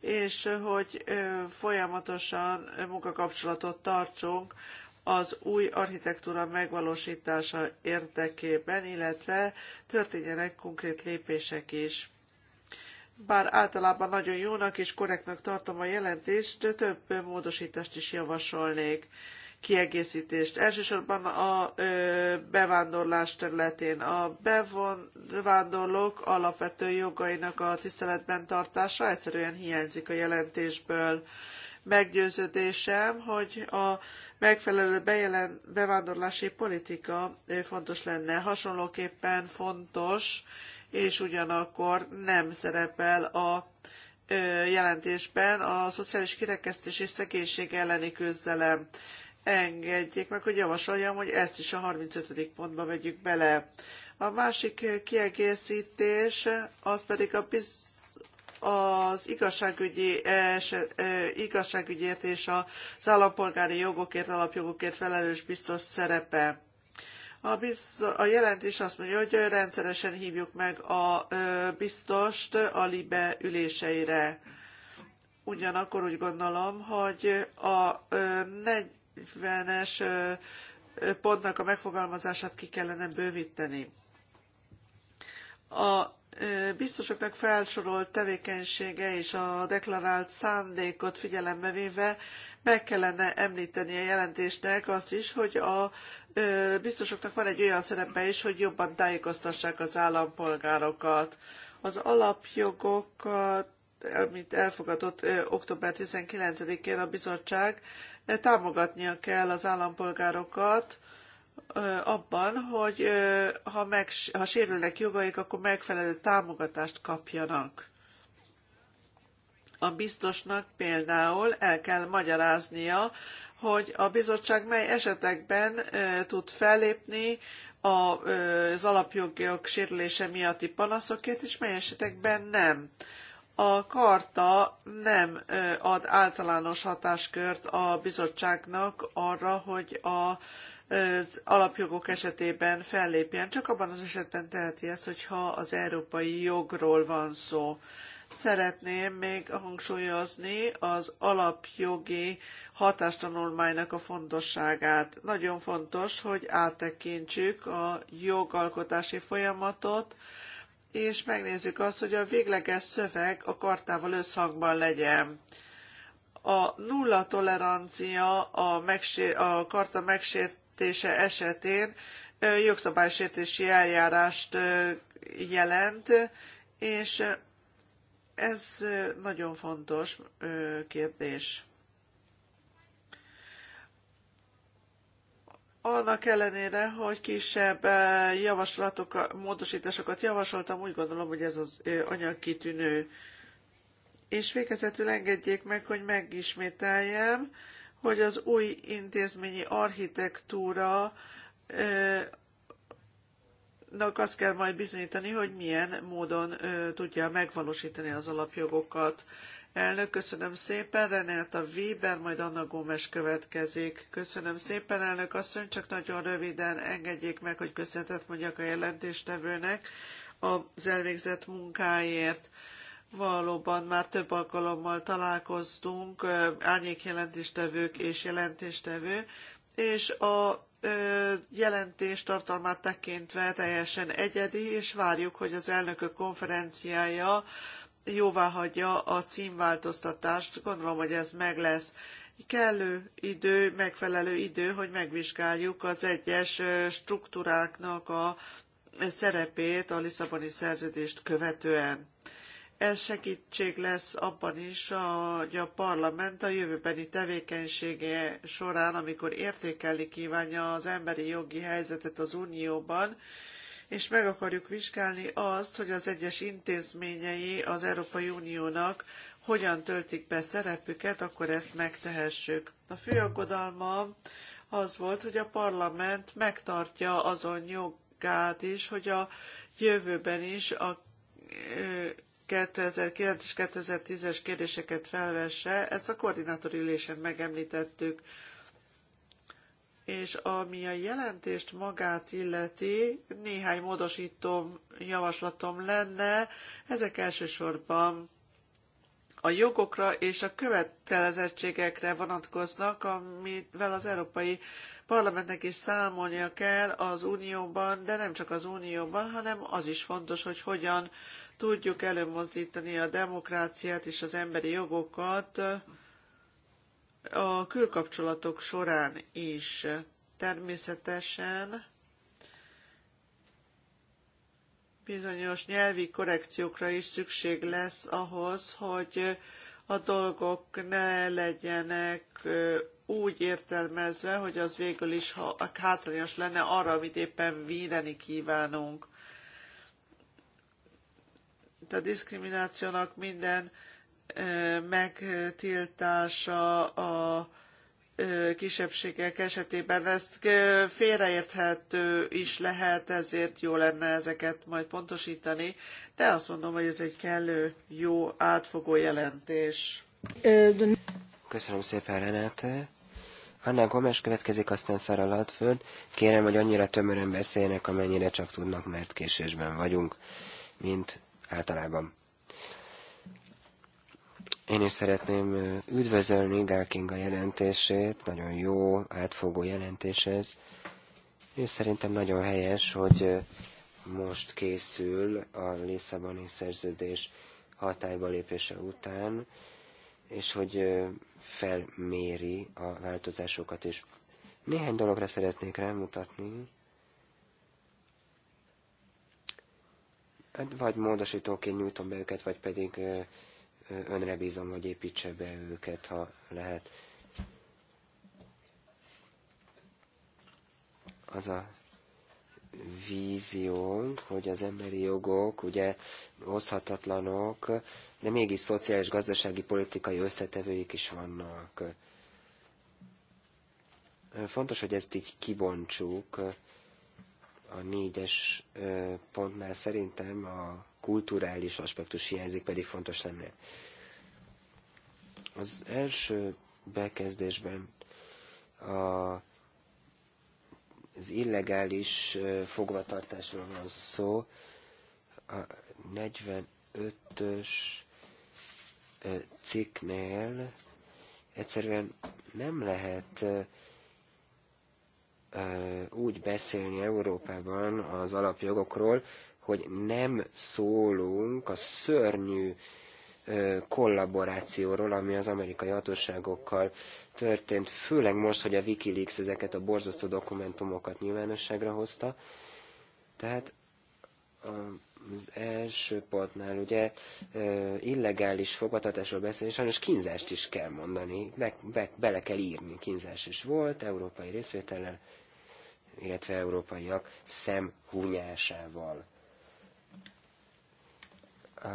és hogy folyamatosan munkakapcsolatot tartsunk az új architektúra megvalósítása érdekében, illetve történjenek konkrét lépések is. Bár általában nagyon jónak és korrektnak tartom a jelentést, több módosítást is javasolnék kiegészítést. Elsősorban a bevándorlás területén a bevándorlók alapvető jogainak a tiszteletben tartása egyszerűen hiányzik a jelentésből. Meggyőződésem, hogy a megfelelő bejelen, bevándorlási politika fontos lenne. Hasonlóképpen fontos, és ugyanakkor nem szerepel a jelentésben a szociális kirekesztés és szegénység elleni küzdelem engedjék meg, hogy javasoljam, hogy ezt is a 35. pontba vegyük bele. A másik kiegészítés az pedig a biz az igazságügyi, es, e, igazságügyért és az állampolgári jogokért, alapjogokért felelős biztos szerepe. A, biz a jelentés azt mondja, hogy rendszeresen hívjuk meg a biztost a LIBE üléseire. Ugyanakkor úgy gondolom, hogy a, 40-es pontnak a megfogalmazását ki kellene bővíteni. A biztosoknak felsorolt tevékenysége és a deklarált szándékot figyelembe véve meg kellene említeni a jelentésnek azt is, hogy a biztosoknak van egy olyan szerepe is, hogy jobban tájékoztassák az állampolgárokat. Az alapjogokat, amit elfogadott október 19-én a bizottság, támogatnia kell az állampolgárokat abban, hogy ha, meg, ha sérülnek jogaik, akkor megfelelő támogatást kapjanak. A biztosnak például el kell magyaráznia, hogy a bizottság mely esetekben tud fellépni az alapjogok sérülése miatti panaszokért, és mely esetekben nem a karta nem ad általános hatáskört a bizottságnak arra, hogy a az alapjogok esetében fellépjen, csak abban az esetben teheti ezt, hogyha az európai jogról van szó. Szeretném még hangsúlyozni az alapjogi hatástanulmánynak a fontosságát. Nagyon fontos, hogy áttekintsük a jogalkotási folyamatot, és megnézzük azt, hogy a végleges szöveg a kartával összhangban legyen. A nulla tolerancia a, megsér, a karta megsértése esetén jogszabálysértési eljárást jelent, és ez nagyon fontos kérdés. annak ellenére, hogy kisebb eh, javaslatokat, módosításokat javasoltam, úgy gondolom, hogy ez az anyag kitűnő. És végezetül engedjék meg, hogy megismételjem, hogy az új intézményi architektúra eh, azt kell majd bizonyítani, hogy milyen módon eh, tudja megvalósítani az alapjogokat. Elnök, köszönöm szépen, a Weber, majd Anna Gómez következik. Köszönöm szépen, elnök asszony, csak nagyon röviden engedjék meg, hogy köszönetet mondjak a jelentéstevőnek az elvégzett munkáért. Valóban már több alkalommal találkoztunk, árnyékjelentéstevők és jelentéstevő, és a jelentés tartalmát tekintve teljesen egyedi, és várjuk, hogy az elnökök konferenciája jóvá hagyja a címváltoztatást, gondolom, hogy ez meg lesz. Kellő idő, megfelelő idő, hogy megvizsgáljuk az egyes struktúráknak a szerepét a Lisszaboni szerződést követően. Ez segítség lesz abban is, hogy a parlament a jövőbeni tevékenysége során, amikor értékelni kívánja az emberi jogi helyzetet az Unióban, és meg akarjuk vizsgálni azt, hogy az egyes intézményei az Európai Uniónak hogyan töltik be szerepüket, akkor ezt megtehessük. A fő aggodalma az volt, hogy a parlament megtartja azon jogát is, hogy a jövőben is a 2009 és 2010-es kérdéseket felvesse, ezt a koordinátori ülésen megemlítettük és ami a jelentést magát illeti, néhány módosítóm, javaslatom lenne, ezek elsősorban a jogokra és a követelezettségekre vonatkoznak, amivel az Európai Parlamentnek is számolnia kell az Unióban, de nem csak az Unióban, hanem az is fontos, hogy hogyan tudjuk előmozdítani a demokráciát és az emberi jogokat a külkapcsolatok során is természetesen bizonyos nyelvi korrekciókra is szükség lesz ahhoz, hogy a dolgok ne legyenek úgy értelmezve, hogy az végül is hátrányos lenne arra, amit éppen védeni kívánunk. A diszkriminációnak minden megtiltása a kisebbségek esetében. Ezt félreérthető is lehet, ezért jó lenne ezeket majd pontosítani, de azt mondom, hogy ez egy kellő, jó, átfogó jelentés. Köszönöm szépen, Renate. Anna Gomes következik, aztán Szara Latföld. Kérem, hogy annyira tömören beszéljenek, amennyire csak tudnak, mert késésben vagyunk, mint általában. Én is szeretném üdvözölni Gál Kinga jelentését, nagyon jó, átfogó jelentés ez, és szerintem nagyon helyes, hogy most készül a Lisszaboni szerződés hatályba lépése után, és hogy felméri a változásokat is. Néhány dologra szeretnék rámutatni. Hát vagy módosítóként nyújtom be őket, vagy pedig önre bízom, hogy építse be őket, ha lehet. Az a víziónk, hogy az emberi jogok ugye oszthatatlanok, de mégis szociális, gazdasági, politikai összetevőik is vannak. Fontos, hogy ezt így kibontsuk, a négyes pontnál szerintem a kulturális aspektus hiányzik, pedig fontos lenne. Az első bekezdésben a, az illegális fogvatartásról van szó. A 45-ös cikknél egyszerűen nem lehet úgy beszélni Európában az alapjogokról, hogy nem szólunk a szörnyű kollaborációról, ami az amerikai hatóságokkal történt, főleg most, hogy a Wikileaks ezeket a borzasztó dokumentumokat nyilvánosságra hozta. Tehát az első pontnál ugye illegális fogadtatásról beszélni, sajnos kínzást is kell mondani, be, be, bele kell írni, kínzás is volt, európai részvétellel, illetve európaiak szemhúnyásával. A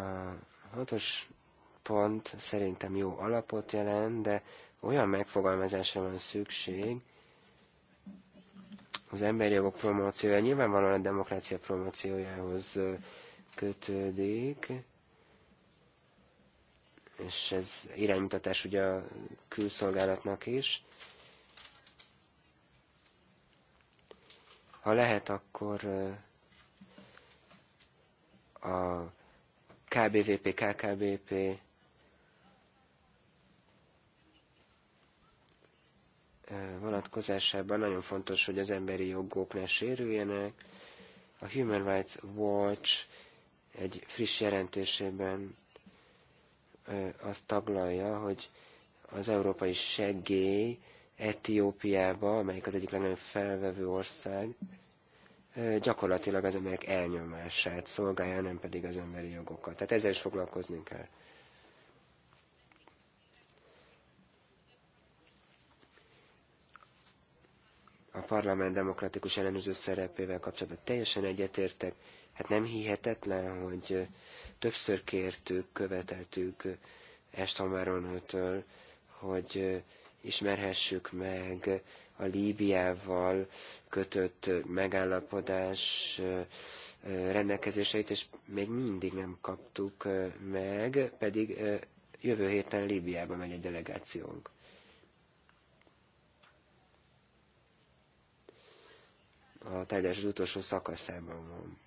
hatos pont szerintem jó alapot jelent, de olyan megfogalmazásra van szükség, az emberi jogok promóciója nyilvánvalóan a demokrácia promóciójához kötődik, és ez iránymutatás ugye a külszolgálatnak is. Ha lehet, akkor a KBVP, KKBP vonatkozásában nagyon fontos, hogy az emberi jogok ne sérüljenek. A Human Rights Watch egy friss jelentésében azt taglalja, hogy az európai segély Etiópiába, amelyik az egyik legnagyobb felvevő ország, gyakorlatilag az emberek elnyomását szolgálja, nem pedig az emberi jogokat. Tehát ezzel is foglalkozni kell. A parlament demokratikus ellenőrző szerepével kapcsolatban teljesen egyetértek. Hát nem hihetetlen, hogy többször kértük, követeltük Estomáronőtől, hogy ismerhessük meg a Líbiával kötött megállapodás rendelkezéseit, és még mindig nem kaptuk meg, pedig jövő héten Líbiába megy egy delegációnk. A tárgyás az utolsó szakaszában van.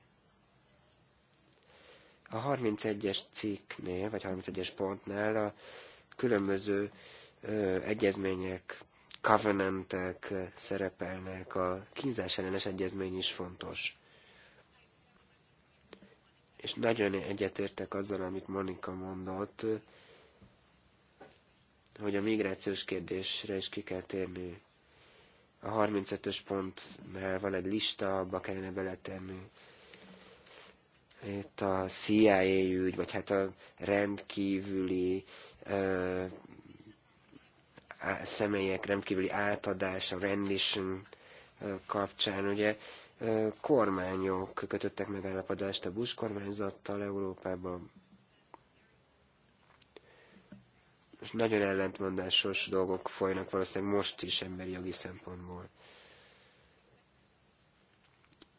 A 31-es cikknél, vagy 31-es pontnál a különböző egyezmények, covenantek szerepelnek, a kínzás ellenes egyezmény is fontos. És nagyon egyetértek azzal, amit Monika mondott, hogy a migrációs kérdésre is ki kell térni. A 35-ös pontnál van egy lista, abba kellene beletenni. Itt a CIA ügy, vagy hát a rendkívüli ö, személyek rendkívüli a rendition kapcsán, ugye kormányok kötöttek megállapodást a Bush kormányzattal Európában, és nagyon ellentmondásos dolgok folynak valószínűleg most is emberi jogi szempontból.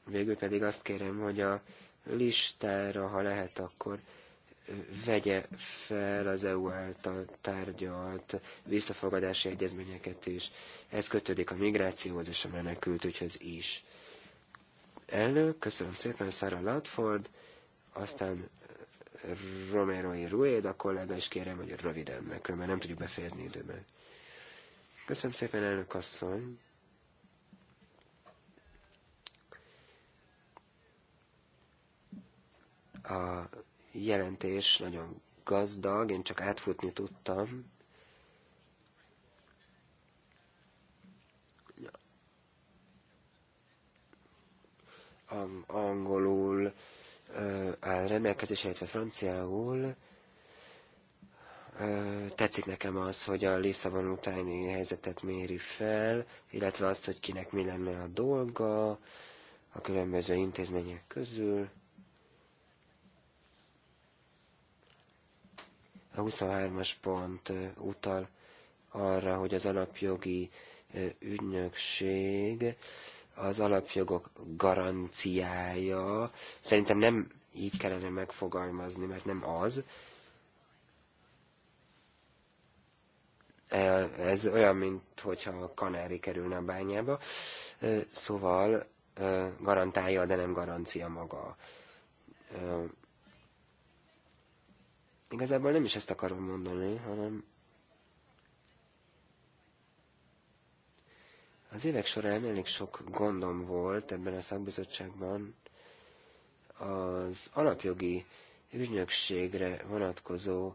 Végül pedig azt kérem, hogy a listára, ha lehet, akkor vegye fel az EU által tárgyalt visszafogadási egyezményeket is. Ez kötődik a migrációhoz és a menekültügyhöz is. Elnök, köszönöm szépen, Sarah Latford, aztán Romeroi i Rueda kollega, is kérem, hogy röviden, mert különben nem tudjuk befejezni időben. Köszönöm szépen, elnök asszony. A jelentés nagyon gazdag, én csak átfutni tudtam. Angolul áll rendelkezésre, illetve franciául tetszik nekem az, hogy a Lisszabon utáni helyzetet méri fel, illetve azt, hogy kinek mi lenne a dolga a különböző intézmények közül. A 23-as pont utal arra, hogy az alapjogi ügynökség az alapjogok garanciája. Szerintem nem így kellene megfogalmazni, mert nem az. E, ez olyan, mint hogyha a kanári kerülne a bányába. Szóval garantálja, de nem garancia maga. Igazából nem is ezt akarom mondani, hanem az évek során elég sok gondom volt ebben a szakbizottságban az alapjogi ügynökségre vonatkozó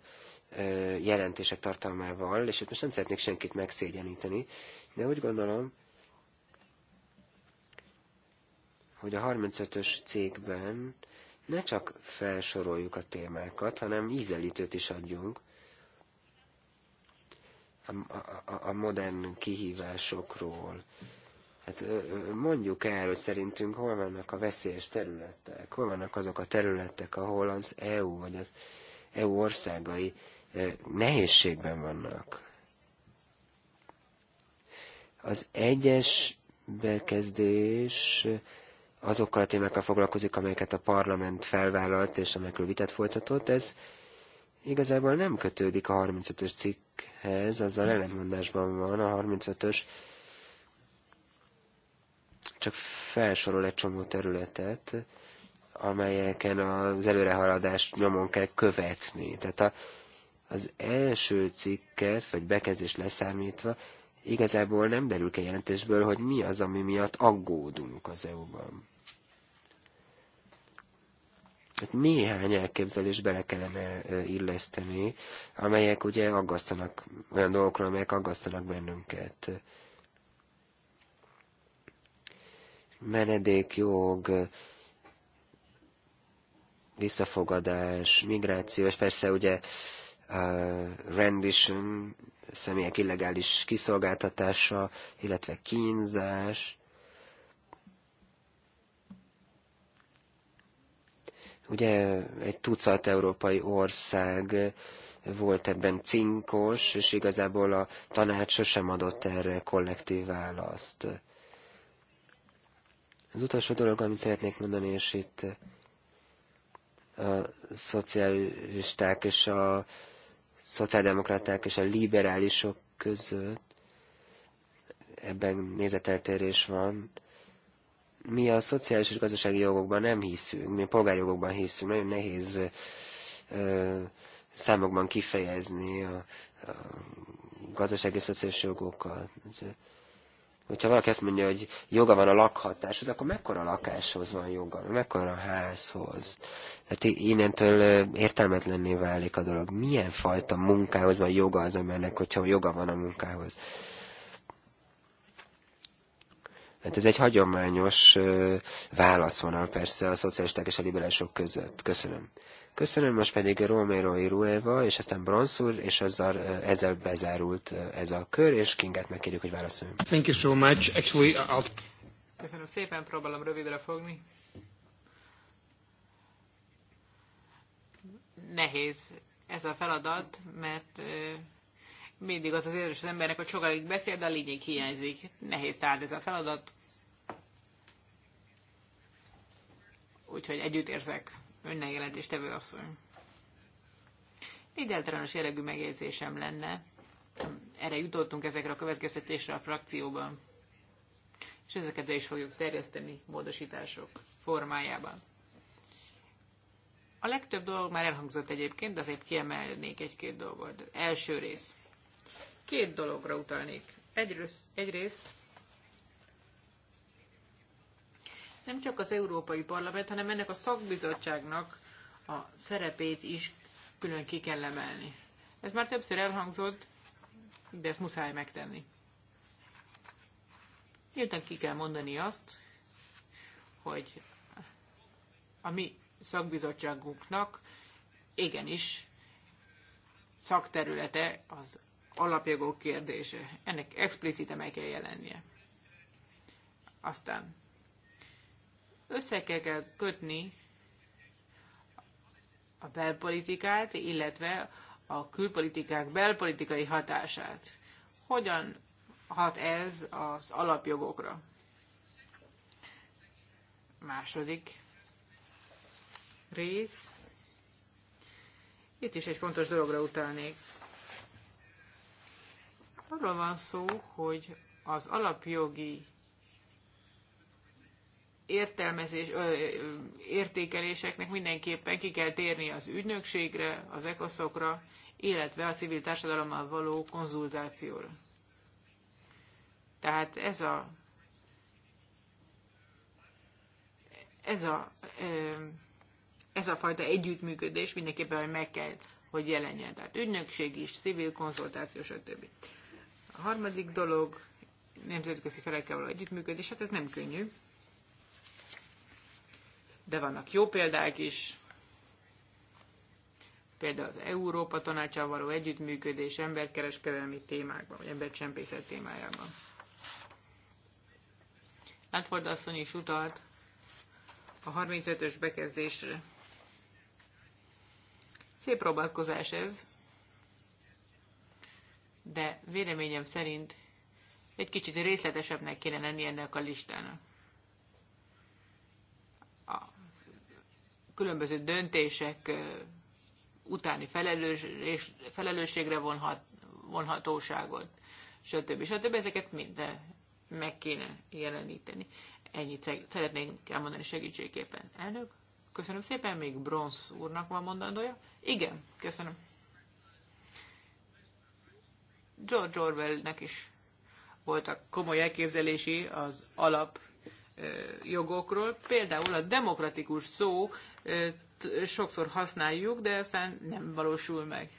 jelentések tartalmával, és itt most nem szeretnék senkit megszégyeníteni, de úgy gondolom, hogy a 35-ös cégben ne csak felsoroljuk a témákat, hanem ízelítőt is adjunk a, a, a modern kihívásokról. Hát mondjuk el, hogy szerintünk hol vannak a veszélyes területek, hol vannak azok a területek, ahol az EU vagy az EU országai nehézségben vannak. Az egyes bekezdés azokkal a témákkal foglalkozik, amelyeket a parlament felvállalt és amelyekről vitát folytatott. Ez igazából nem kötődik a 35-ös cikkhez, Az a ellentmondásban van a 35-ös, csak felsorol egy csomó területet, amelyeken az előrehaladást nyomon kell követni. Tehát a, az első cikket, vagy bekezdés leszámítva, igazából nem derül ki a jelentésből, hogy mi az, ami miatt aggódunk az EU-ban. Tehát néhány elképzelés bele kellene illeszteni, amelyek ugye aggasztanak, olyan dolgokra, amelyek aggasztanak bennünket. Menedékjog, visszafogadás, migráció, és persze ugye uh, rendition, személyek illegális kiszolgáltatása, illetve kínzás, Ugye egy tucat európai ország volt ebben cinkos, és igazából a tanács sosem adott erre kollektív választ. Az utolsó dolog, amit szeretnék mondani, és itt a szocialisták és a szociáldemokraták és a liberálisok között ebben nézeteltérés van, mi a szociális és gazdasági jogokban nem hiszünk, mi a polgárjogokban hiszünk, nagyon nehéz ö, számokban kifejezni a, a gazdasági és szociális jogokat. Hogyha valaki azt mondja, hogy joga van a lakhatáshoz, akkor mekkora lakáshoz van joga, mekkora házhoz? Tehát innentől értelmetlenné válik a dolog. Milyen fajta munkához van joga az embernek, hogyha joga van a munkához? Hát ez egy hagyományos válaszvonal persze a szocialisták és a liberálisok között. Köszönöm. Köszönöm, most pedig Romero Irueva, és aztán Bronszúr, és ezzel, ezzel bezárult ez a kör, és Kingát megkérjük, hogy válaszoljon. Thank you so much. Actually, I'll... Köszönöm szépen, próbálom rövidre fogni. Nehéz ez a feladat, mert mindig az az érdekes, az embernek, hogy sokáig beszél, de a lényeg hiányzik. Nehéz tárgy ez a feladat, úgyhogy együtt érzek önnel jelentéstevő asszony. Egy általános jellegű megjegyzésem lenne, erre jutottunk ezekre a következtetésre a frakcióban, és ezeket be is fogjuk terjeszteni módosítások formájában. A legtöbb dolog már elhangzott egyébként, de azért kiemelnék egy-két dolgot. Első rész. Két dologra utalnék. Egyrészt, egyrészt nem csak az Európai Parlament, hanem ennek a szakbizottságnak a szerepét is külön ki kell emelni. Ez már többször elhangzott, de ezt muszáj megtenni. Nyíltan ki kell mondani azt, hogy a mi szakbizottságunknak igenis szakterülete az alapjogok kérdése. Ennek explicite meg kell jelennie. Aztán össze kell kötni a belpolitikát, illetve a külpolitikák belpolitikai hatását. Hogyan hat ez az alapjogokra? Második rész. Itt is egy fontos dologra utalnék. Arról van szó, hogy az alapjogi értelmezés, ö, értékeléseknek mindenképpen ki kell térni az ügynökségre, az ekoszokra, illetve a civil társadalommal való konzultációra. Tehát ez a ez a, ez a fajta együttműködés mindenképpen meg kell, hogy jelenjen. Tehát ügynökség is, civil konzultáció, stb. A harmadik dolog, nemzetközi felekkel való együttműködés, hát ez nem könnyű de vannak jó példák is, például az Európa tanácsával való együttműködés emberkereskedelmi témákban, vagy embercsempészet témájában. Látford asszony is utalt a 35-ös bekezdésre. Szép próbálkozás ez, de véleményem szerint egy kicsit részletesebbnek kéne lenni ennek a listának. különböző döntések utáni felelős, felelősségre vonhat, vonhatóságot, stb. stb. Ezeket mind meg kéne jeleníteni. Ennyit szeretnénk elmondani segítségképpen. Elnök, köszönöm szépen, még Bronz úrnak van mondandója. Igen, köszönöm. George Orwellnek is voltak komoly elképzelési az alap jogokról. Például a demokratikus szó sokszor használjuk, de aztán nem valósul meg.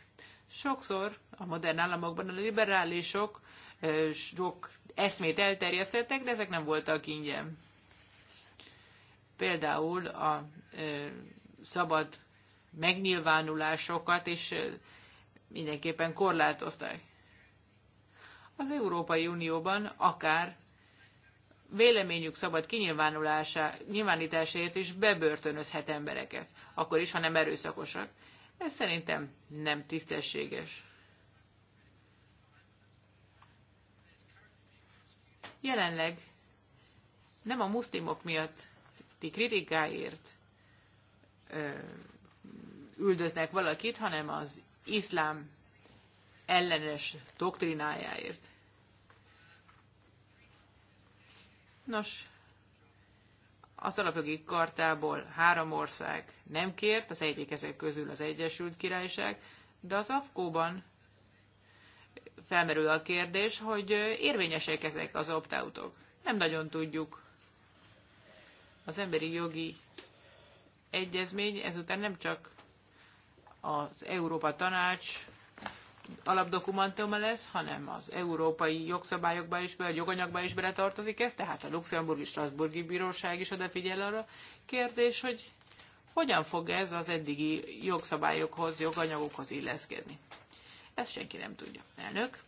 Sokszor a modern államokban a liberálisok sok eszmét elterjesztettek, de ezek nem voltak ingyen. Például a szabad megnyilvánulásokat is mindenképpen korlátozták. Az Európai Unióban akár véleményük szabad kinyilvánításért is bebörtönözhet embereket, akkor is, ha nem erőszakosak. Ez szerintem nem tisztességes. Jelenleg nem a muszlimok miatt ti kritikáért ö, üldöznek valakit, hanem az iszlám ellenes doktrinájáért. Nos, az alapjogi kartából három ország nem kért, az egyik ezek közül az Egyesült Királyság, de az AFKO-ban felmerül a kérdés, hogy érvényesek ezek az opt-outok. Nem nagyon tudjuk. Az emberi jogi egyezmény ezután nem csak az Európa Tanács alapdokumentuma lesz, hanem az európai jogszabályokba is, a joganyagba is beletartozik ez, tehát a Luxemburgi Strasburgi Bíróság is odafigyel arra. Kérdés, hogy hogyan fog ez az eddigi jogszabályokhoz, joganyagokhoz illeszkedni. Ezt senki nem tudja. Elnök,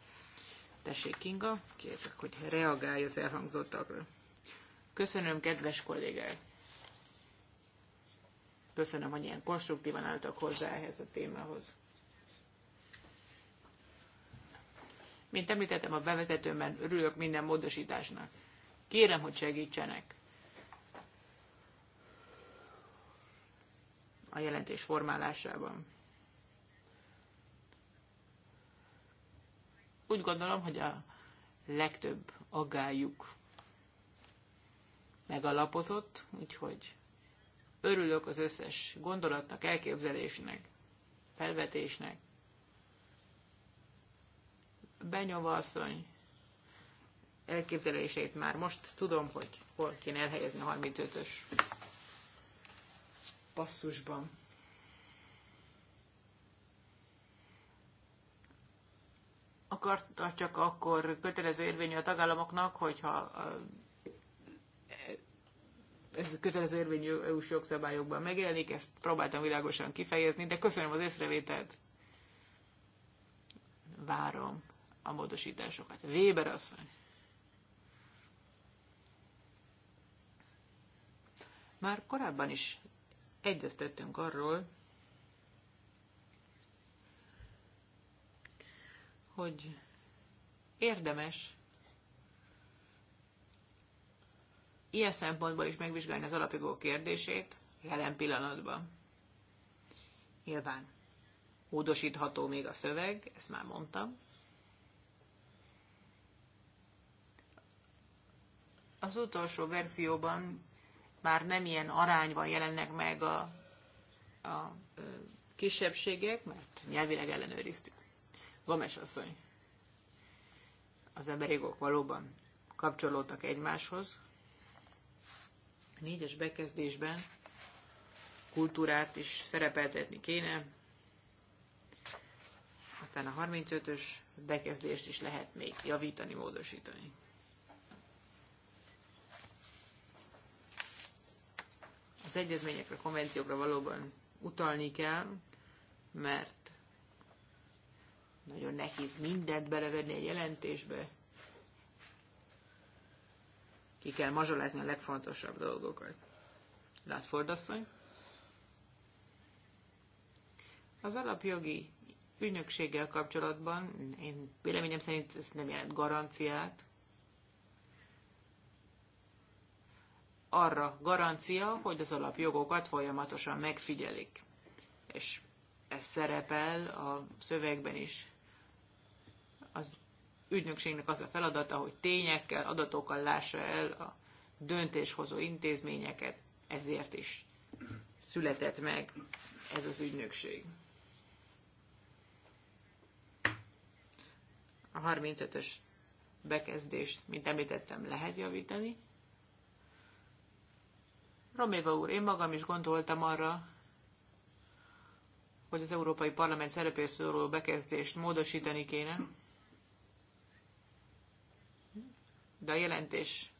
tessék Kinga, kérlek, hogy reagálj az elhangzottakra. Köszönöm, kedves kollégák! Köszönöm, hogy ilyen konstruktívan álltak hozzá ehhez a témához. Mint említettem a bevezetőmben, örülök minden módosításnak. Kérem, hogy segítsenek. a jelentés formálásában. Úgy gondolom, hogy a legtöbb aggájuk megalapozott, úgyhogy örülök az összes gondolatnak, elképzelésnek, felvetésnek. Benyova asszony elképzelését már most tudom, hogy hol kéne elhelyezni a 35-ös passzusban. akarta csak akkor kötelező érvényű a tagállamoknak, hogyha ez kötelező érvényű EU-s jogszabályokban megjelenik, ezt próbáltam világosan kifejezni, de köszönöm az észrevételt. Várom a módosításokat. Weber asszony. Már korábban is egyeztettünk arról, hogy érdemes ilyen szempontból is megvizsgálni az alapjogó kérdését jelen pillanatban. Nyilván módosítható még a szöveg, ezt már mondtam, Az utolsó verzióban már nem ilyen arányban jelennek meg a, a kisebbségek, mert nyelvileg ellenőriztük. Gomes asszony. Az emberégok valóban kapcsolódtak egymáshoz. Négyes bekezdésben kultúrát is szerepeltetni kéne. Aztán a 35-ös bekezdést is lehet még javítani, módosítani. az egyezményekre, konvenciókra valóban utalni kell, mert nagyon nehéz mindent belevenni egy jelentésbe. Ki kell mazsolázni a legfontosabb dolgokat. Lát fordasszony. Az alapjogi ügynökséggel kapcsolatban én véleményem szerint ez nem jelent garanciát, arra garancia, hogy az alapjogokat folyamatosan megfigyelik. És ez szerepel a szövegben is. Az ügynökségnek az a feladata, hogy tényekkel, adatokkal lássa el a döntéshozó intézményeket, ezért is született meg ez az ügynökség. A 35-ös bekezdést, mint említettem, lehet javítani, Roméva úr, én magam is gondoltam arra, hogy az Európai Parlament szerepéről szóló bekezdést módosítani kéne, de a jelentés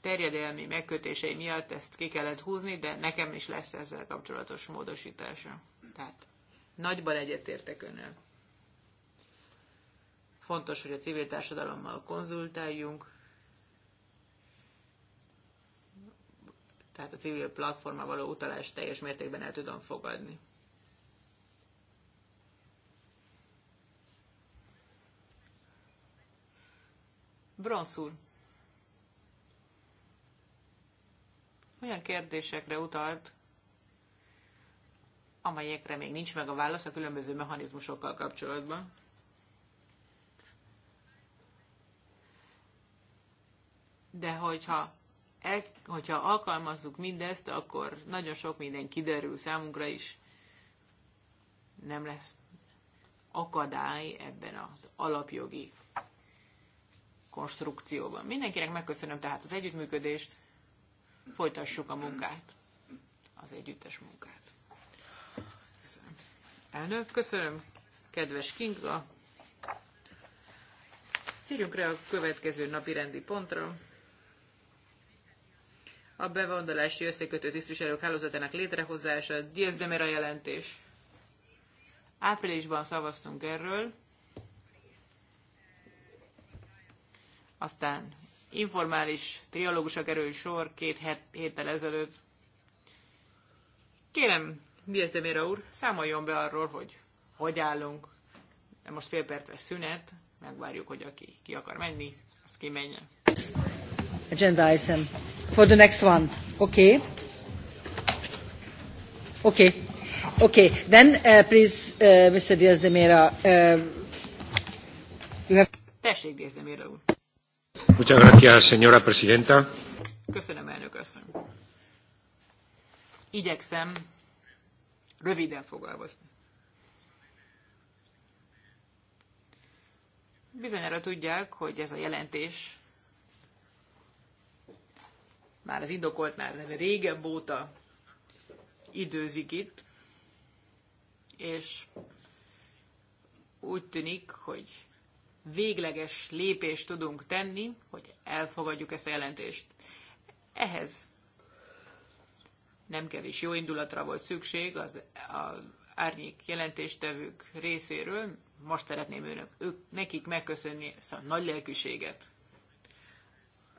terjedelmi megkötései miatt ezt ki kellett húzni, de nekem is lesz ezzel kapcsolatos módosítása. Tehát nagyban egyetértek önnel. Fontos, hogy a civil társadalommal konzultáljunk, tehát a civil platforma való utalást teljes mértékben el tudom fogadni. Bronszúr. Olyan kérdésekre utalt, amelyekre még nincs meg a válasz a különböző mechanizmusokkal kapcsolatban. De hogyha el, hogyha alkalmazzuk mindezt, akkor nagyon sok minden kiderül számunkra is. Nem lesz akadály ebben az alapjogi konstrukcióban. Mindenkinek megköszönöm tehát az együttműködést, folytassuk a munkát, az együttes munkát. Köszönöm. Elnök, köszönöm, kedves Kinga. Térjünk rá a következő napi rendi pontra a bevándorlási összekötő tisztviselők hálózatának létrehozása, Diaz de Mera jelentés. Áprilisban szavaztunk erről, aztán informális trialógusra kerül sor két het, héttel ezelőtt. Kérem, Diaz de Mera úr, számoljon be arról, hogy hogy állunk. De most fél perces szünet, megvárjuk, hogy aki ki akar menni, az kimenjen agenda item for the next one. Okay. Okay. Okay. Then uh, please, uh, Mr. Diaz de Mera, uh, you have... Tessék, Diaz de Mera úr. Muchas gracias, señora presidenta. Köszönöm, elnök asszony. Igyekszem röviden fogalmazni. Bizonyára tudják, hogy ez a jelentés már az indokoltnál régebb óta időzik itt, és úgy tűnik, hogy végleges lépést tudunk tenni, hogy elfogadjuk ezt a jelentést. Ehhez nem kevés jó indulatra volt szükség az a árnyék jelentéstevők részéről. Most szeretném önök, ők, nekik megköszönni ezt a nagy lelkűséget.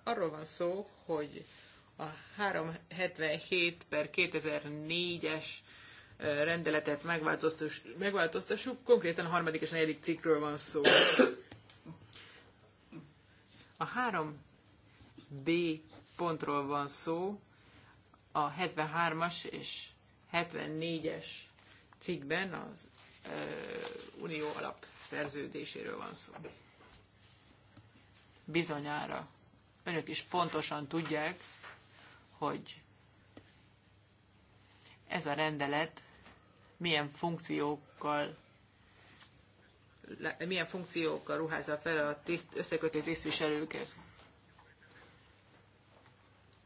Arról van szó, hogy a 377 per 2004-es rendeletet megváltoztassuk, konkrétan a harmadik és negyedik cikkről van szó. A 3B pontról van szó, a 73-as és 74-es cikkben az uh, Unió alap szerződéséről van szó. Bizonyára önök is pontosan tudják, hogy ez a rendelet milyen funkciókkal milyen funkciókkal ruházza fel a tiszt, összekötő tisztviselőket.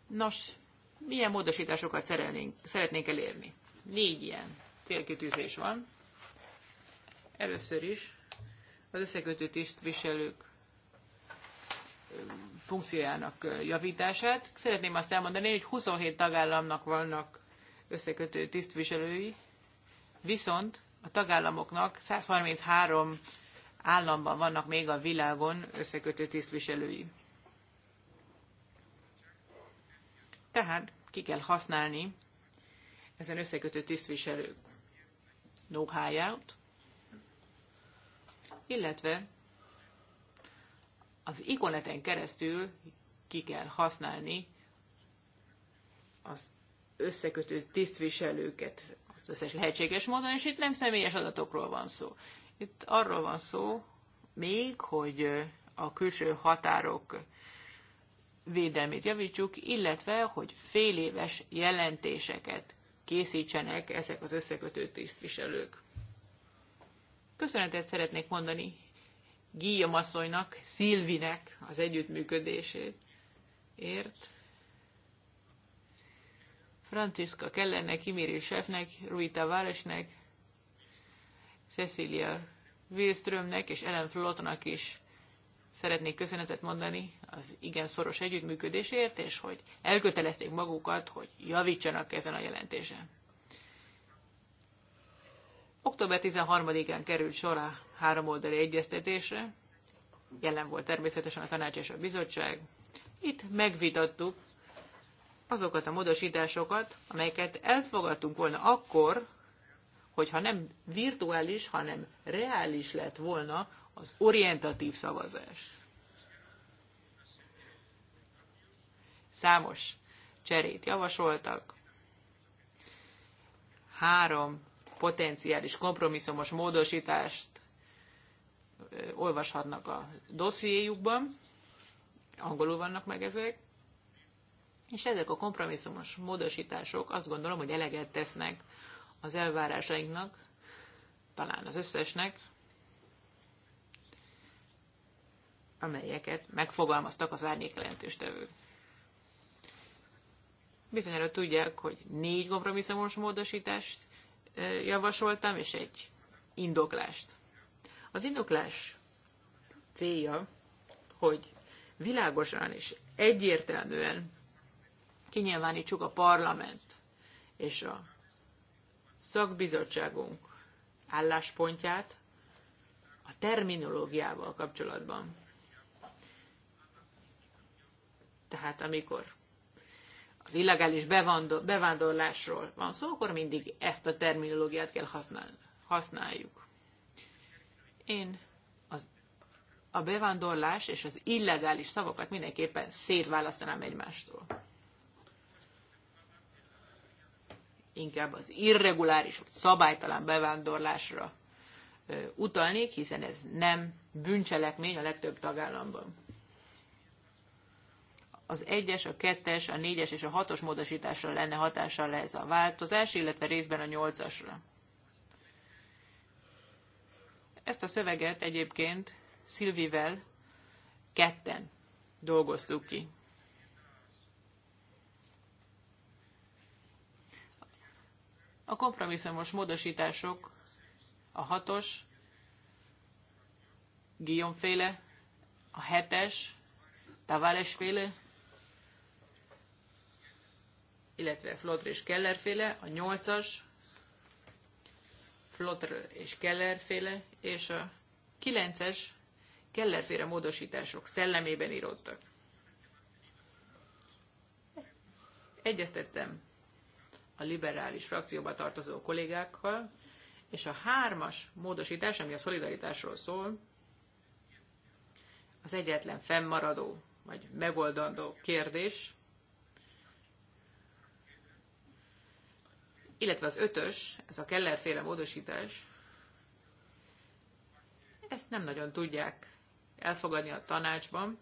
Nos, milyen módosításokat szeretnénk, szeretnénk elérni? Négy ilyen célkitűzés van. Először is az összekötő tisztviselők funkciójának javítását. Szeretném azt elmondani, hogy 27 tagállamnak vannak összekötő tisztviselői, viszont a tagállamoknak 133 államban vannak még a világon összekötő tisztviselői. Tehát ki kell használni ezen összekötő tisztviselők know-how-ját, illetve az ikoneten keresztül ki kell használni az összekötő tisztviselőket az összes lehetséges módon, és itt nem személyes adatokról van szó. Itt arról van szó még, hogy a külső határok védelmét javítsuk, illetve, hogy fél éves jelentéseket készítsenek ezek az összekötő tisztviselők. Köszönetet szeretnék mondani Guillaume asszonynak, Szilvinek az együttműködését ért. Franciszka Kellernek, Kimiri Sefnek, Ruita Válesnek, Cecilia Wilströmnek és Ellen Flottnak is szeretnék köszönetet mondani az igen szoros együttműködésért, és hogy elkötelezték magukat, hogy javítsanak ezen a jelentésen. Október 13-án került sor a három oldali egyeztetésre. Jelen volt természetesen a tanács és a bizottság. Itt megvitattuk azokat a módosításokat, amelyeket elfogadtunk volna akkor, hogyha nem virtuális, hanem reális lett volna az orientatív szavazás. Számos cserét javasoltak, három potenciális kompromisszumos módosítást olvashatnak a dossziéjukban, angolul vannak meg ezek, és ezek a kompromisszumos módosítások azt gondolom, hogy eleget tesznek az elvárásainknak, talán az összesnek, amelyeket megfogalmaztak az árnyék jelentőstevők. Bizonyára tudják, hogy négy kompromisszumos módosítást eh, javasoltam, és egy indoklást. Az indoklás célja, hogy világosan és egyértelműen kinyilvánítsuk a parlament és a szakbizottságunk álláspontját a terminológiával kapcsolatban. Tehát amikor az illegális bevándorlásról van szó, akkor mindig ezt a terminológiát kell használjuk. Én az, a bevándorlás és az illegális szavakat mindenképpen szétválasztanám egymástól. Inkább az irreguláris vagy szabálytalan bevándorlásra utalnék, hiszen ez nem bűncselekmény a legtöbb tagállamban. Az egyes, a kettes, a négyes és a hatos os módosításra lenne hatással le ez a változás, illetve részben a nyolcasra. Ezt a szöveget egyébként Szilvivel ketten dolgoztuk ki. A kompromisszumos módosítások a hatos, Guillaume féle, a hetes, Tavares féle, illetve Flotris Keller féle, a nyolcas, Flotter és Keller féle, és a 9-es Keller féle módosítások szellemében írottak. Egyeztettem a liberális frakcióba tartozó kollégákkal, és a hármas módosítás, ami a szolidaritásról szól, az egyetlen fennmaradó vagy megoldandó kérdés, illetve az ötös, ez a Kellerféle módosítás, ezt nem nagyon tudják elfogadni a tanácsban.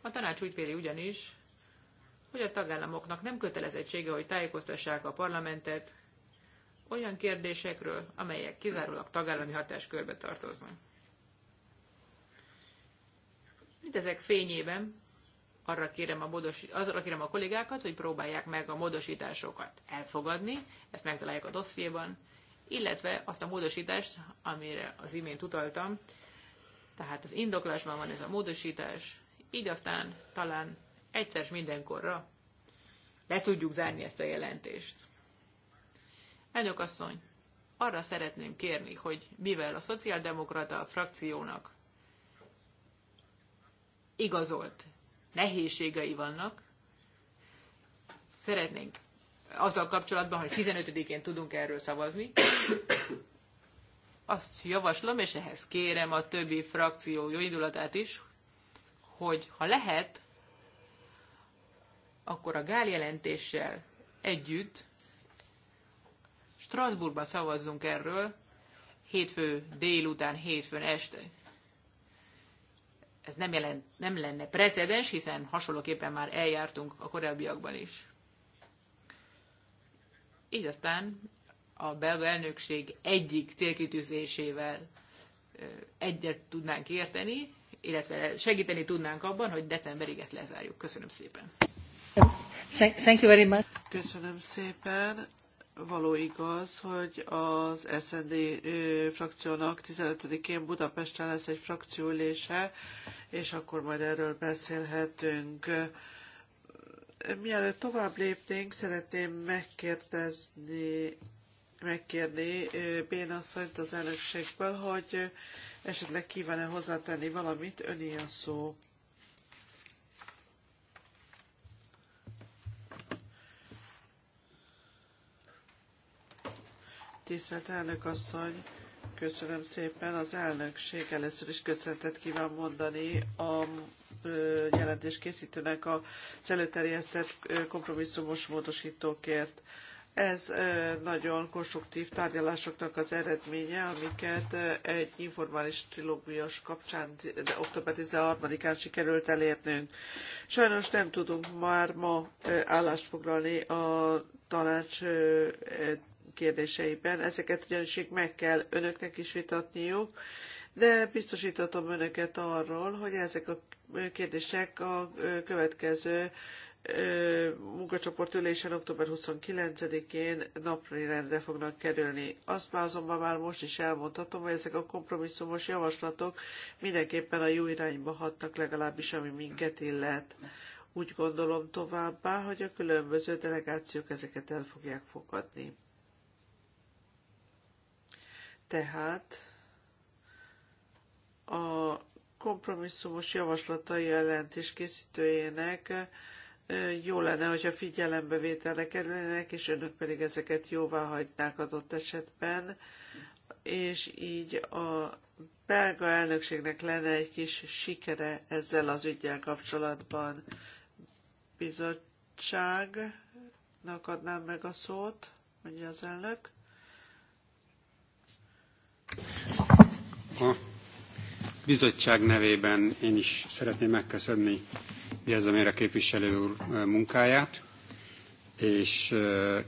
A tanács úgy véli ugyanis, hogy a tagállamoknak nem kötelezettsége, hogy tájékoztassák a parlamentet olyan kérdésekről, amelyek kizárólag tagállami hatáskörbe tartoznak. Mindezek fényében arra kérem a, módos, arra kérem a kollégákat, hogy próbálják meg a módosításokat elfogadni, ezt megtalálják a dossziéban, illetve azt a módosítást, amire az imént utaltam, tehát az indoklásban van ez a módosítás, így aztán talán egyszer mindenkorra le tudjuk zárni ezt a jelentést. Elnök asszony, arra szeretném kérni, hogy mivel a szociáldemokrata frakciónak igazolt nehézségei vannak. Szeretnénk azzal kapcsolatban, hogy 15-én tudunk erről szavazni. Azt javaslom, és ehhez kérem a többi frakció jó indulatát is, hogy ha lehet, akkor a Gál jelentéssel együtt Strasbourgban szavazzunk erről, hétfő délután, hétfőn este ez nem, jelent, nem lenne precedens, hiszen hasonlóképpen már eljártunk a korábbiakban is. Így aztán a belga elnökség egyik célkitűzésével egyet tudnánk érteni, illetve segíteni tudnánk abban, hogy decemberig ezt lezárjuk. Köszönöm szépen. Thank you very much. Köszönöm szépen való igaz, hogy az SND frakciónak 15-én Budapesten lesz egy frakcióülése, és akkor majd erről beszélhetünk. Mielőtt tovább lépnénk, szeretném megkérdezni, megkérni Bénasszonyt az elnökségből, hogy esetleg kíván-e hozzátenni valamit, öné a szó. Tisztelt elnök asszony, köszönöm szépen. Az elnökség először is köszöntet kíván mondani a jelentés készítőnek az előterjesztett kompromisszumos módosítókért. Ez nagyon konstruktív tárgyalásoknak az eredménye, amiket egy informális trilógus kapcsán de október 13-án sikerült elérnünk. Sajnos nem tudunk már ma állást foglalni a tanács kérdéseiben. Ezeket ugyanis még meg kell önöknek is vitatniuk, de biztosítatom önöket arról, hogy ezek a kérdések a következő munkacsoport ülésen október 29-én napri rendre fognak kerülni. Azt már azonban már most is elmondhatom, hogy ezek a kompromisszumos javaslatok mindenképpen a jó irányba hatnak legalábbis, ami minket illet. Úgy gondolom továbbá, hogy a különböző delegációk ezeket el fogják fogadni. Tehát a kompromisszumos javaslatai jelentés készítőjének jó lenne, hogyha figyelembevételre kerülnének, és önök pedig ezeket jóvá hagynák adott esetben, és így a belga elnökségnek lenne egy kis sikere ezzel az ügyel kapcsolatban. Bizottságnak adnám meg a szót, mondja az elnök. A bizottság nevében én is szeretném megköszönni Gyezemére képviselő úr munkáját, és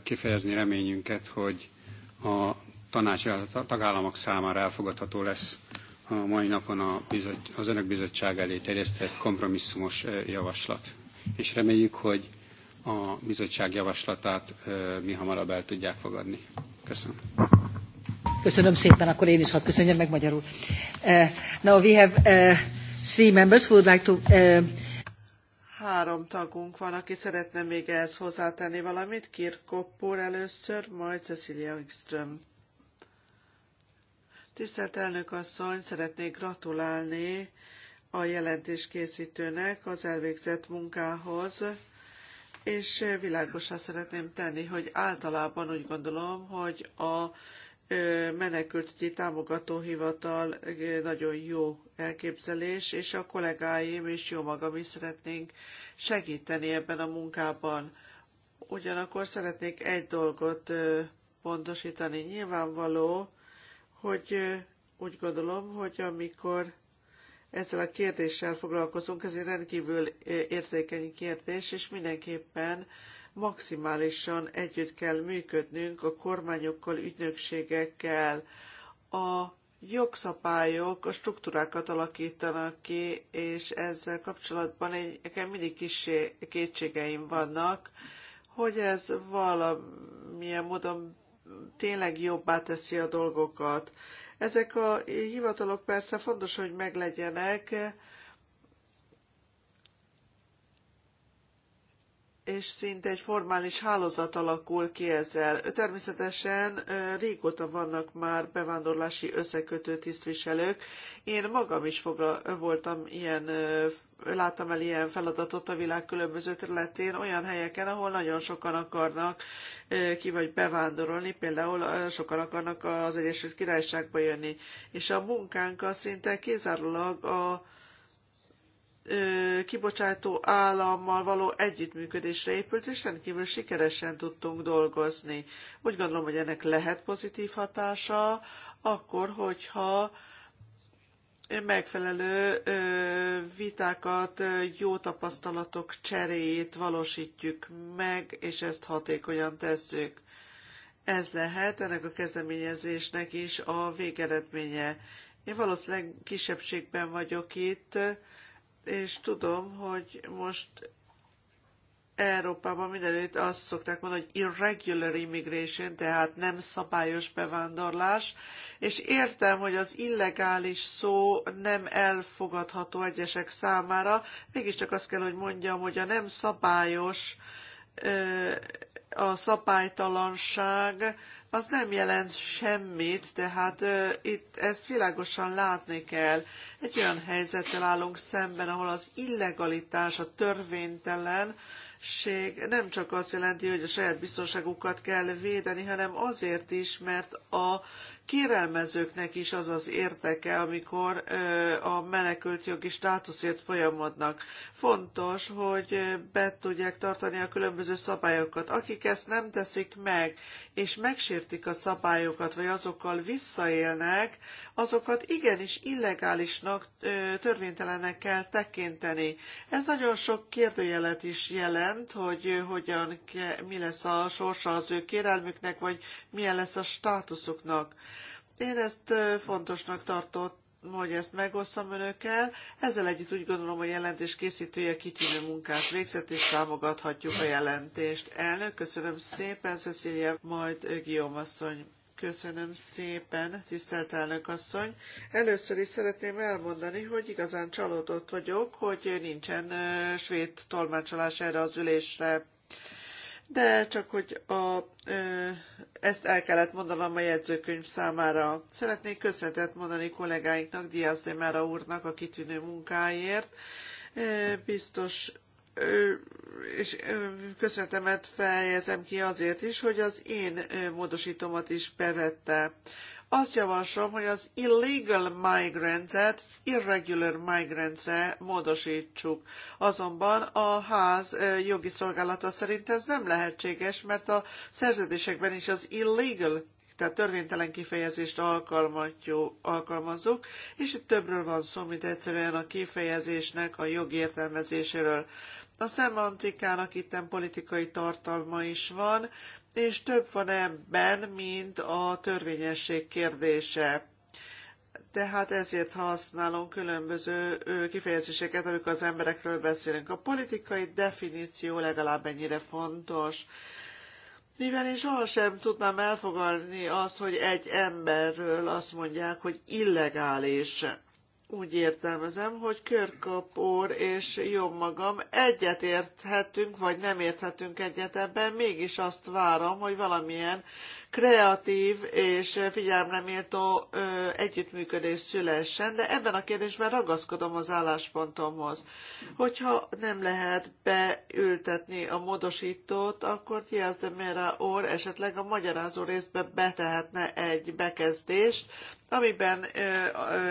kifejezni reményünket, hogy a tanács a tagállamok számára elfogadható lesz a mai napon a az Önök Bizottság elé terjesztett kompromisszumos javaslat. És reméljük, hogy a bizottság javaslatát mi hamarabb el tudják fogadni. Köszönöm. Köszönöm szépen, akkor én is hadd köszönjem meg magyarul. Uh, now we have uh, three members who would like to... Uh... Három tagunk van, aki szeretne még ehhez hozzátenni valamit. Kirkoppor először, majd Cecilia Wikström. Tisztelt elnök asszony, szeretnék gratulálni a jelentés készítőnek az elvégzett munkához, és világosra szeretném tenni, hogy általában úgy gondolom, hogy a menekültügyi támogatóhivatal nagyon jó elképzelés, és a kollégáim és jó magam is szeretnénk segíteni ebben a munkában. Ugyanakkor szeretnék egy dolgot pontosítani. Nyilvánvaló, hogy úgy gondolom, hogy amikor ezzel a kérdéssel foglalkozunk, ez egy rendkívül érzékeny kérdés, és mindenképpen maximálisan együtt kell működnünk a kormányokkal, ügynökségekkel. A jogszabályok a struktúrákat alakítanak ki, és ezzel kapcsolatban egy, nekem mindig kis kétségeim vannak, hogy ez valamilyen módon tényleg jobbá teszi a dolgokat. Ezek a hivatalok persze fontos, hogy meglegyenek, és szinte egy formális hálózat alakul ki ezzel. Természetesen régóta vannak már bevándorlási összekötő tisztviselők. Én magam is fogla, voltam ilyen, láttam el ilyen feladatot a világ különböző területén, olyan helyeken, ahol nagyon sokan akarnak ki vagy bevándorolni, például sokan akarnak az Egyesült Királyságba jönni. És a munkánk az szinte kizárólag a kibocsátó állammal való együttműködésre épült, és rendkívül sikeresen tudtunk dolgozni. Úgy gondolom, hogy ennek lehet pozitív hatása, akkor, hogyha megfelelő vitákat, jó tapasztalatok cseréjét valósítjuk meg, és ezt hatékonyan tesszük. Ez lehet ennek a kezdeményezésnek is a végeredménye. Én valószínűleg kisebbségben vagyok itt, és tudom, hogy most Európában mindenütt azt szokták mondani, hogy irregular immigration, tehát nem szabályos bevándorlás, és értem, hogy az illegális szó nem elfogadható egyesek számára, mégiscsak azt kell, hogy mondjam, hogy a nem szabályos, a szabálytalanság az nem jelent semmit, tehát ö, itt ezt világosan látni kell. Egy olyan helyzettel állunk szemben, ahol az illegalitás, a törvénytelenség nem csak azt jelenti, hogy a saját biztonságukat kell védeni, hanem azért is, mert a kérelmezőknek is az az érteke, amikor a menekült jogi státuszért folyamodnak. Fontos, hogy be tudják tartani a különböző szabályokat. Akik ezt nem teszik meg, és megsértik a szabályokat, vagy azokkal visszaélnek, azokat igenis illegálisnak, törvénytelenek kell tekinteni. Ez nagyon sok kérdőjelet is jelent, hogy hogyan, mi lesz a sorsa az ő kérelmüknek, vagy milyen lesz a státuszuknak. Én ezt fontosnak tartott hogy ezt megosszam önökkel. Ezzel együtt úgy gondolom, hogy jelentés készítője kitűnő munkát végzett, és támogathatjuk a jelentést. Elnök, köszönöm szépen, Cecilia, majd Guillaume asszony. Köszönöm szépen, tisztelt elnök asszony. Először is szeretném elmondani, hogy igazán csalódott vagyok, hogy nincsen svéd tolmácsolás erre az ülésre de csak hogy a, ezt el kellett mondanom a jegyzőkönyv számára. Szeretnék köszönetet mondani kollégáinknak, Diaz de Mera úrnak a kitűnő munkáért. Biztos és köszönetemet fejezem ki azért is, hogy az én módosítomat is bevette. Azt javaslom, hogy az illegal migrants-et irregular migrants-re módosítsuk. Azonban a ház jogi szolgálata szerint ez nem lehetséges, mert a szerződésekben is az illegal tehát törvénytelen kifejezést alkalmazzuk, és itt többről van szó, mint egyszerűen a kifejezésnek a jogi értelmezéséről. A szemantikának itten politikai tartalma is van, és több van ebben, mint a törvényesség kérdése. Tehát ezért használunk különböző kifejezéseket, amikor az emberekről beszélünk. A politikai definíció legalább ennyire fontos. Mivel én sohasem tudnám elfogadni azt, hogy egy emberről azt mondják, hogy illegális úgy értelmezem, hogy körkapor és jó magam egyet érthetünk, vagy nem érthetünk egyet ebben, mégis azt várom, hogy valamilyen kreatív és figyelemreméltó együttműködés szülessen, de ebben a kérdésben ragaszkodom az álláspontomhoz. Hogyha nem lehet beültetni a módosítót, akkor Tiaz de Mera or esetleg a magyarázó részbe betehetne egy bekezdést, amiben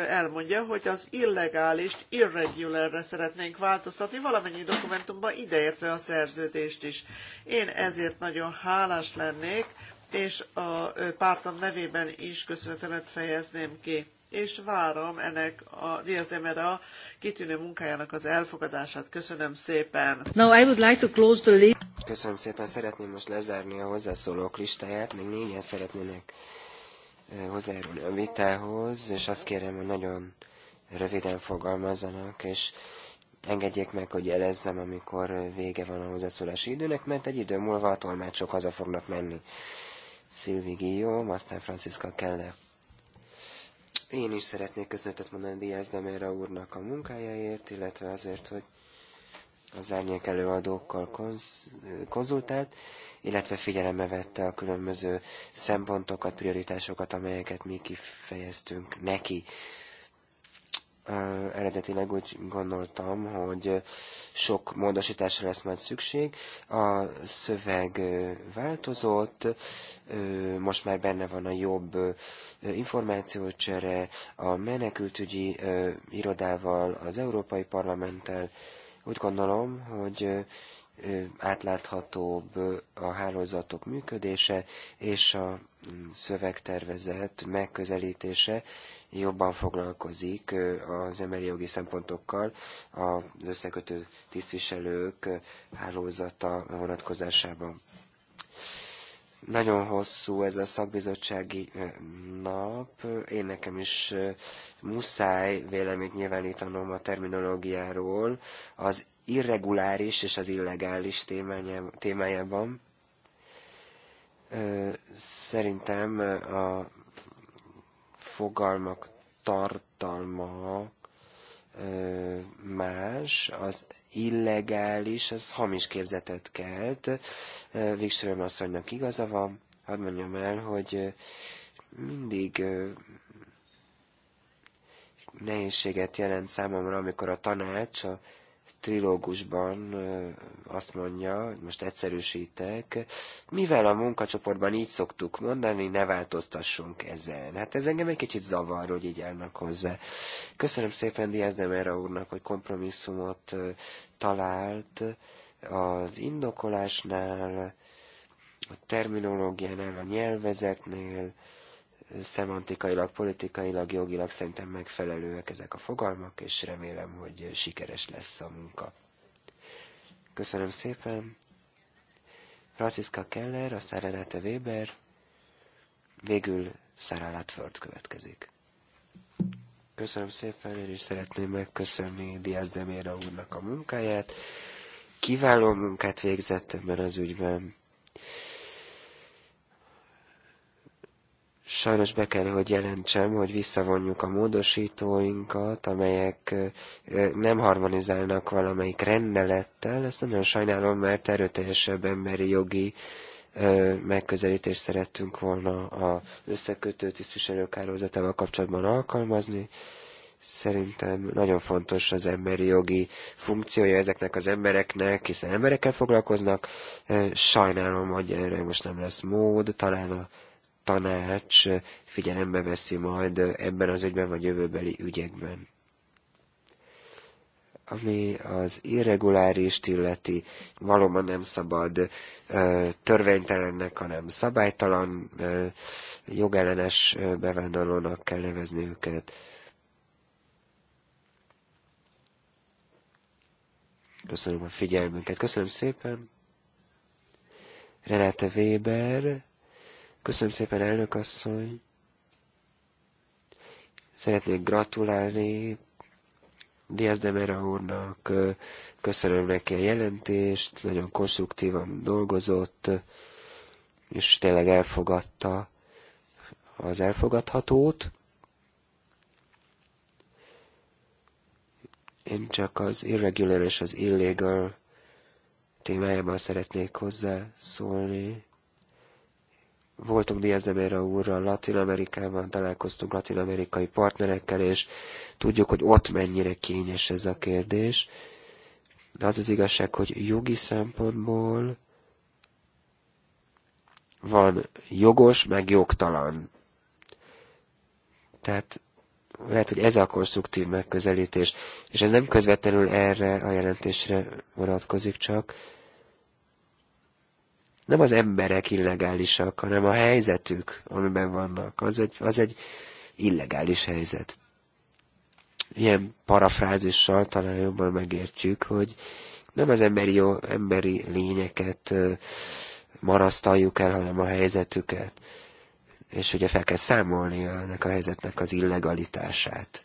elmondja, hogy az illegálist irregularre szeretnénk változtatni valamennyi dokumentumban ideértve a szerződést is. Én ezért nagyon hálás lennék, és a pártom nevében is köszönetemet fejezném ki és várom ennek a Diaz de Mera kitűnő munkájának az elfogadását. Köszönöm szépen. Now I would like to close the Köszönöm szépen, szeretném most lezárni a hozzászólók listáját, még négyen szeretnének hozzájárulni a vitához, és azt kérem, hogy nagyon röviden fogalmazzanak, és engedjék meg, hogy jelezzem, amikor vége van a hozzászólási időnek, mert egy idő múlva a tolmácsok haza fognak menni. Szilvi Guillaume, aztán Franciszka Kelle. Én is szeretnék köszönetet mondani Diaz Demera úrnak a munkájáért, illetve azért, hogy az árnyék előadókkal konzultált, illetve figyelembe vette a különböző szempontokat, prioritásokat, amelyeket mi kifejeztünk neki. Eredetileg úgy gondoltam, hogy sok módosításra lesz majd szükség. A szöveg változott, most már benne van a jobb információcsere a menekültügyi irodával, az Európai Parlamenttel, úgy gondolom, hogy átláthatóbb a hálózatok működése, és a mm, szövegtervezet megközelítése jobban foglalkozik az emberi jogi szempontokkal az összekötő tisztviselők hálózata vonatkozásában. Nagyon hosszú ez a szakbizottsági nap. Én nekem is muszáj véleményt nyilvánítanom a terminológiáról az irreguláris és az illegális témájában. Szerintem a fogalmak tartalma más, az illegális, ez hamis képzetet kelt. Wikström asszonynak igaza van, hadd mondjam el, hogy mindig nehézséget jelent számomra, amikor a tanács, a trilógusban azt mondja, hogy most egyszerűsítek, mivel a munkacsoportban így szoktuk mondani, ne változtassunk ezen. Hát ez engem egy kicsit zavar, hogy így állnak hozzá. Köszönöm szépen Diaz Demera úrnak, hogy kompromisszumot talált az indokolásnál, a terminológiánál, a nyelvezetnél, szemantikailag, politikailag, jogilag szerintem megfelelőek ezek a fogalmak, és remélem, hogy sikeres lesz a munka. Köszönöm szépen. Franciska Keller, aztán Renate Weber, végül Sarah Latford következik. Köszönöm szépen, én is szeretném megköszönni Diaz Demira úrnak a munkáját. Kiváló munkát végzett ebben az ügyben Sajnos be kell, hogy jelentsem, hogy visszavonjuk a módosítóinkat, amelyek nem harmonizálnak valamelyik rendelettel. Ezt nagyon sajnálom, mert erőteljesebb emberi jogi megközelítést szerettünk volna az összekötő tisztviselők hálózatával kapcsolatban alkalmazni. Szerintem nagyon fontos az emberi jogi funkciója ezeknek az embereknek, hiszen emberekkel foglalkoznak. Sajnálom, hogy erre most nem lesz mód, talán a tanács figyelembe veszi majd ebben az ügyben vagy jövőbeli ügyekben. Ami az irreguláris illeti, valóban nem szabad törvénytelennek, hanem szabálytalan, jogellenes bevándorlónak kell nevezni őket. Köszönöm a figyelmünket. Köszönöm szépen. Renate Weber Köszönöm szépen, elnök asszony. Szeretnék gratulálni Diaz de Mera úrnak. Köszönöm neki a jelentést, nagyon konstruktívan dolgozott, és tényleg elfogadta az elfogadhatót. Én csak az irregular és az illegal témájában szeretnék hozzászólni voltunk Diaz de Mera úrral Latin Amerikában, találkoztunk latin amerikai partnerekkel, és tudjuk, hogy ott mennyire kényes ez a kérdés. De az az igazság, hogy jogi szempontból van jogos, meg jogtalan. Tehát lehet, hogy ez a konstruktív megközelítés, és ez nem közvetlenül erre a jelentésre vonatkozik csak, nem az emberek illegálisak, hanem a helyzetük, amiben vannak. Az egy, az egy illegális helyzet. Ilyen parafrázissal talán jobban megértjük, hogy nem az emberi, jó, emberi lényeket marasztaljuk el, hanem a helyzetüket. És ugye fel kell számolni ennek a helyzetnek az illegalitását.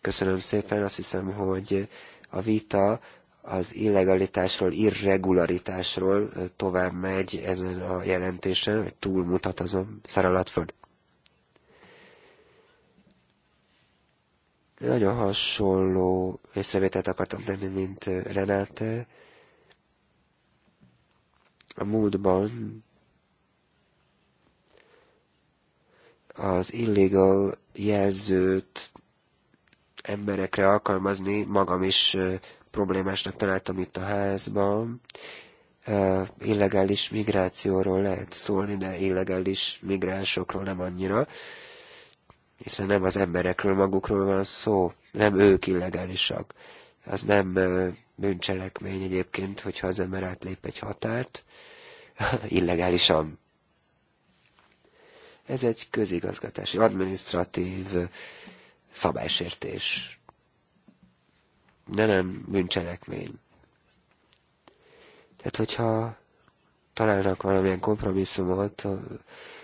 Köszönöm szépen, azt hiszem, hogy a vita az illegalitásról, irregularitásról tovább megy ezen a jelentésen, vagy túlmutat azon Sarah Nagyon hasonló észrevételt akartam tenni, mint Renate. A múltban az illegal jelzőt emberekre alkalmazni magam is problémásnak találtam itt a házban. Illegális migrációról lehet szólni, de illegális migránsokról nem annyira, hiszen nem az emberekről magukról van szó, nem ők illegálisak. Az nem bűncselekmény egyébként, hogyha az ember átlép egy határt, illegálisan. Ez egy közigazgatási, administratív szabálysértés de nem bűncselekmény. Tehát, hogyha találnak valamilyen kompromisszumot,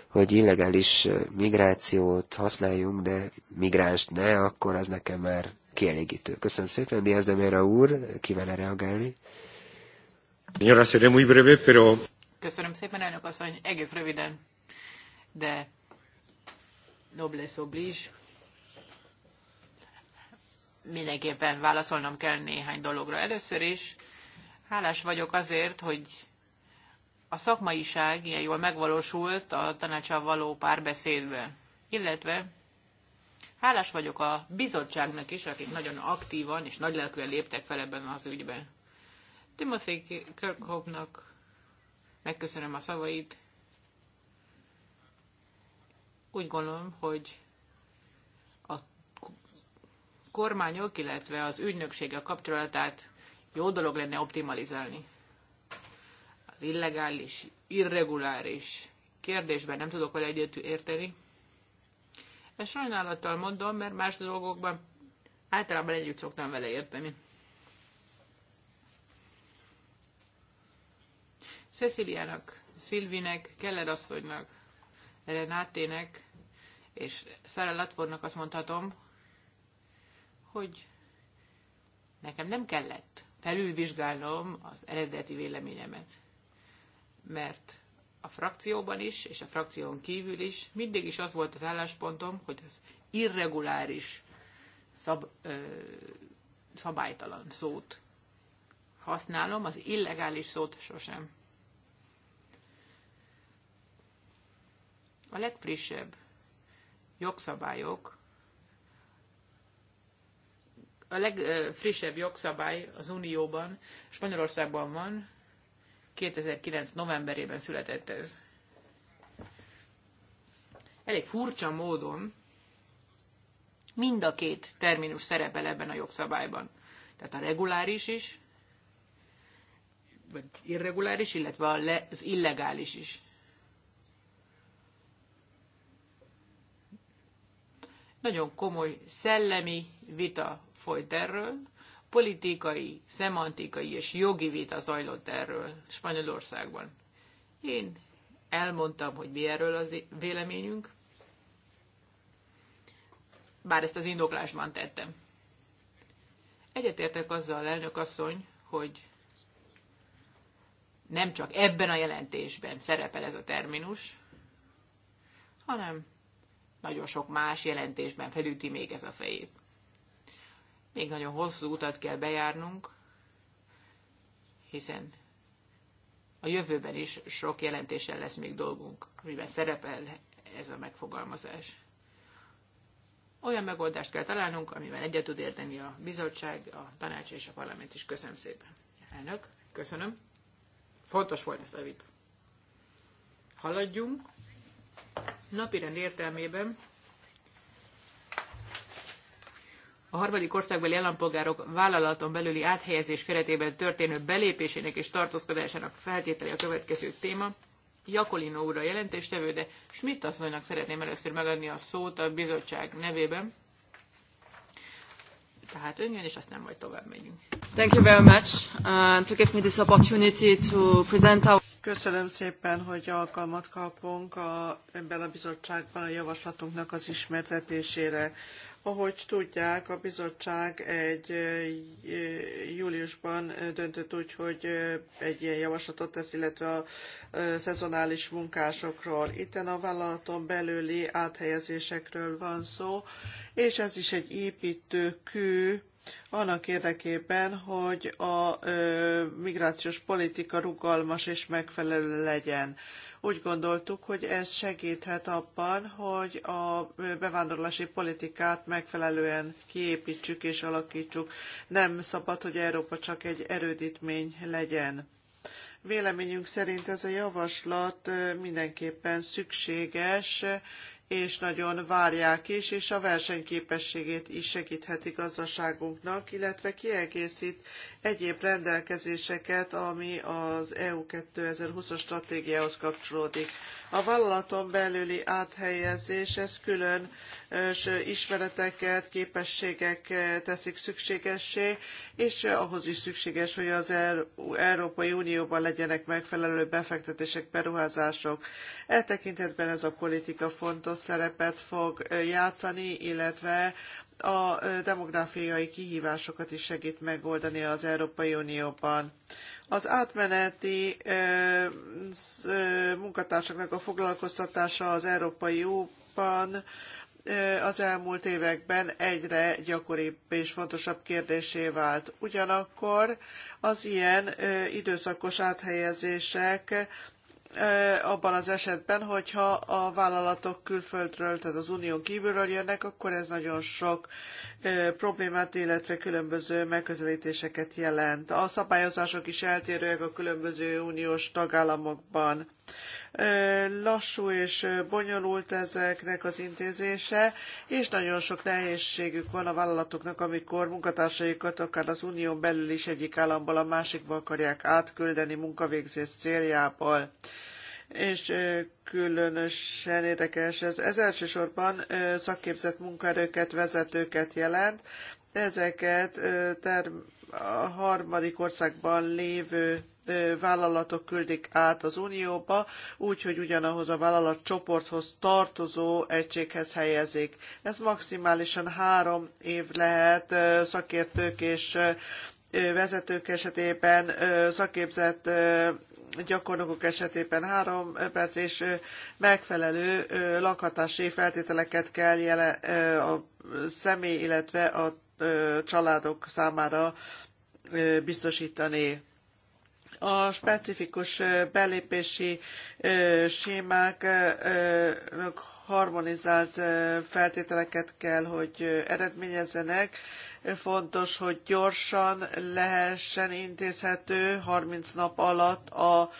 hogy illegális migrációt használjunk, de migránst ne, akkor az nekem már kielégítő. Köszönöm szépen, Diaz de Mera úr, kívánna reagálni? Köszönöm szépen, elnök asszony, egész röviden, de noblesse oblige mindenképpen válaszolnom kell néhány dologra. Először is hálás vagyok azért, hogy a szakmaiság ilyen jól megvalósult a tanácsal való párbeszédbe. Illetve hálás vagyok a bizottságnak is, akik nagyon aktívan és nagy léptek fel ebben az ügyben. Timothy Kirkhope-nak megköszönöm a szavait. Úgy gondolom, hogy kormányok, illetve az ügynöksége kapcsolatát jó dolog lenne optimalizálni. Az illegális, irreguláris kérdésben nem tudok vele egyet érteni. Ezt sajnálattal mondom, mert más dolgokban általában együtt szoktam vele érteni. Ceciliának, Szilvinek, Keller asszonynak, Renátének és Szára Latvornak azt mondhatom, hogy nekem nem kellett felülvizsgálnom az eredeti véleményemet, mert a frakcióban is, és a frakción kívül is mindig is az volt az álláspontom, hogy az irreguláris szab, ö, szabálytalan szót használom, az illegális szót sosem. A legfrissebb jogszabályok a legfrissebb jogszabály az Unióban, Spanyolországban van, 2009. novemberében született ez. Elég furcsa módon mind a két terminus szerepel ebben a jogszabályban. Tehát a reguláris is, vagy irreguláris, illetve az illegális is. Nagyon komoly szellemi vita folyt erről, politikai, szemantikai és jogi vita zajlott erről Spanyolországban. Én elmondtam, hogy mi erről az véleményünk, bár ezt az indoklásban tettem. Egyetértek azzal, elnök asszony, hogy nem csak ebben a jelentésben szerepel ez a terminus, hanem nagyon sok más jelentésben felüti még ez a fejét még nagyon hosszú utat kell bejárnunk, hiszen a jövőben is sok jelentéssel lesz még dolgunk, amiben szerepel ez a megfogalmazás. Olyan megoldást kell találnunk, amivel egyet tud érteni a bizottság, a tanács és a parlament is. Köszönöm szépen. Elnök, köszönöm. Fontos volt ez a vita. Haladjunk. Napirend értelmében a harmadik országbeli állampolgárok vállalaton belüli áthelyezés keretében történő belépésének és tartózkodásának feltételi a következő téma. Jakolino úr a jelentéstevő, de Schmidt asszonynak szeretném először megadni a szót a bizottság nevében. Tehát jön, és aztán majd tovább megyünk. Thank you very much uh, to give me this opportunity to present our... Köszönöm szépen, hogy alkalmat kapunk a, ebben a bizottságban a javaslatunknak az ismertetésére. Ahogy tudják, a bizottság egy júliusban döntött úgy, hogy egy ilyen javaslatot tesz, illetve a szezonális munkásokról. Itten a vállalaton belüli áthelyezésekről van szó, és ez is egy építőkő annak érdekében, hogy a migrációs politika rugalmas és megfelelő legyen. Úgy gondoltuk, hogy ez segíthet abban, hogy a bevándorlási politikát megfelelően kiépítsük és alakítsuk. Nem szabad, hogy Európa csak egy erődítmény legyen. Véleményünk szerint ez a javaslat mindenképpen szükséges, és nagyon várják is, és a versenyképességét is segítheti gazdaságunknak, illetve kiegészít egyéb rendelkezéseket, ami az EU 2020-as stratégiához kapcsolódik. A vállalaton belüli áthelyezés, ez külön ismereteket, képességek teszik szükségessé, és ahhoz is szükséges, hogy az e Európai Unióban legyenek megfelelő befektetések, beruházások. E tekintetben ez a politika fontos szerepet fog játszani, illetve a demográfiai kihívásokat is segít megoldani az Európai Unióban. Az átmeneti munkatársaknak a foglalkoztatása az Európai Unióban az elmúlt években egyre gyakoribb és fontosabb kérdésé vált. Ugyanakkor az ilyen időszakos áthelyezések abban az esetben, hogyha a vállalatok külföldről, tehát az unión kívülről jönnek, akkor ez nagyon sok problémát, illetve különböző megközelítéseket jelent. A szabályozások is eltérőek a különböző uniós tagállamokban Lassú és bonyolult ezeknek az intézése, és nagyon sok nehézségük van a vállalatoknak, amikor munkatársaikat akár az unión belül is egyik államból a másikba akarják átküldeni munkavégzés céljából és különösen érdekes ez. Ez elsősorban szakképzett munkaerőket, vezetőket jelent, ezeket ter- a harmadik országban lévő vállalatok küldik át az Unióba, úgy, hogy ugyanahoz a vállalatcsoporthoz tartozó egységhez helyezik. Ez maximálisan három év lehet szakértők és vezetők esetében, szakképzett gyakornokok esetében három perc és megfelelő lakhatási feltételeket kell jele, a személy, illetve a családok számára biztosítani a specifikus belépési sémák harmonizált feltételeket kell, hogy eredményezzenek. Fontos, hogy gyorsan lehessen intézhető 30 nap alatt a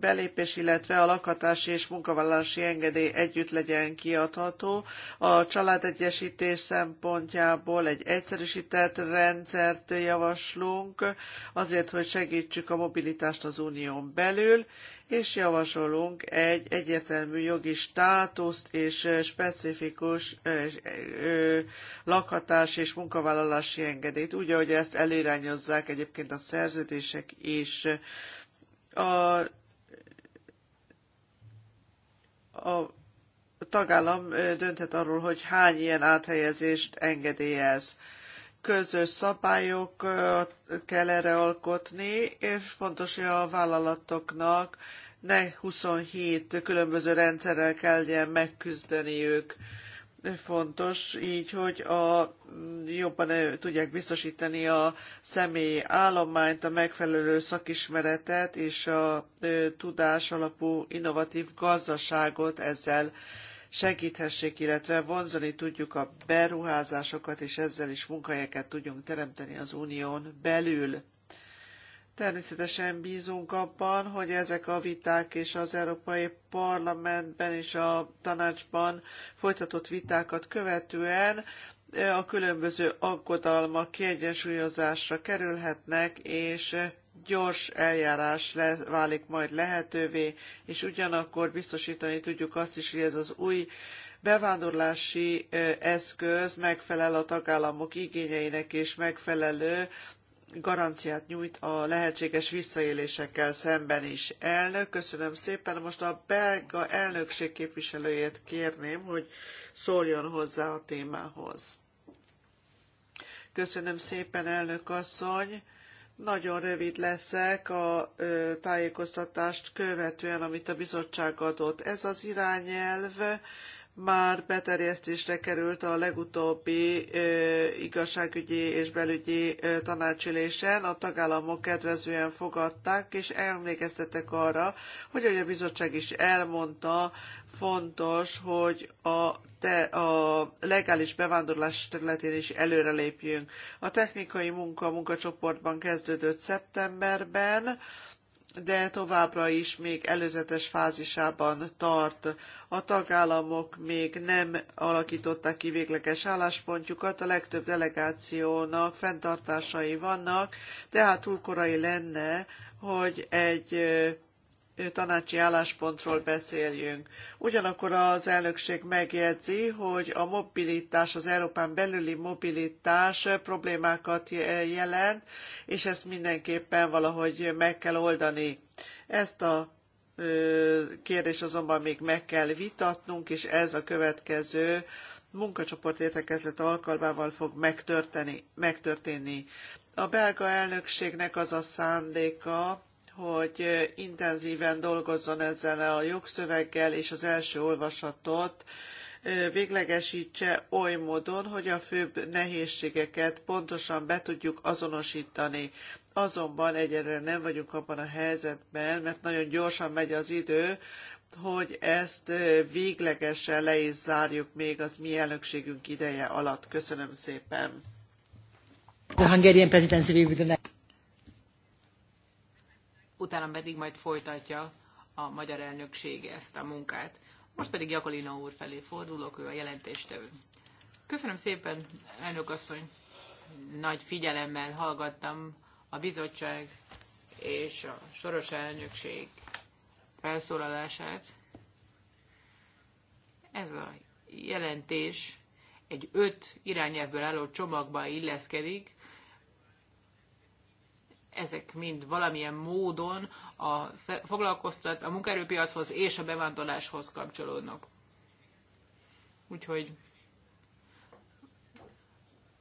belépés, illetve a lakhatási és munkavállalási engedély együtt legyen kiadható. A családegyesítés szempontjából egy egyszerűsített rendszert javaslunk azért, hogy segítsük a mobilitást az unión belül, és javasolunk egy egyértelmű jogi státuszt és specifikus lakhatás és munkavállalási engedélyt, úgy, ahogy ezt előirányozzák egyébként a szerződések is. És a, a tagállam dönthet arról, hogy hány ilyen áthelyezést engedélyez. Közös szabályok kell erre alkotni, és fontos, hogy a vállalatoknak ne 27 különböző rendszerrel kelljen megküzdeniük. ők fontos, így, hogy a, jobban tudják biztosítani a személyi állományt, a megfelelő szakismeretet és a tudás alapú innovatív gazdaságot ezzel segíthessék, illetve vonzani tudjuk a beruházásokat, és ezzel is munkahelyeket tudjunk teremteni az unión belül. Természetesen bízunk abban, hogy ezek a viták és az Európai Parlamentben és a tanácsban folytatott vitákat követően a különböző aggodalmak kiegyensúlyozásra kerülhetnek, és gyors eljárás le, válik majd lehetővé, és ugyanakkor biztosítani tudjuk azt is, hogy ez az új bevándorlási eszköz megfelel a tagállamok igényeinek és megfelelő garanciát nyújt a lehetséges visszaélésekkel szemben is. Elnök, köszönöm szépen. Most a belga elnökség képviselőjét kérném, hogy szóljon hozzá a témához. Köszönöm szépen, elnök asszony. Nagyon rövid leszek a tájékoztatást követően, amit a bizottság adott. Ez az irányelv már beterjesztésre került a legutóbbi igazságügyi és belügyi ö, tanácsülésen. A tagállamok kedvezően fogadták, és emlékeztettek arra, hogy ahogy a bizottság is elmondta, fontos, hogy a, te, a legális bevándorlás területén is előrelépjünk. A technikai munka a munkacsoportban kezdődött szeptemberben, de továbbra is még előzetes fázisában tart. A tagállamok még nem alakították ki végleges álláspontjukat, a legtöbb delegációnak fenntartásai vannak, tehát túl korai lenne, hogy egy tanácsi álláspontról beszéljünk. Ugyanakkor az elnökség megjegyzi, hogy a mobilitás, az Európán belüli mobilitás problémákat jelent, és ezt mindenképpen valahogy meg kell oldani. Ezt a kérdést azonban még meg kell vitatnunk, és ez a következő munkacsoport értekezlet alkalmával fog megtörténni. A belga elnökségnek az a szándéka, hogy intenzíven dolgozzon ezzel a jogszöveggel, és az első olvasatot véglegesítse oly módon, hogy a főbb nehézségeket pontosan be tudjuk azonosítani. Azonban egyelőre nem vagyunk abban a helyzetben, mert nagyon gyorsan megy az idő, hogy ezt véglegesen le is zárjuk még az mi elnökségünk ideje alatt. Köszönöm szépen! The Hungarian presidency utána pedig majd folytatja a magyar elnökség ezt a munkát. Most pedig Jakolina úr felé fordulok, ő a jelentéstevő. Köszönöm szépen, elnök asszony. Nagy figyelemmel hallgattam a bizottság és a soros elnökség felszólalását. Ez a jelentés egy öt irányelvből álló csomagba illeszkedik, ezek mind valamilyen módon a foglalkoztat, a munkaerőpiachoz és a bevándorláshoz kapcsolódnak. Úgyhogy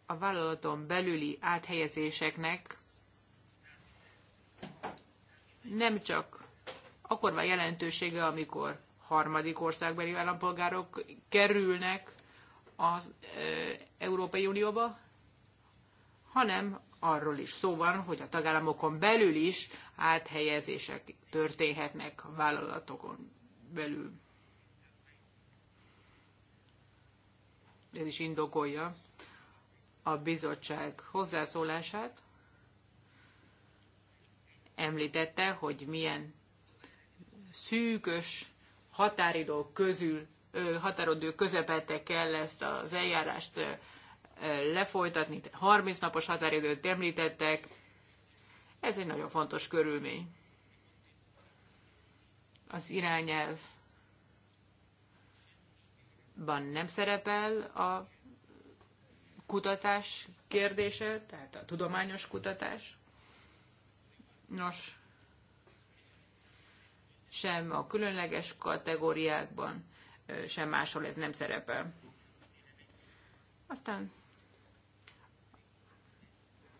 a vállalaton belüli áthelyezéseknek nem csak akkor van jelentősége, amikor harmadik országbeli állampolgárok kerülnek az Európai Unióba, hanem arról is szó van, hogy a tagállamokon belül is áthelyezések történhetnek a vállalatokon belül. Ez is indokolja a bizottság hozzászólását. Említette, hogy milyen szűkös határidők közül, határodő közepette kell ezt az eljárást lefolytatni. 30 napos határidőt említettek. Ez egy nagyon fontos körülmény. Az irányelvban nem szerepel a kutatás kérdése, tehát a tudományos kutatás. Nos, sem a különleges kategóriákban, sem máshol ez nem szerepel. Aztán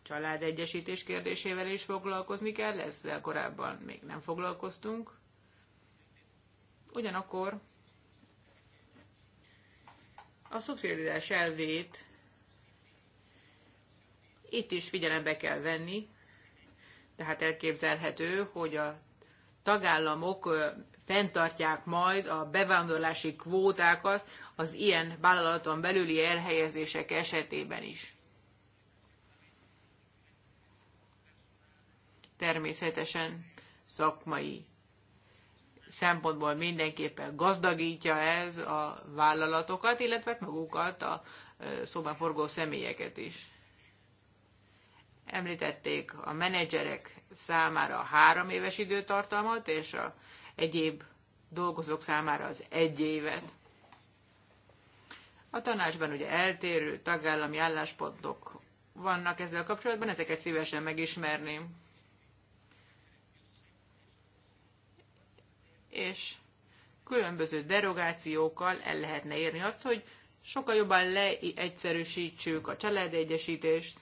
családegyesítés kérdésével is foglalkozni kell, ezzel korábban még nem foglalkoztunk. Ugyanakkor a szubszidiaritás elvét itt is figyelembe kell venni, tehát elképzelhető, hogy a tagállamok fenntartják majd a bevándorlási kvótákat az ilyen vállalaton belüli elhelyezések esetében is. természetesen szakmai szempontból mindenképpen gazdagítja ez a vállalatokat, illetve magukat, a szóban forgó személyeket is. Említették a menedzserek számára a három éves időtartamot, és a egyéb dolgozók számára az egy évet. A tanácsban ugye eltérő tagállami álláspontok vannak ezzel kapcsolatban, ezeket szívesen megismerném. és különböző derogációkkal el lehetne érni azt, hogy sokkal jobban leegyszerűsítsük a családegyesítést,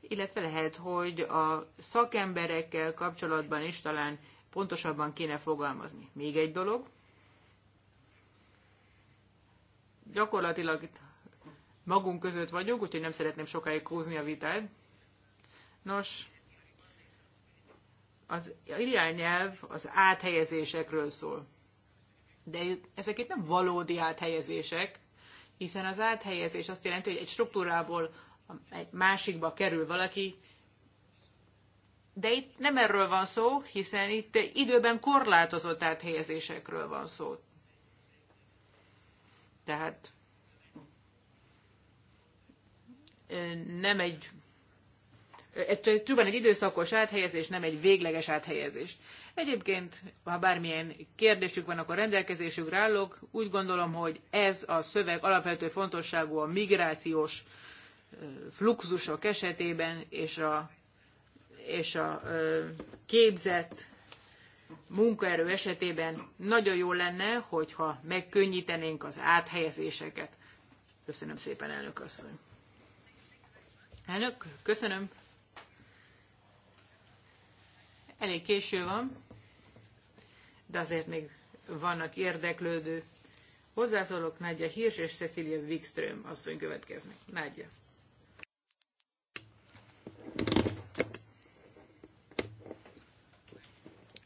illetve lehet, hogy a szakemberekkel kapcsolatban is talán pontosabban kéne fogalmazni. Még egy dolog, gyakorlatilag itt magunk között vagyunk, úgyhogy nem szeretném sokáig húzni a vitát. Nos, az irányelv az áthelyezésekről szól. De ezek itt nem valódi áthelyezések, hiszen az áthelyezés azt jelenti, hogy egy struktúrából egy másikba kerül valaki, de itt nem erről van szó, hiszen itt időben korlátozott áthelyezésekről van szó. Tehát nem egy ez csupán egy időszakos áthelyezés, nem egy végleges áthelyezés. Egyébként, ha bármilyen kérdésük van, akkor rendelkezésükre állok. Úgy gondolom, hogy ez a szöveg alapvető fontosságú a migrációs fluxusok esetében, és a, és a képzett munkaerő esetében nagyon jó lenne, hogyha megkönnyítenénk az áthelyezéseket. Köszönöm szépen, elnök asszony. Elnök, köszönöm. Elég késő van, de azért még vannak érdeklődő hozzászólók, Nagyja Hirsch és Cecilia Wikström asszony következnek. Nagyja.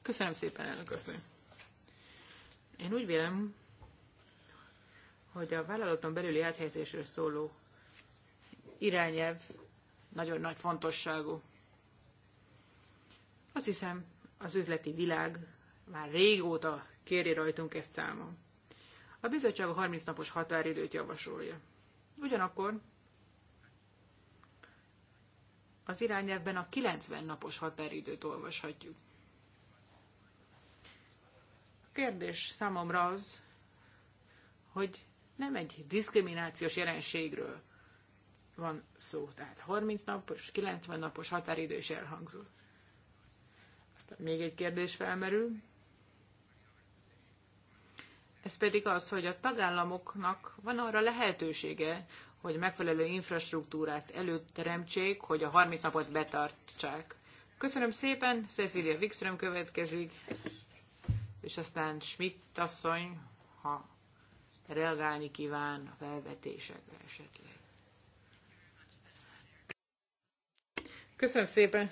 Köszönöm szépen, elnök asszony. Én úgy vélem, hogy a vállalaton belüli áthelyezésről szóló irányelv nagyon nagy fontosságú. Azt hiszem, az üzleti világ már régóta kéri rajtunk ezt számon. A bizottság a 30 napos határidőt javasolja. Ugyanakkor az irányelvben a 90 napos határidőt olvashatjuk. A kérdés számomra az, hogy nem egy diszkriminációs jelenségről van szó. Tehát 30 napos, 90 napos határidő is elhangzott ezt. még egy kérdés felmerül. Ez pedig az, hogy a tagállamoknak van arra lehetősége, hogy megfelelő infrastruktúrát előteremtsék, hogy a 30 napot betartsák. Köszönöm szépen, Cecilia Wikström következik, és aztán Schmidt asszony, ha reagálni kíván a felvetésekre esetleg. Köszönöm szépen!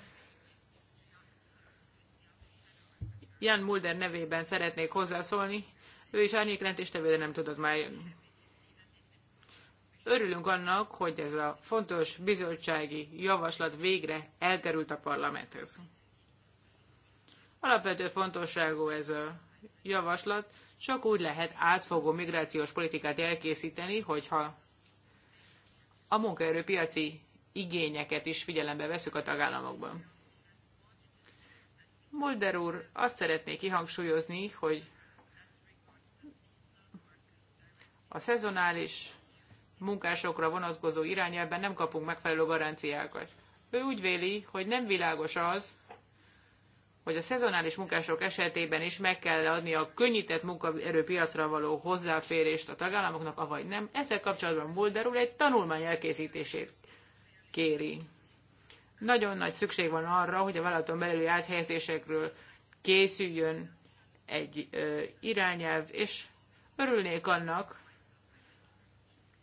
Jan Mulder nevében szeretnék hozzászólni, ő is árnyékrendtéstevő, de nem tudott már jönni. Örülünk annak, hogy ez a fontos bizottsági javaslat végre elkerült a parlamenthez. Alapvető fontosságú ez a javaslat, csak úgy lehet átfogó migrációs politikát elkészíteni, hogyha a munkaerőpiaci igényeket is figyelembe veszük a tagállamokban. Mulder úr azt szeretnék kihangsúlyozni, hogy a szezonális munkásokra vonatkozó irányelben nem kapunk megfelelő garanciákat. Ő úgy véli, hogy nem világos az, hogy a szezonális munkások esetében is meg kell adni a könnyített munkaerőpiacra való hozzáférést a tagállamoknak, avagy nem. Ezzel kapcsolatban Mulder úr egy tanulmány elkészítését kéri. Nagyon nagy szükség van arra, hogy a vállalaton belüli áthelyezésekről készüljön egy ö, irányelv, és örülnék annak,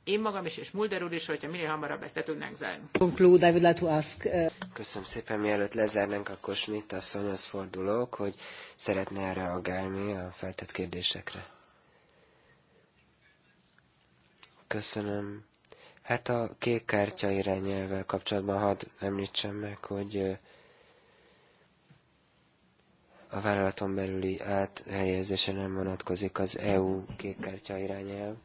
én magam is, és Mulder úr is, hogyha minél hamarabb ezt le tudnánk zárni. Uh, Köszönöm szépen, mielőtt lezárnánk, akkor Schmidt asszonyhoz fordulok, hogy szeretne reagálni a feltett kérdésekre. Köszönöm Hát a kék kártya irányelvvel kapcsolatban hadd említsem meg, hogy a vállalaton belüli áthelyezése nem vonatkozik az EU kártya irányelv.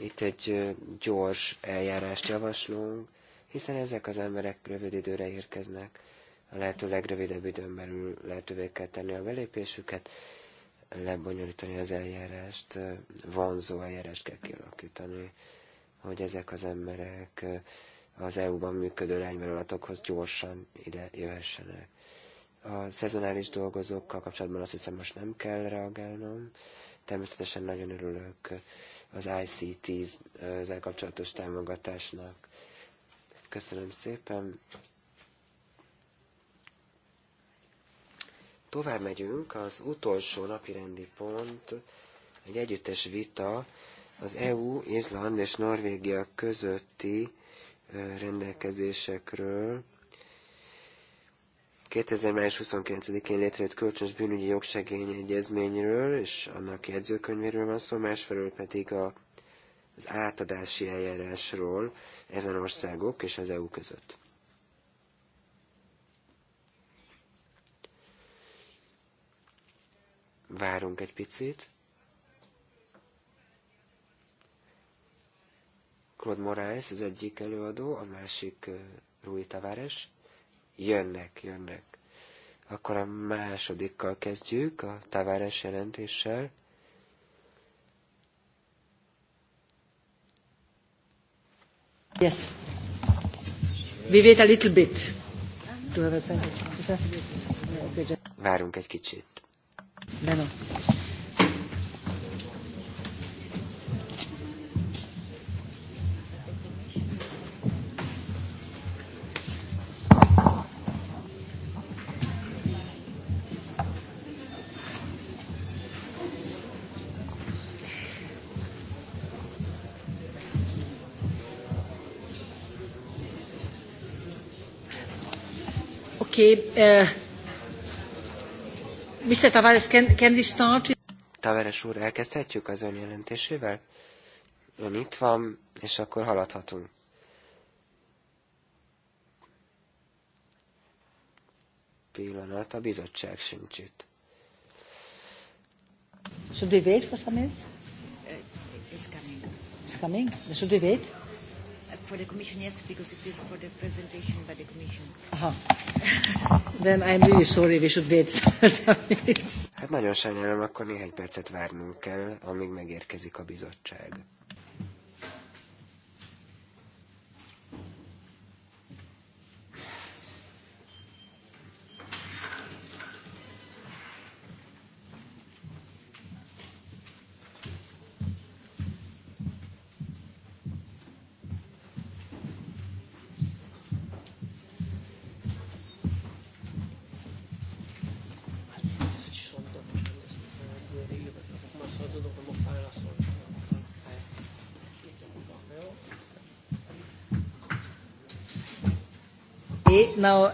Itt egy gyors eljárást javaslunk, hiszen ezek az emberek rövid időre érkeznek. A lehető legrövidebb időn belül lehetővé kell tenni a belépésüket, lebonyolítani az eljárást, vonzó eljárást kell kialakítani hogy ezek az emberek az EU-ban működő lányvállalatokhoz gyorsan ide jöhessenek. A szezonális dolgozókkal kapcsolatban azt hiszem most nem kell reagálnom. Természetesen nagyon örülök az ICT-zel kapcsolatos támogatásnak. Köszönöm szépen. Tovább megyünk, az utolsó napi rendi pont, egy együttes vita az EU, Izland és Norvégia közötti rendelkezésekről 2000. május 29-én létrejött kölcsönös bűnügyi jogsegény egyezményről és annak jegyzőkönyvéről van szó, másfelől pedig a, az átadási eljárásról ezen országok és az EU között. Várunk egy picit. Claude Moraes az egyik előadó, a másik Rui Tavares. Jönnek, jönnek. Akkor a másodikkal kezdjük, a Tavares jelentéssel. Yes. We wait a little bit. Várunk egy kicsit. Beno. Uh, Mr. Tavares, can, can we start? Tavares úr, elkezdhetjük az ön jelentésével? Ön itt van, és akkor haladhatunk. Pillanat, a bizottság sincs itt. Should we wait for some minutes? Uh, it's coming. It's coming? Should we wait? for the Commission, yes, because it is for the presentation by the Commission. Aha. Then I'm really sorry, we should wait Hát nagyon sajnálom, akkor néhány percet várnunk kell, amíg megérkezik a bizottság. Ha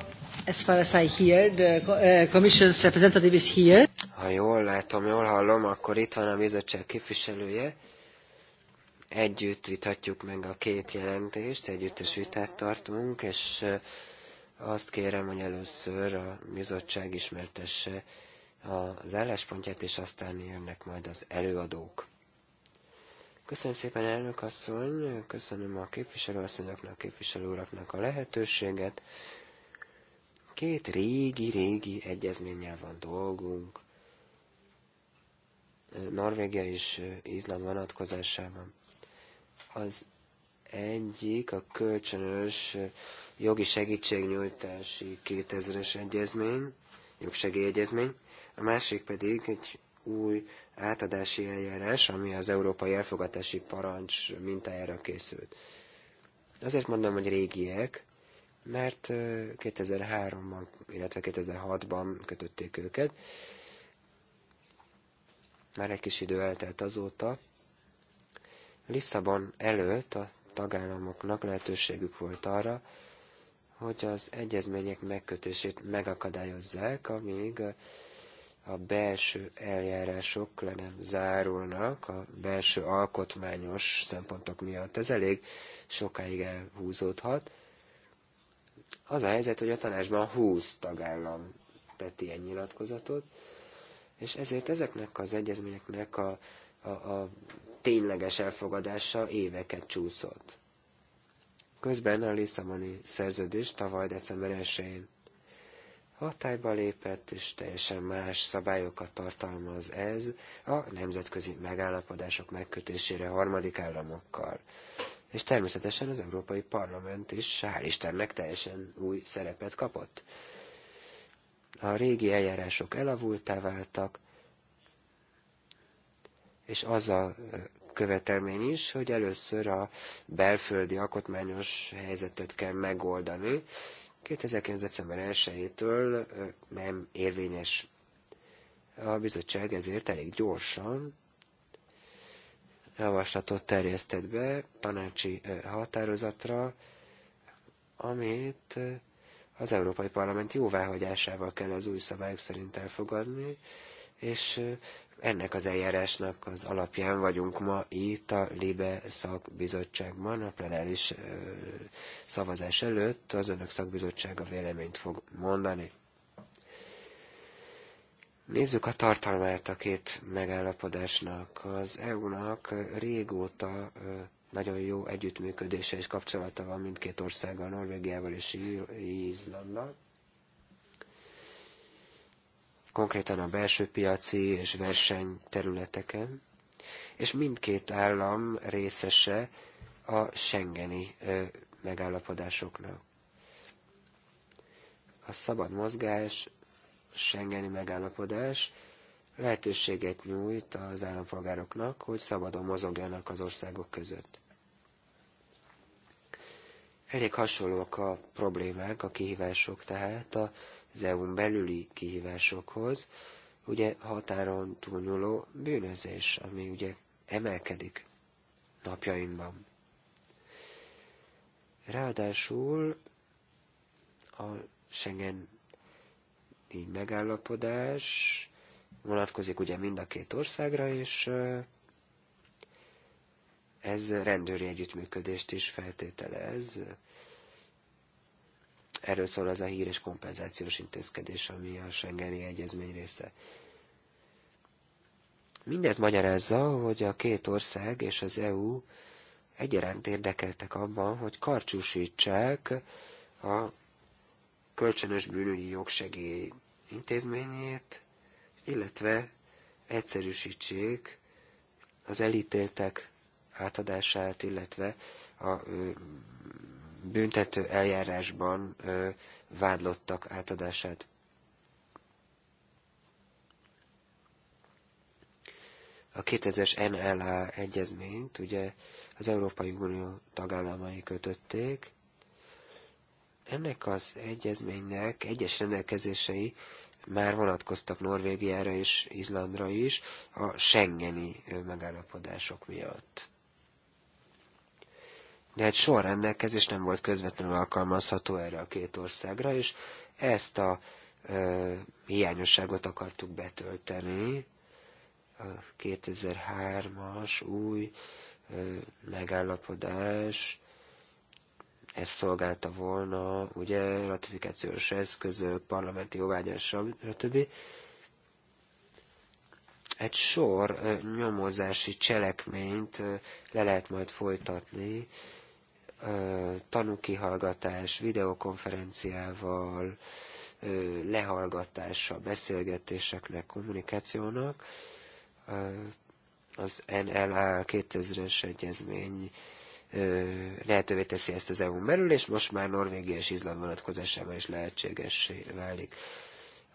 jól látom, jól hallom, akkor itt van a bizottság képviselője. Együtt vitatjuk meg a két jelentést, együttes vitát tartunk, és uh, azt kérem, hogy először a bizottság ismertesse az álláspontját, és aztán jönnek majd az előadók. Köszönöm szépen, elnök asszony, köszönöm a képviselőasszonyoknak, képviselő uraknak a lehetőséget, Két régi-régi egyezménnyel van dolgunk, Norvégia és Izland vonatkozásában. Az egyik a kölcsönös jogi segítségnyújtási 2000-es egyezmény, egyezmény, a másik pedig egy új átadási eljárás, ami az európai elfogadási parancs mintájára készült. Azért mondom, hogy régiek, mert 2003-ban, illetve 2006-ban kötötték őket. Már egy kis idő eltelt azóta. Lisszabon előtt a tagállamoknak lehetőségük volt arra, hogy az egyezmények megkötését megakadályozzák, amíg a belső eljárások le nem zárulnak, a belső alkotmányos szempontok miatt. Ez elég sokáig elhúzódhat. Az a helyzet, hogy a tanácsban 20 tagállam tett ilyen nyilatkozatot, és ezért ezeknek az egyezményeknek a, a, a tényleges elfogadása éveket csúszott. Közben a Lisszaboni szerződés tavaly december 1-én hatályba lépett, és teljesen más szabályokat tartalmaz ez a nemzetközi megállapodások megkötésére harmadik államokkal és természetesen az Európai Parlament is, hál' Istennek, teljesen új szerepet kapott. A régi eljárások elavultá váltak, és az a követelmény is, hogy először a belföldi alkotmányos helyzetet kell megoldani. 2009. december 1-től nem érvényes. A bizottság ezért elég gyorsan javaslatot terjesztett be tanácsi határozatra, amit az Európai Parlament jóváhagyásával kell az új szabályok szerint elfogadni, és ennek az eljárásnak az alapján vagyunk ma itt a Libe szakbizottságban, a plenáris szavazás előtt az önök szakbizottsága véleményt fog mondani. Nézzük a tartalmát a két megállapodásnak. Az EU-nak régóta nagyon jó együttműködése és kapcsolata van mindkét országgal, Norvégiával és Izlandnal. Konkrétan a belső piaci és verseny területeken. És mindkét állam részese a Schengeni megállapodásoknak. A szabad mozgás Schengeni megállapodás lehetőséget nyújt az állampolgároknak, hogy szabadon mozogjanak az országok között. Elég hasonlóak a problémák, a kihívások tehát az EU-n belüli kihívásokhoz, ugye határon túlnyúló bűnözés, ami ugye emelkedik napjainkban. Ráadásul a Schengen így megállapodás vonatkozik ugye mind a két országra, és ez rendőri együttműködést is feltételez. Erről szól az a hír és kompenzációs intézkedés, ami a Schengeni Egyezmény része. Mindez magyarázza, hogy a két ország és az EU egyaránt érdekeltek abban, hogy karcsúsítsák a kölcsönös bűnügyi jogsegélyt intézményét, illetve egyszerűsítsék az elítéltek átadását, illetve a büntető eljárásban vádlottak átadását. A 2000-es NLA egyezményt ugye az Európai Unió tagállamai kötötték. Ennek az egyezménynek egyes rendelkezései már vonatkoztak Norvégiára és Izlandra is a Schengeni megállapodások miatt. De egy sorrendelkezés nem volt közvetlenül alkalmazható erre a két országra, és ezt a ö, hiányosságot akartuk betölteni a 2003-as új ö, megállapodás ez szolgálta volna, ugye, ratifikációs eszközök, parlamenti jóvágyással, stb. Egy sor nyomozási cselekményt le lehet majd folytatni, tanúkihallgatás, videokonferenciával, lehallgatása, beszélgetéseknek, kommunikációnak, az NLA 2000-es egyezmény lehetővé teszi ezt az EU-n belül, és most már Norvégia és Izland vonatkozásában is lehetségessé válik.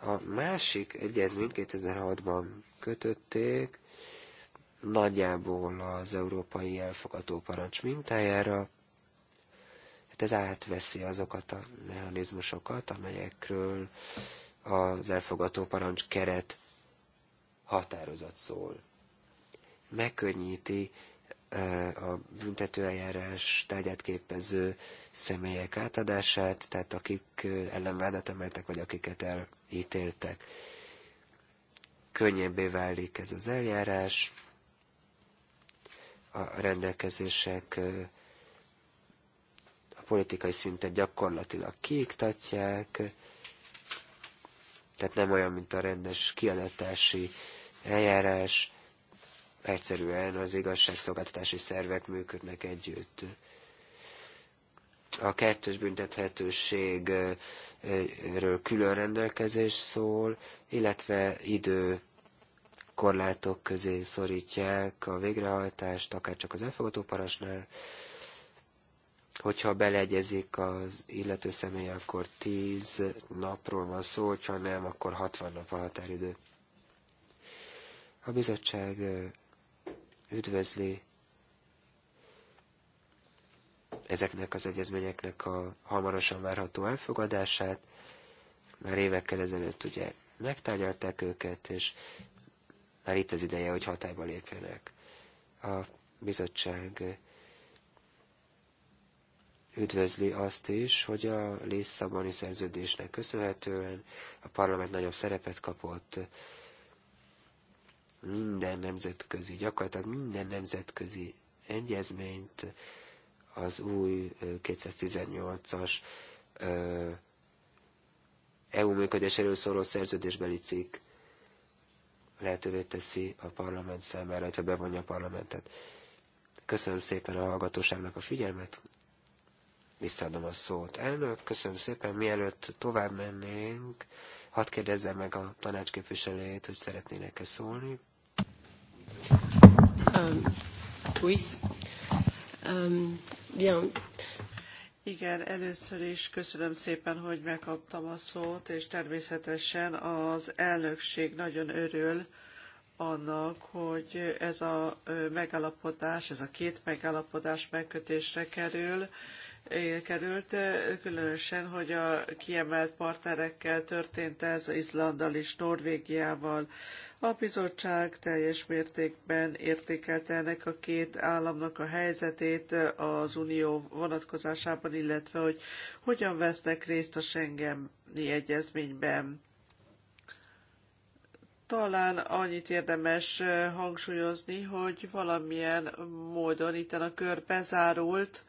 A másik egyezményt 2006-ban kötötték, nagyjából az európai elfogadó parancs mintájára, hát ez átveszi azokat a mechanizmusokat, amelyekről az elfogadó parancs keret határozat szól. Megkönnyíti a büntetőeljárás tárgyát képező személyek átadását, tehát akik ellen vádat emeltek, vagy akiket elítéltek. Könnyebbé válik ez az eljárás, a rendelkezések a politikai szintet gyakorlatilag kiiktatják, tehát nem olyan, mint a rendes kiadatási eljárás, egyszerűen az igazságszolgáltatási szervek működnek együtt. A kettős büntethetőségről külön rendelkezés szól, illetve idő korlátok közé szorítják a végrehajtást, akár csak az elfogadó parasnál. Hogyha beleegyezik az illető személy, akkor 10 napról van szó, ha nem, akkor 60 nap a határidő. A bizottság üdvözli ezeknek az egyezményeknek a hamarosan várható elfogadását. Már évekkel ezelőtt ugye megtárgyalták őket, és már itt az ideje, hogy hatályba lépjenek. A bizottság üdvözli azt is, hogy a Lisszaboni szerződésnek köszönhetően a parlament nagyobb szerepet kapott, minden nemzetközi, gyakorlatilag minden nemzetközi egyezményt az új 218-as EU működéséről szóló szerződésbeli cikk lehetővé teszi a parlament számára, illetve bevonja a parlamentet. Köszönöm szépen a hallgatóságnak a figyelmet, visszaadom a szót. Elnök, köszönöm szépen, mielőtt tovább mennénk, hadd kérdezzem meg a tanácsképviselőjét, hogy szeretnének-e szólni. Euh, oui. Euh, bien. Igen, először is köszönöm szépen, hogy megkaptam a szót, és természetesen az elnökség nagyon örül annak, hogy ez a megállapodás, ez a két megállapodás megkötésre kerül, került, különösen, hogy a kiemelt partnerekkel történt ez, Izlanddal és Norvégiával. A bizottság teljes mértékben értékelte ennek a két államnak a helyzetét az unió vonatkozásában, illetve hogy hogyan vesznek részt a Schengeni egyezményben. Talán annyit érdemes hangsúlyozni, hogy valamilyen módon itten a kör bezárult,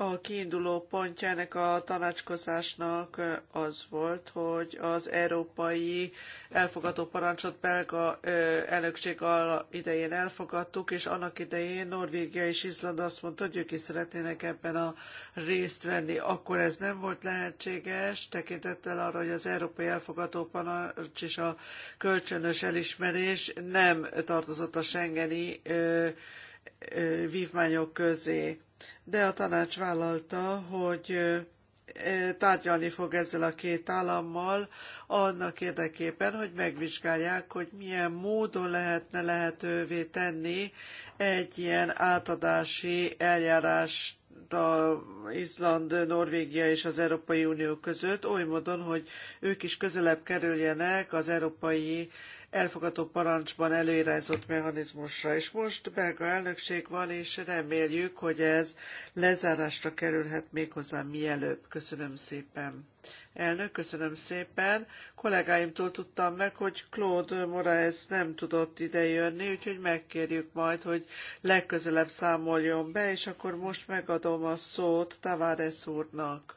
a kiinduló pontja ennek a tanácskozásnak az volt, hogy az európai elfogadó parancsot belga elnökség idején elfogadtuk, és annak idején Norvégia és Izland azt mondta, hogy ők is szeretnének ebben a részt venni. Akkor ez nem volt lehetséges, tekintettel arra, hogy az európai elfogadó parancs és a kölcsönös elismerés nem tartozott a Schengeni vívmányok közé de a tanács vállalta, hogy tárgyalni fog ezzel a két állammal annak érdekében, hogy megvizsgálják, hogy milyen módon lehetne lehetővé tenni egy ilyen átadási eljárást a Izland, Norvégia és az Európai Unió között, oly módon, hogy ők is közelebb kerüljenek az európai elfogadó parancsban előirányzott mechanizmusra. És most belga elnökség van, és reméljük, hogy ez lezárásra kerülhet méghozzá mielőbb. Köszönöm szépen. Elnök, köszönöm szépen. Kollégáimtól tudtam meg, hogy Claude Moraes nem tudott idejönni, úgyhogy megkérjük majd, hogy legközelebb számoljon be, és akkor most megadom a szót Tavares úrnak.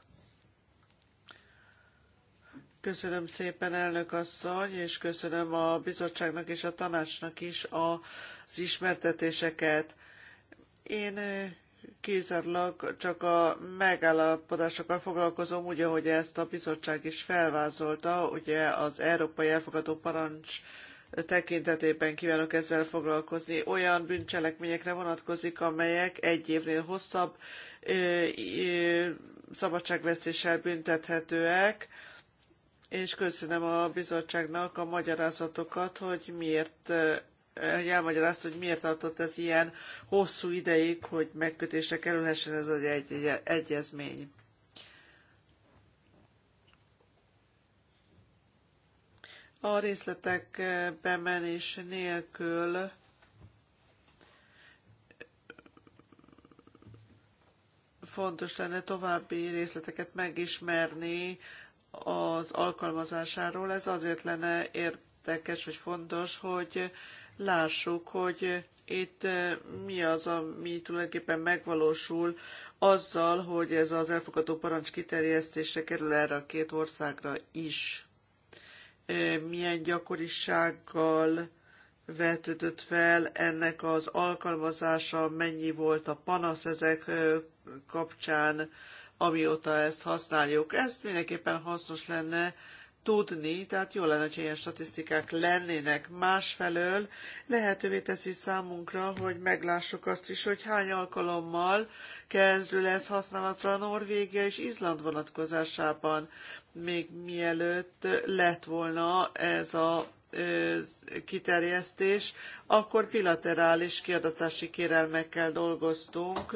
Köszönöm szépen, elnök asszony, és köszönöm a bizottságnak és a tanácsnak is az ismertetéseket. Én kizárólag csak a megállapodásokkal foglalkozom, úgy, ahogy ezt a bizottság is felvázolta, ugye az Európai Elfogadó Parancs tekintetében kívánok ezzel foglalkozni. Olyan bűncselekményekre vonatkozik, amelyek egy évnél hosszabb ö, ö, szabadságvesztéssel büntethetőek, és köszönöm a bizottságnak a magyarázatokat, hogy miért hogy eh, elmagyarázta, hogy miért tartott ez ilyen hosszú ideig, hogy megkötésre kerülhessen ez az egy, egy, egyezmény. A részletek eh, bemenés nélkül eh, fontos lenne további részleteket megismerni az alkalmazásáról. Ez azért lenne érdekes, vagy fontos, hogy lássuk, hogy itt eh, mi az, ami tulajdonképpen megvalósul azzal, hogy ez az elfogadó parancs kiterjesztése kerül erre a két országra is. Eh, milyen gyakorisággal vetődött fel ennek az alkalmazása, mennyi volt a panasz ezek eh, kapcsán, amióta ezt használjuk. ezt mindenképpen hasznos lenne tudni, tehát jó lenne, hogyha ilyen statisztikák lennének. Másfelől lehetővé teszi számunkra, hogy meglássuk azt is, hogy hány alkalommal kerül ez használatra a Norvégia és Izland vonatkozásában, még mielőtt lett volna ez a kiterjesztés, akkor bilaterális kiadatási kérelmekkel dolgoztunk,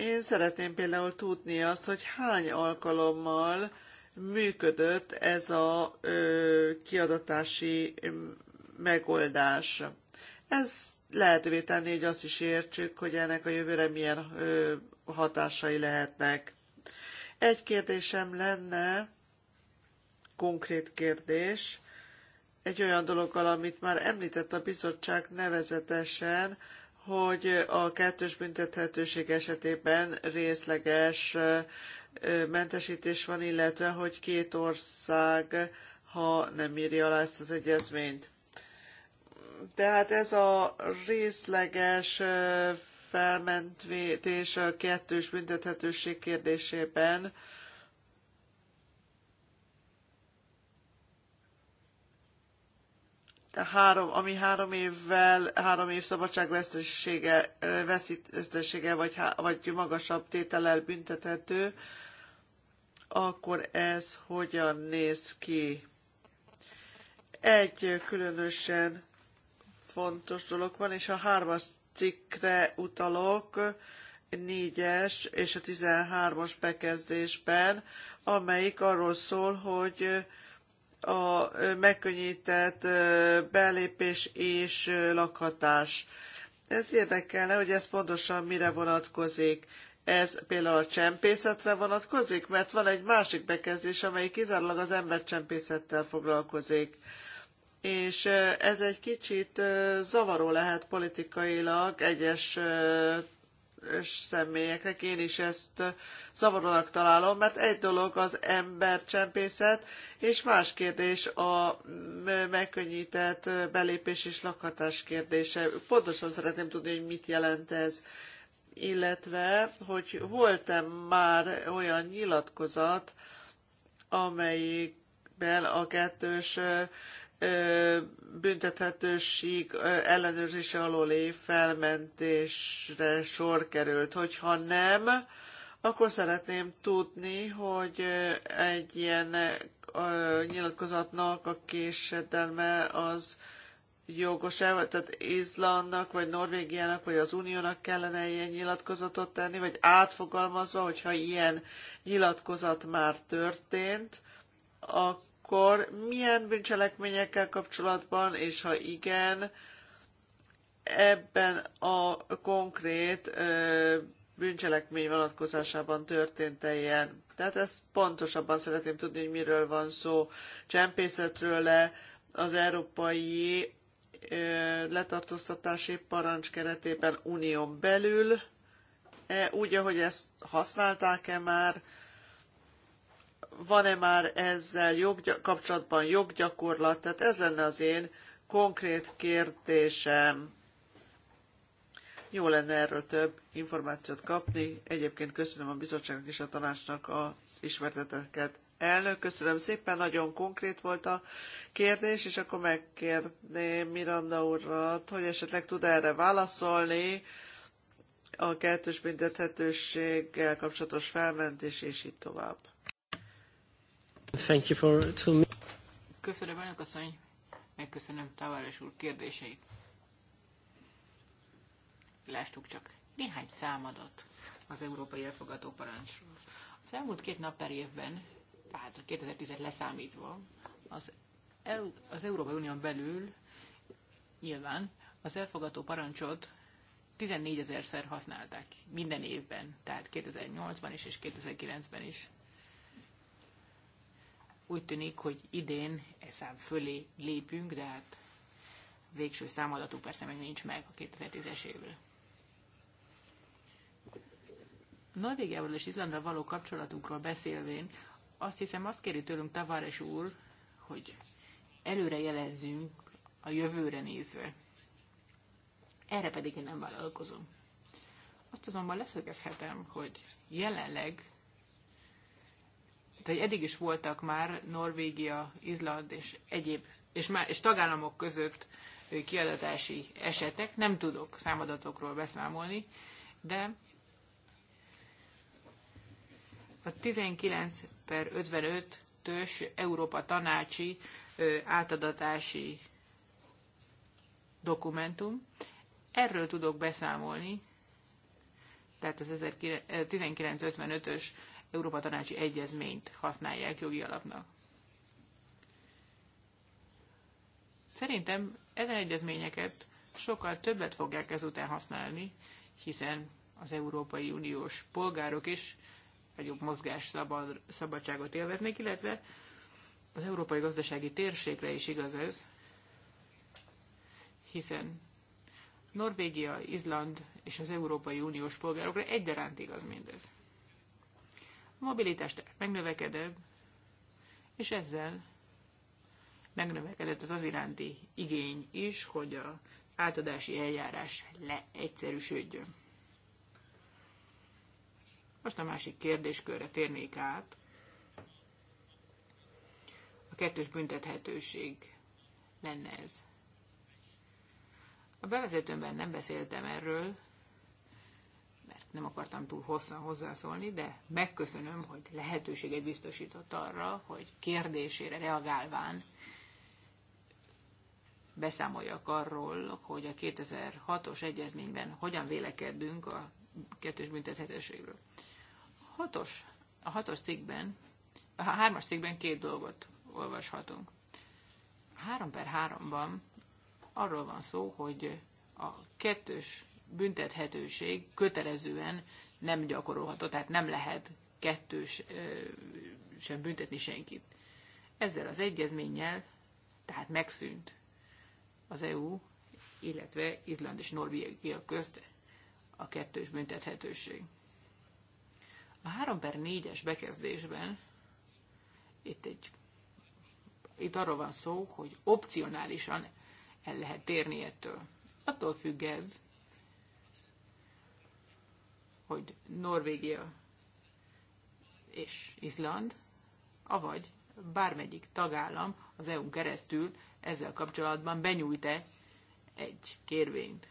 én szeretném például tudni azt, hogy hány alkalommal működött ez a ö, kiadatási megoldás. Ez lehetővé tenni, hogy azt is értsük, hogy ennek a jövőre milyen ö, hatásai lehetnek. Egy kérdésem lenne, konkrét kérdés, egy olyan dologgal, amit már említett a bizottság nevezetesen, hogy a kettős büntethetőség esetében részleges mentesítés van, illetve hogy két ország, ha nem írja alá ezt az egyezményt. Tehát ez a részleges felmentés a kettős büntethetőség kérdésében három, ami három évvel, három év szabadságvesztessége, veszítősége vagy, vagy magasabb tétellel büntethető, akkor ez hogyan néz ki? Egy különösen fontos dolog van, és a hármas cikkre utalok, négyes és a 13-as bekezdésben, amelyik arról szól, hogy a megkönnyített belépés és lakhatás. Ez érdekelne, hogy ez pontosan mire vonatkozik. Ez például a csempészetre vonatkozik, mert van egy másik bekezdés, amely kizárólag az csempészettel foglalkozik. És ez egy kicsit zavaró lehet politikailag egyes személyeknek. Én is ezt szavarónak találom, mert egy dolog az embercsempészet, és más kérdés a megkönnyített belépés és lakhatás kérdése. Pontosan szeretném tudni, hogy mit jelent ez illetve hogy volt-e már olyan nyilatkozat, amelyikben a kettős büntethetőség ellenőrzése alól felmentésre sor került. Hogyha nem, akkor szeretném tudni, hogy egy ilyen nyilatkozatnak a késedelme az jogos-e, tehát Izlandnak, vagy Norvégiának, vagy az Uniónak kellene ilyen nyilatkozatot tenni, vagy átfogalmazva, hogyha ilyen nyilatkozat már történt, akkor akkor milyen bűncselekményekkel kapcsolatban, és ha igen, ebben a konkrét bűncselekmény vonatkozásában történt -e ilyen. Tehát ezt pontosabban szeretném tudni, hogy miről van szó. Csempészetről le az európai letartóztatási parancs keretében unión belül, e, úgy, ahogy ezt használták-e már, van-e már ezzel kapcsolatban joggyakorlat? Tehát ez lenne az én konkrét kérdésem. Jó lenne erről több információt kapni. Egyébként köszönöm a bizottságnak és a tanácsnak az ismerteteket. Elnök, köszönöm szépen, nagyon konkrét volt a kérdés, és akkor megkérném Miranda urat, hogy esetleg tud erre válaszolni a kettős büntethetőséggel kapcsolatos felmentés, és így tovább. Thank you for to... Köszönöm, elnök asszony. Megköszönöm Tavares úr kérdéseit. Lássuk csak néhány számadat az európai elfogadó parancsról. Az elmúlt két nap per évben, tehát a 2010 leszámítva, az, EU, az Európai Unión belül nyilván az elfogadó parancsot 14 000-szer használták minden évben, tehát 2008-ban is és 2009-ben is. Úgy tűnik, hogy idén eszám fölé lépünk, de hát végső számadatuk persze még nincs meg a 2010-es évről. Norvégiával és Izlandal való kapcsolatunkról beszélvén, azt hiszem azt kéri tőlünk Tavares úr, hogy előre jelezzünk a jövőre nézve. Erre pedig én nem vállalkozom. Azt azonban leszögezhetem, hogy jelenleg hogy eddig is voltak már Norvégia, Izland és egyéb és, már, és tagállamok között kiadatási esetek, nem tudok számadatokról beszámolni, de a 19 per 55-ös Európa tanácsi átadatási dokumentum. Erről tudok beszámolni, tehát az 1955-ös Európa Tanácsi Egyezményt használják jogi alapnak. Szerintem ezen egyezményeket sokkal többet fogják ezután használni, hiszen az Európai Uniós polgárok is nagyobb mozgás szabad, szabadságot élveznék, illetve az európai gazdasági térségre is igaz ez, hiszen Norvégia, Izland és az Európai Uniós polgárokra egyaránt igaz mindez. A mobilitás megnövekedett, és ezzel megnövekedett az az iránti igény is, hogy a átadási eljárás leegyszerűsödjön. Most a másik kérdéskörre térnék át. A kettős büntethetőség lenne ez. A bevezetőmben nem beszéltem erről, mert nem akartam túl hosszan hozzászólni, de megköszönöm, hogy lehetőséget biztosított arra, hogy kérdésére reagálván beszámoljak arról, hogy a 2006-os egyezményben hogyan vélekedünk a kettős büntethetőségről. A hatos, a hatos cikkben, a hármas cikkben két dolgot olvashatunk. Három 3 per 3-ban arról van szó, hogy a kettős büntethetőség kötelezően nem gyakorolható, tehát nem lehet kettős sem büntetni senkit. Ezzel az egyezménnyel tehát megszűnt az EU, illetve Izland és Norvégia közt a kettős büntethetőség. A 3 per 4-es bekezdésben itt, egy, itt arról van szó, hogy opcionálisan el lehet térni ettől. Attól függ ez, hogy Norvégia és Izland, avagy bármelyik tagállam az EU-n keresztül ezzel kapcsolatban benyújt-e egy kérvényt.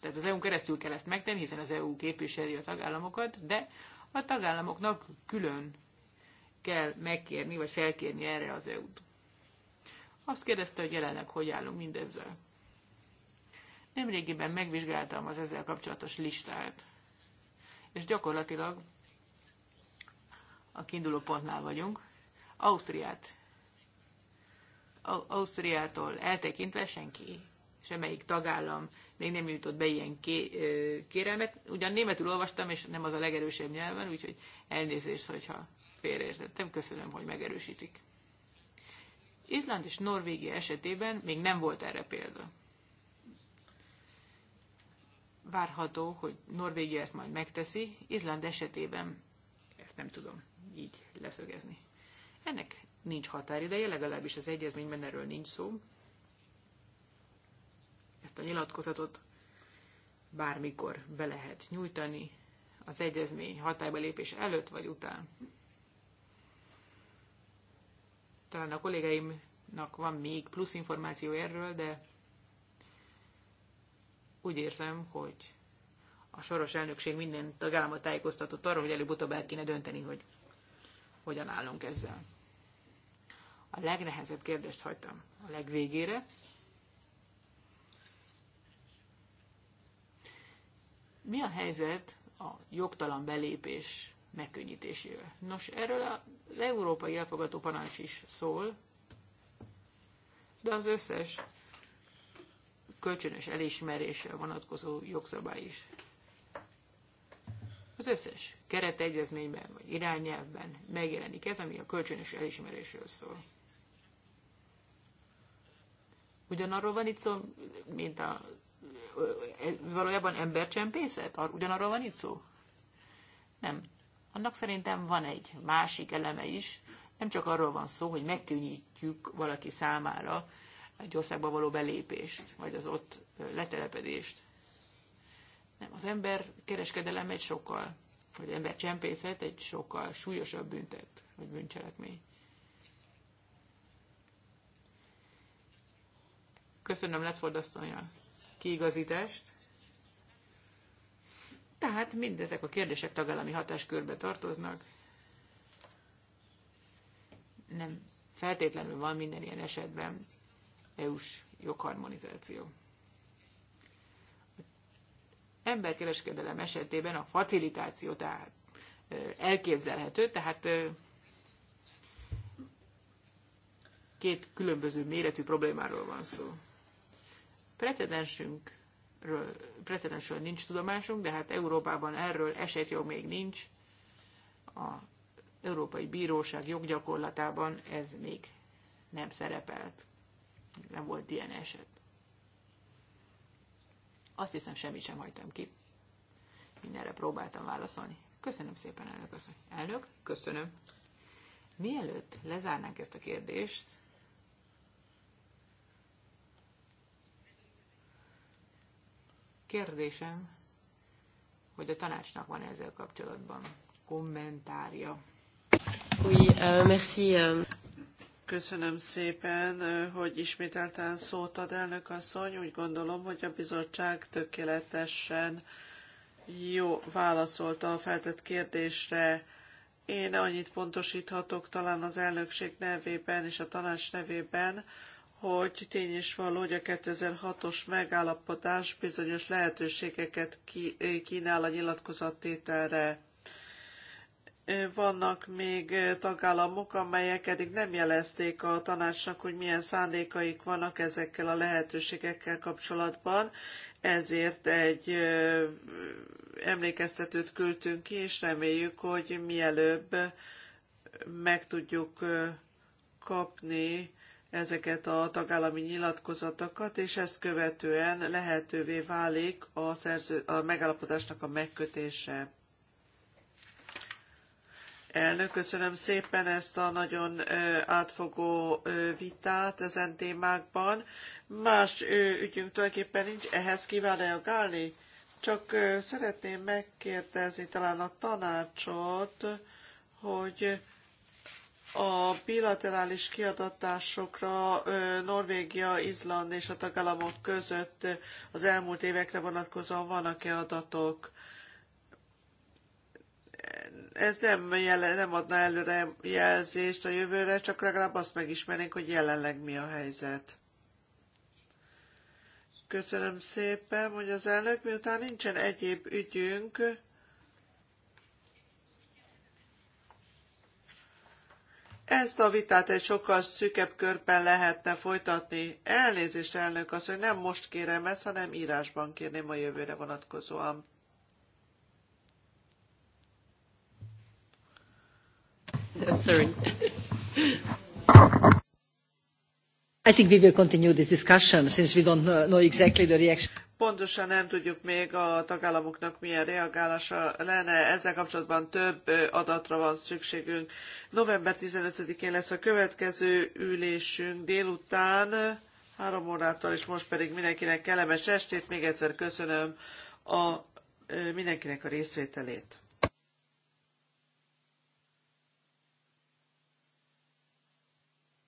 Tehát az EU-n keresztül kell ezt megtenni, hiszen az EU képviseli a tagállamokat, de a tagállamoknak külön kell megkérni, vagy felkérni erre az EU-t. Azt kérdezte, hogy jelenleg hogy állunk mindezzel. Nemrégiben megvizsgáltam az ezzel kapcsolatos listát és gyakorlatilag a kiinduló pontnál vagyunk. Ausztriát, Ausztriától eltekintve senki, semmelyik tagállam még nem jutott be ilyen ké, kérelmet. Ugyan németül olvastam, és nem az a legerősebb nyelven, úgyhogy elnézést, hogyha félreértettem. Köszönöm, hogy megerősítik. Izland és Norvégia esetében még nem volt erre példa várható, hogy Norvégia ezt majd megteszi, Izland esetében ezt nem tudom így leszögezni. Ennek nincs határideje, legalábbis az egyezményben erről nincs szó. Ezt a nyilatkozatot bármikor be lehet nyújtani, az egyezmény hatályba lépés előtt vagy után. Talán a kollégáimnak van még plusz információ erről, de úgy érzem, hogy a soros elnökség minden tagállamot tájékoztatott arról, hogy előbb-utóbb el kéne dönteni, hogy hogyan állunk ezzel. A legnehezebb kérdést hagytam a legvégére. Mi a helyzet a jogtalan belépés megkönnyítésével? Nos, erről az európai elfogadó parancs is szól, de az összes kölcsönös elismerésre vonatkozó jogszabály is. Az összes keretegyezményben vagy irányelvben megjelenik ez, ami a kölcsönös elismerésről szól. Ugyanarról van itt szó, mint a valójában embercsempészet? Ugyanarról van itt szó? Nem. Annak szerintem van egy másik eleme is. Nem csak arról van szó, hogy megkönnyítjük valaki számára egy országba való belépést, vagy az ott letelepedést. Nem, az ember kereskedelem egy sokkal, vagy ember csempészet egy sokkal súlyosabb büntet, vagy bűncselekmény. Köszönöm Letford a kiigazítást. Tehát mindezek a kérdések tagállami hatáskörbe tartoznak. Nem feltétlenül van minden ilyen esetben EU-s jogharmonizáció. Emberkereskedelem esetében a facilitáció tehát elképzelhető, tehát két különböző méretű problémáról van szó. Precedensünkről, precedensről nincs tudomásunk, de hát Európában erről esetjog még nincs. A Európai Bíróság joggyakorlatában ez még nem szerepelt nem volt ilyen eset. Azt hiszem, semmit sem hagytam ki. Mindenre próbáltam válaszolni. Köszönöm szépen, elnök asszony. Elnök, köszönöm. Mielőtt lezárnánk ezt a kérdést, kérdésem, hogy a tanácsnak van ezzel kapcsolatban kommentárja. Oui, uh, merci. Uh... Köszönöm szépen, hogy ismételten szót ad elnök asszony. Úgy gondolom, hogy a bizottság tökéletesen jó válaszolta a feltett kérdésre. Én annyit pontosíthatok talán az elnökség nevében és a tanács nevében, hogy tény is való, hogy a 2006-os megállapodás bizonyos lehetőségeket kínál a nyilatkozattételre vannak még tagállamok, amelyek eddig nem jelezték a tanácsnak, hogy milyen szándékaik vannak ezekkel a lehetőségekkel kapcsolatban, ezért egy emlékeztetőt küldtünk ki, és reméljük, hogy mielőbb meg tudjuk kapni ezeket a tagállami nyilatkozatokat, és ezt követően lehetővé válik a, szerző, a megállapodásnak a megkötése. Elnök, köszönöm szépen ezt a nagyon átfogó vitát ezen témákban. Más ügyünk tulajdonképpen nincs, ehhez kíván reagálni? Csak szeretném megkérdezni talán a tanácsot, hogy a bilaterális kiadatásokra Norvégia, Izland és a tagállamok között az elmúlt évekre vonatkozóan vannak-e adatok? ez nem, jelen, nem adna előre jelzést a jövőre, csak legalább azt megismernénk, hogy jelenleg mi a helyzet. Köszönöm szépen, hogy az elnök, miután nincsen egyéb ügyünk, Ezt a vitát egy sokkal szükebb körben lehetne folytatni. Elnézést, elnök az, hogy nem most kérem ezt, hanem írásban kérném a jövőre vonatkozóan. Sorry. I think we will continue this discussion since we don't know exactly the reaction. Pontosan nem tudjuk még a tagállamoknak milyen reagálása lenne, ezzel kapcsolatban több adatra van szükségünk. November 15-én lesz a következő ülésünk délután, három órától, és most pedig mindenkinek kellemes estét, még egyszer köszönöm a mindenkinek a részvételét.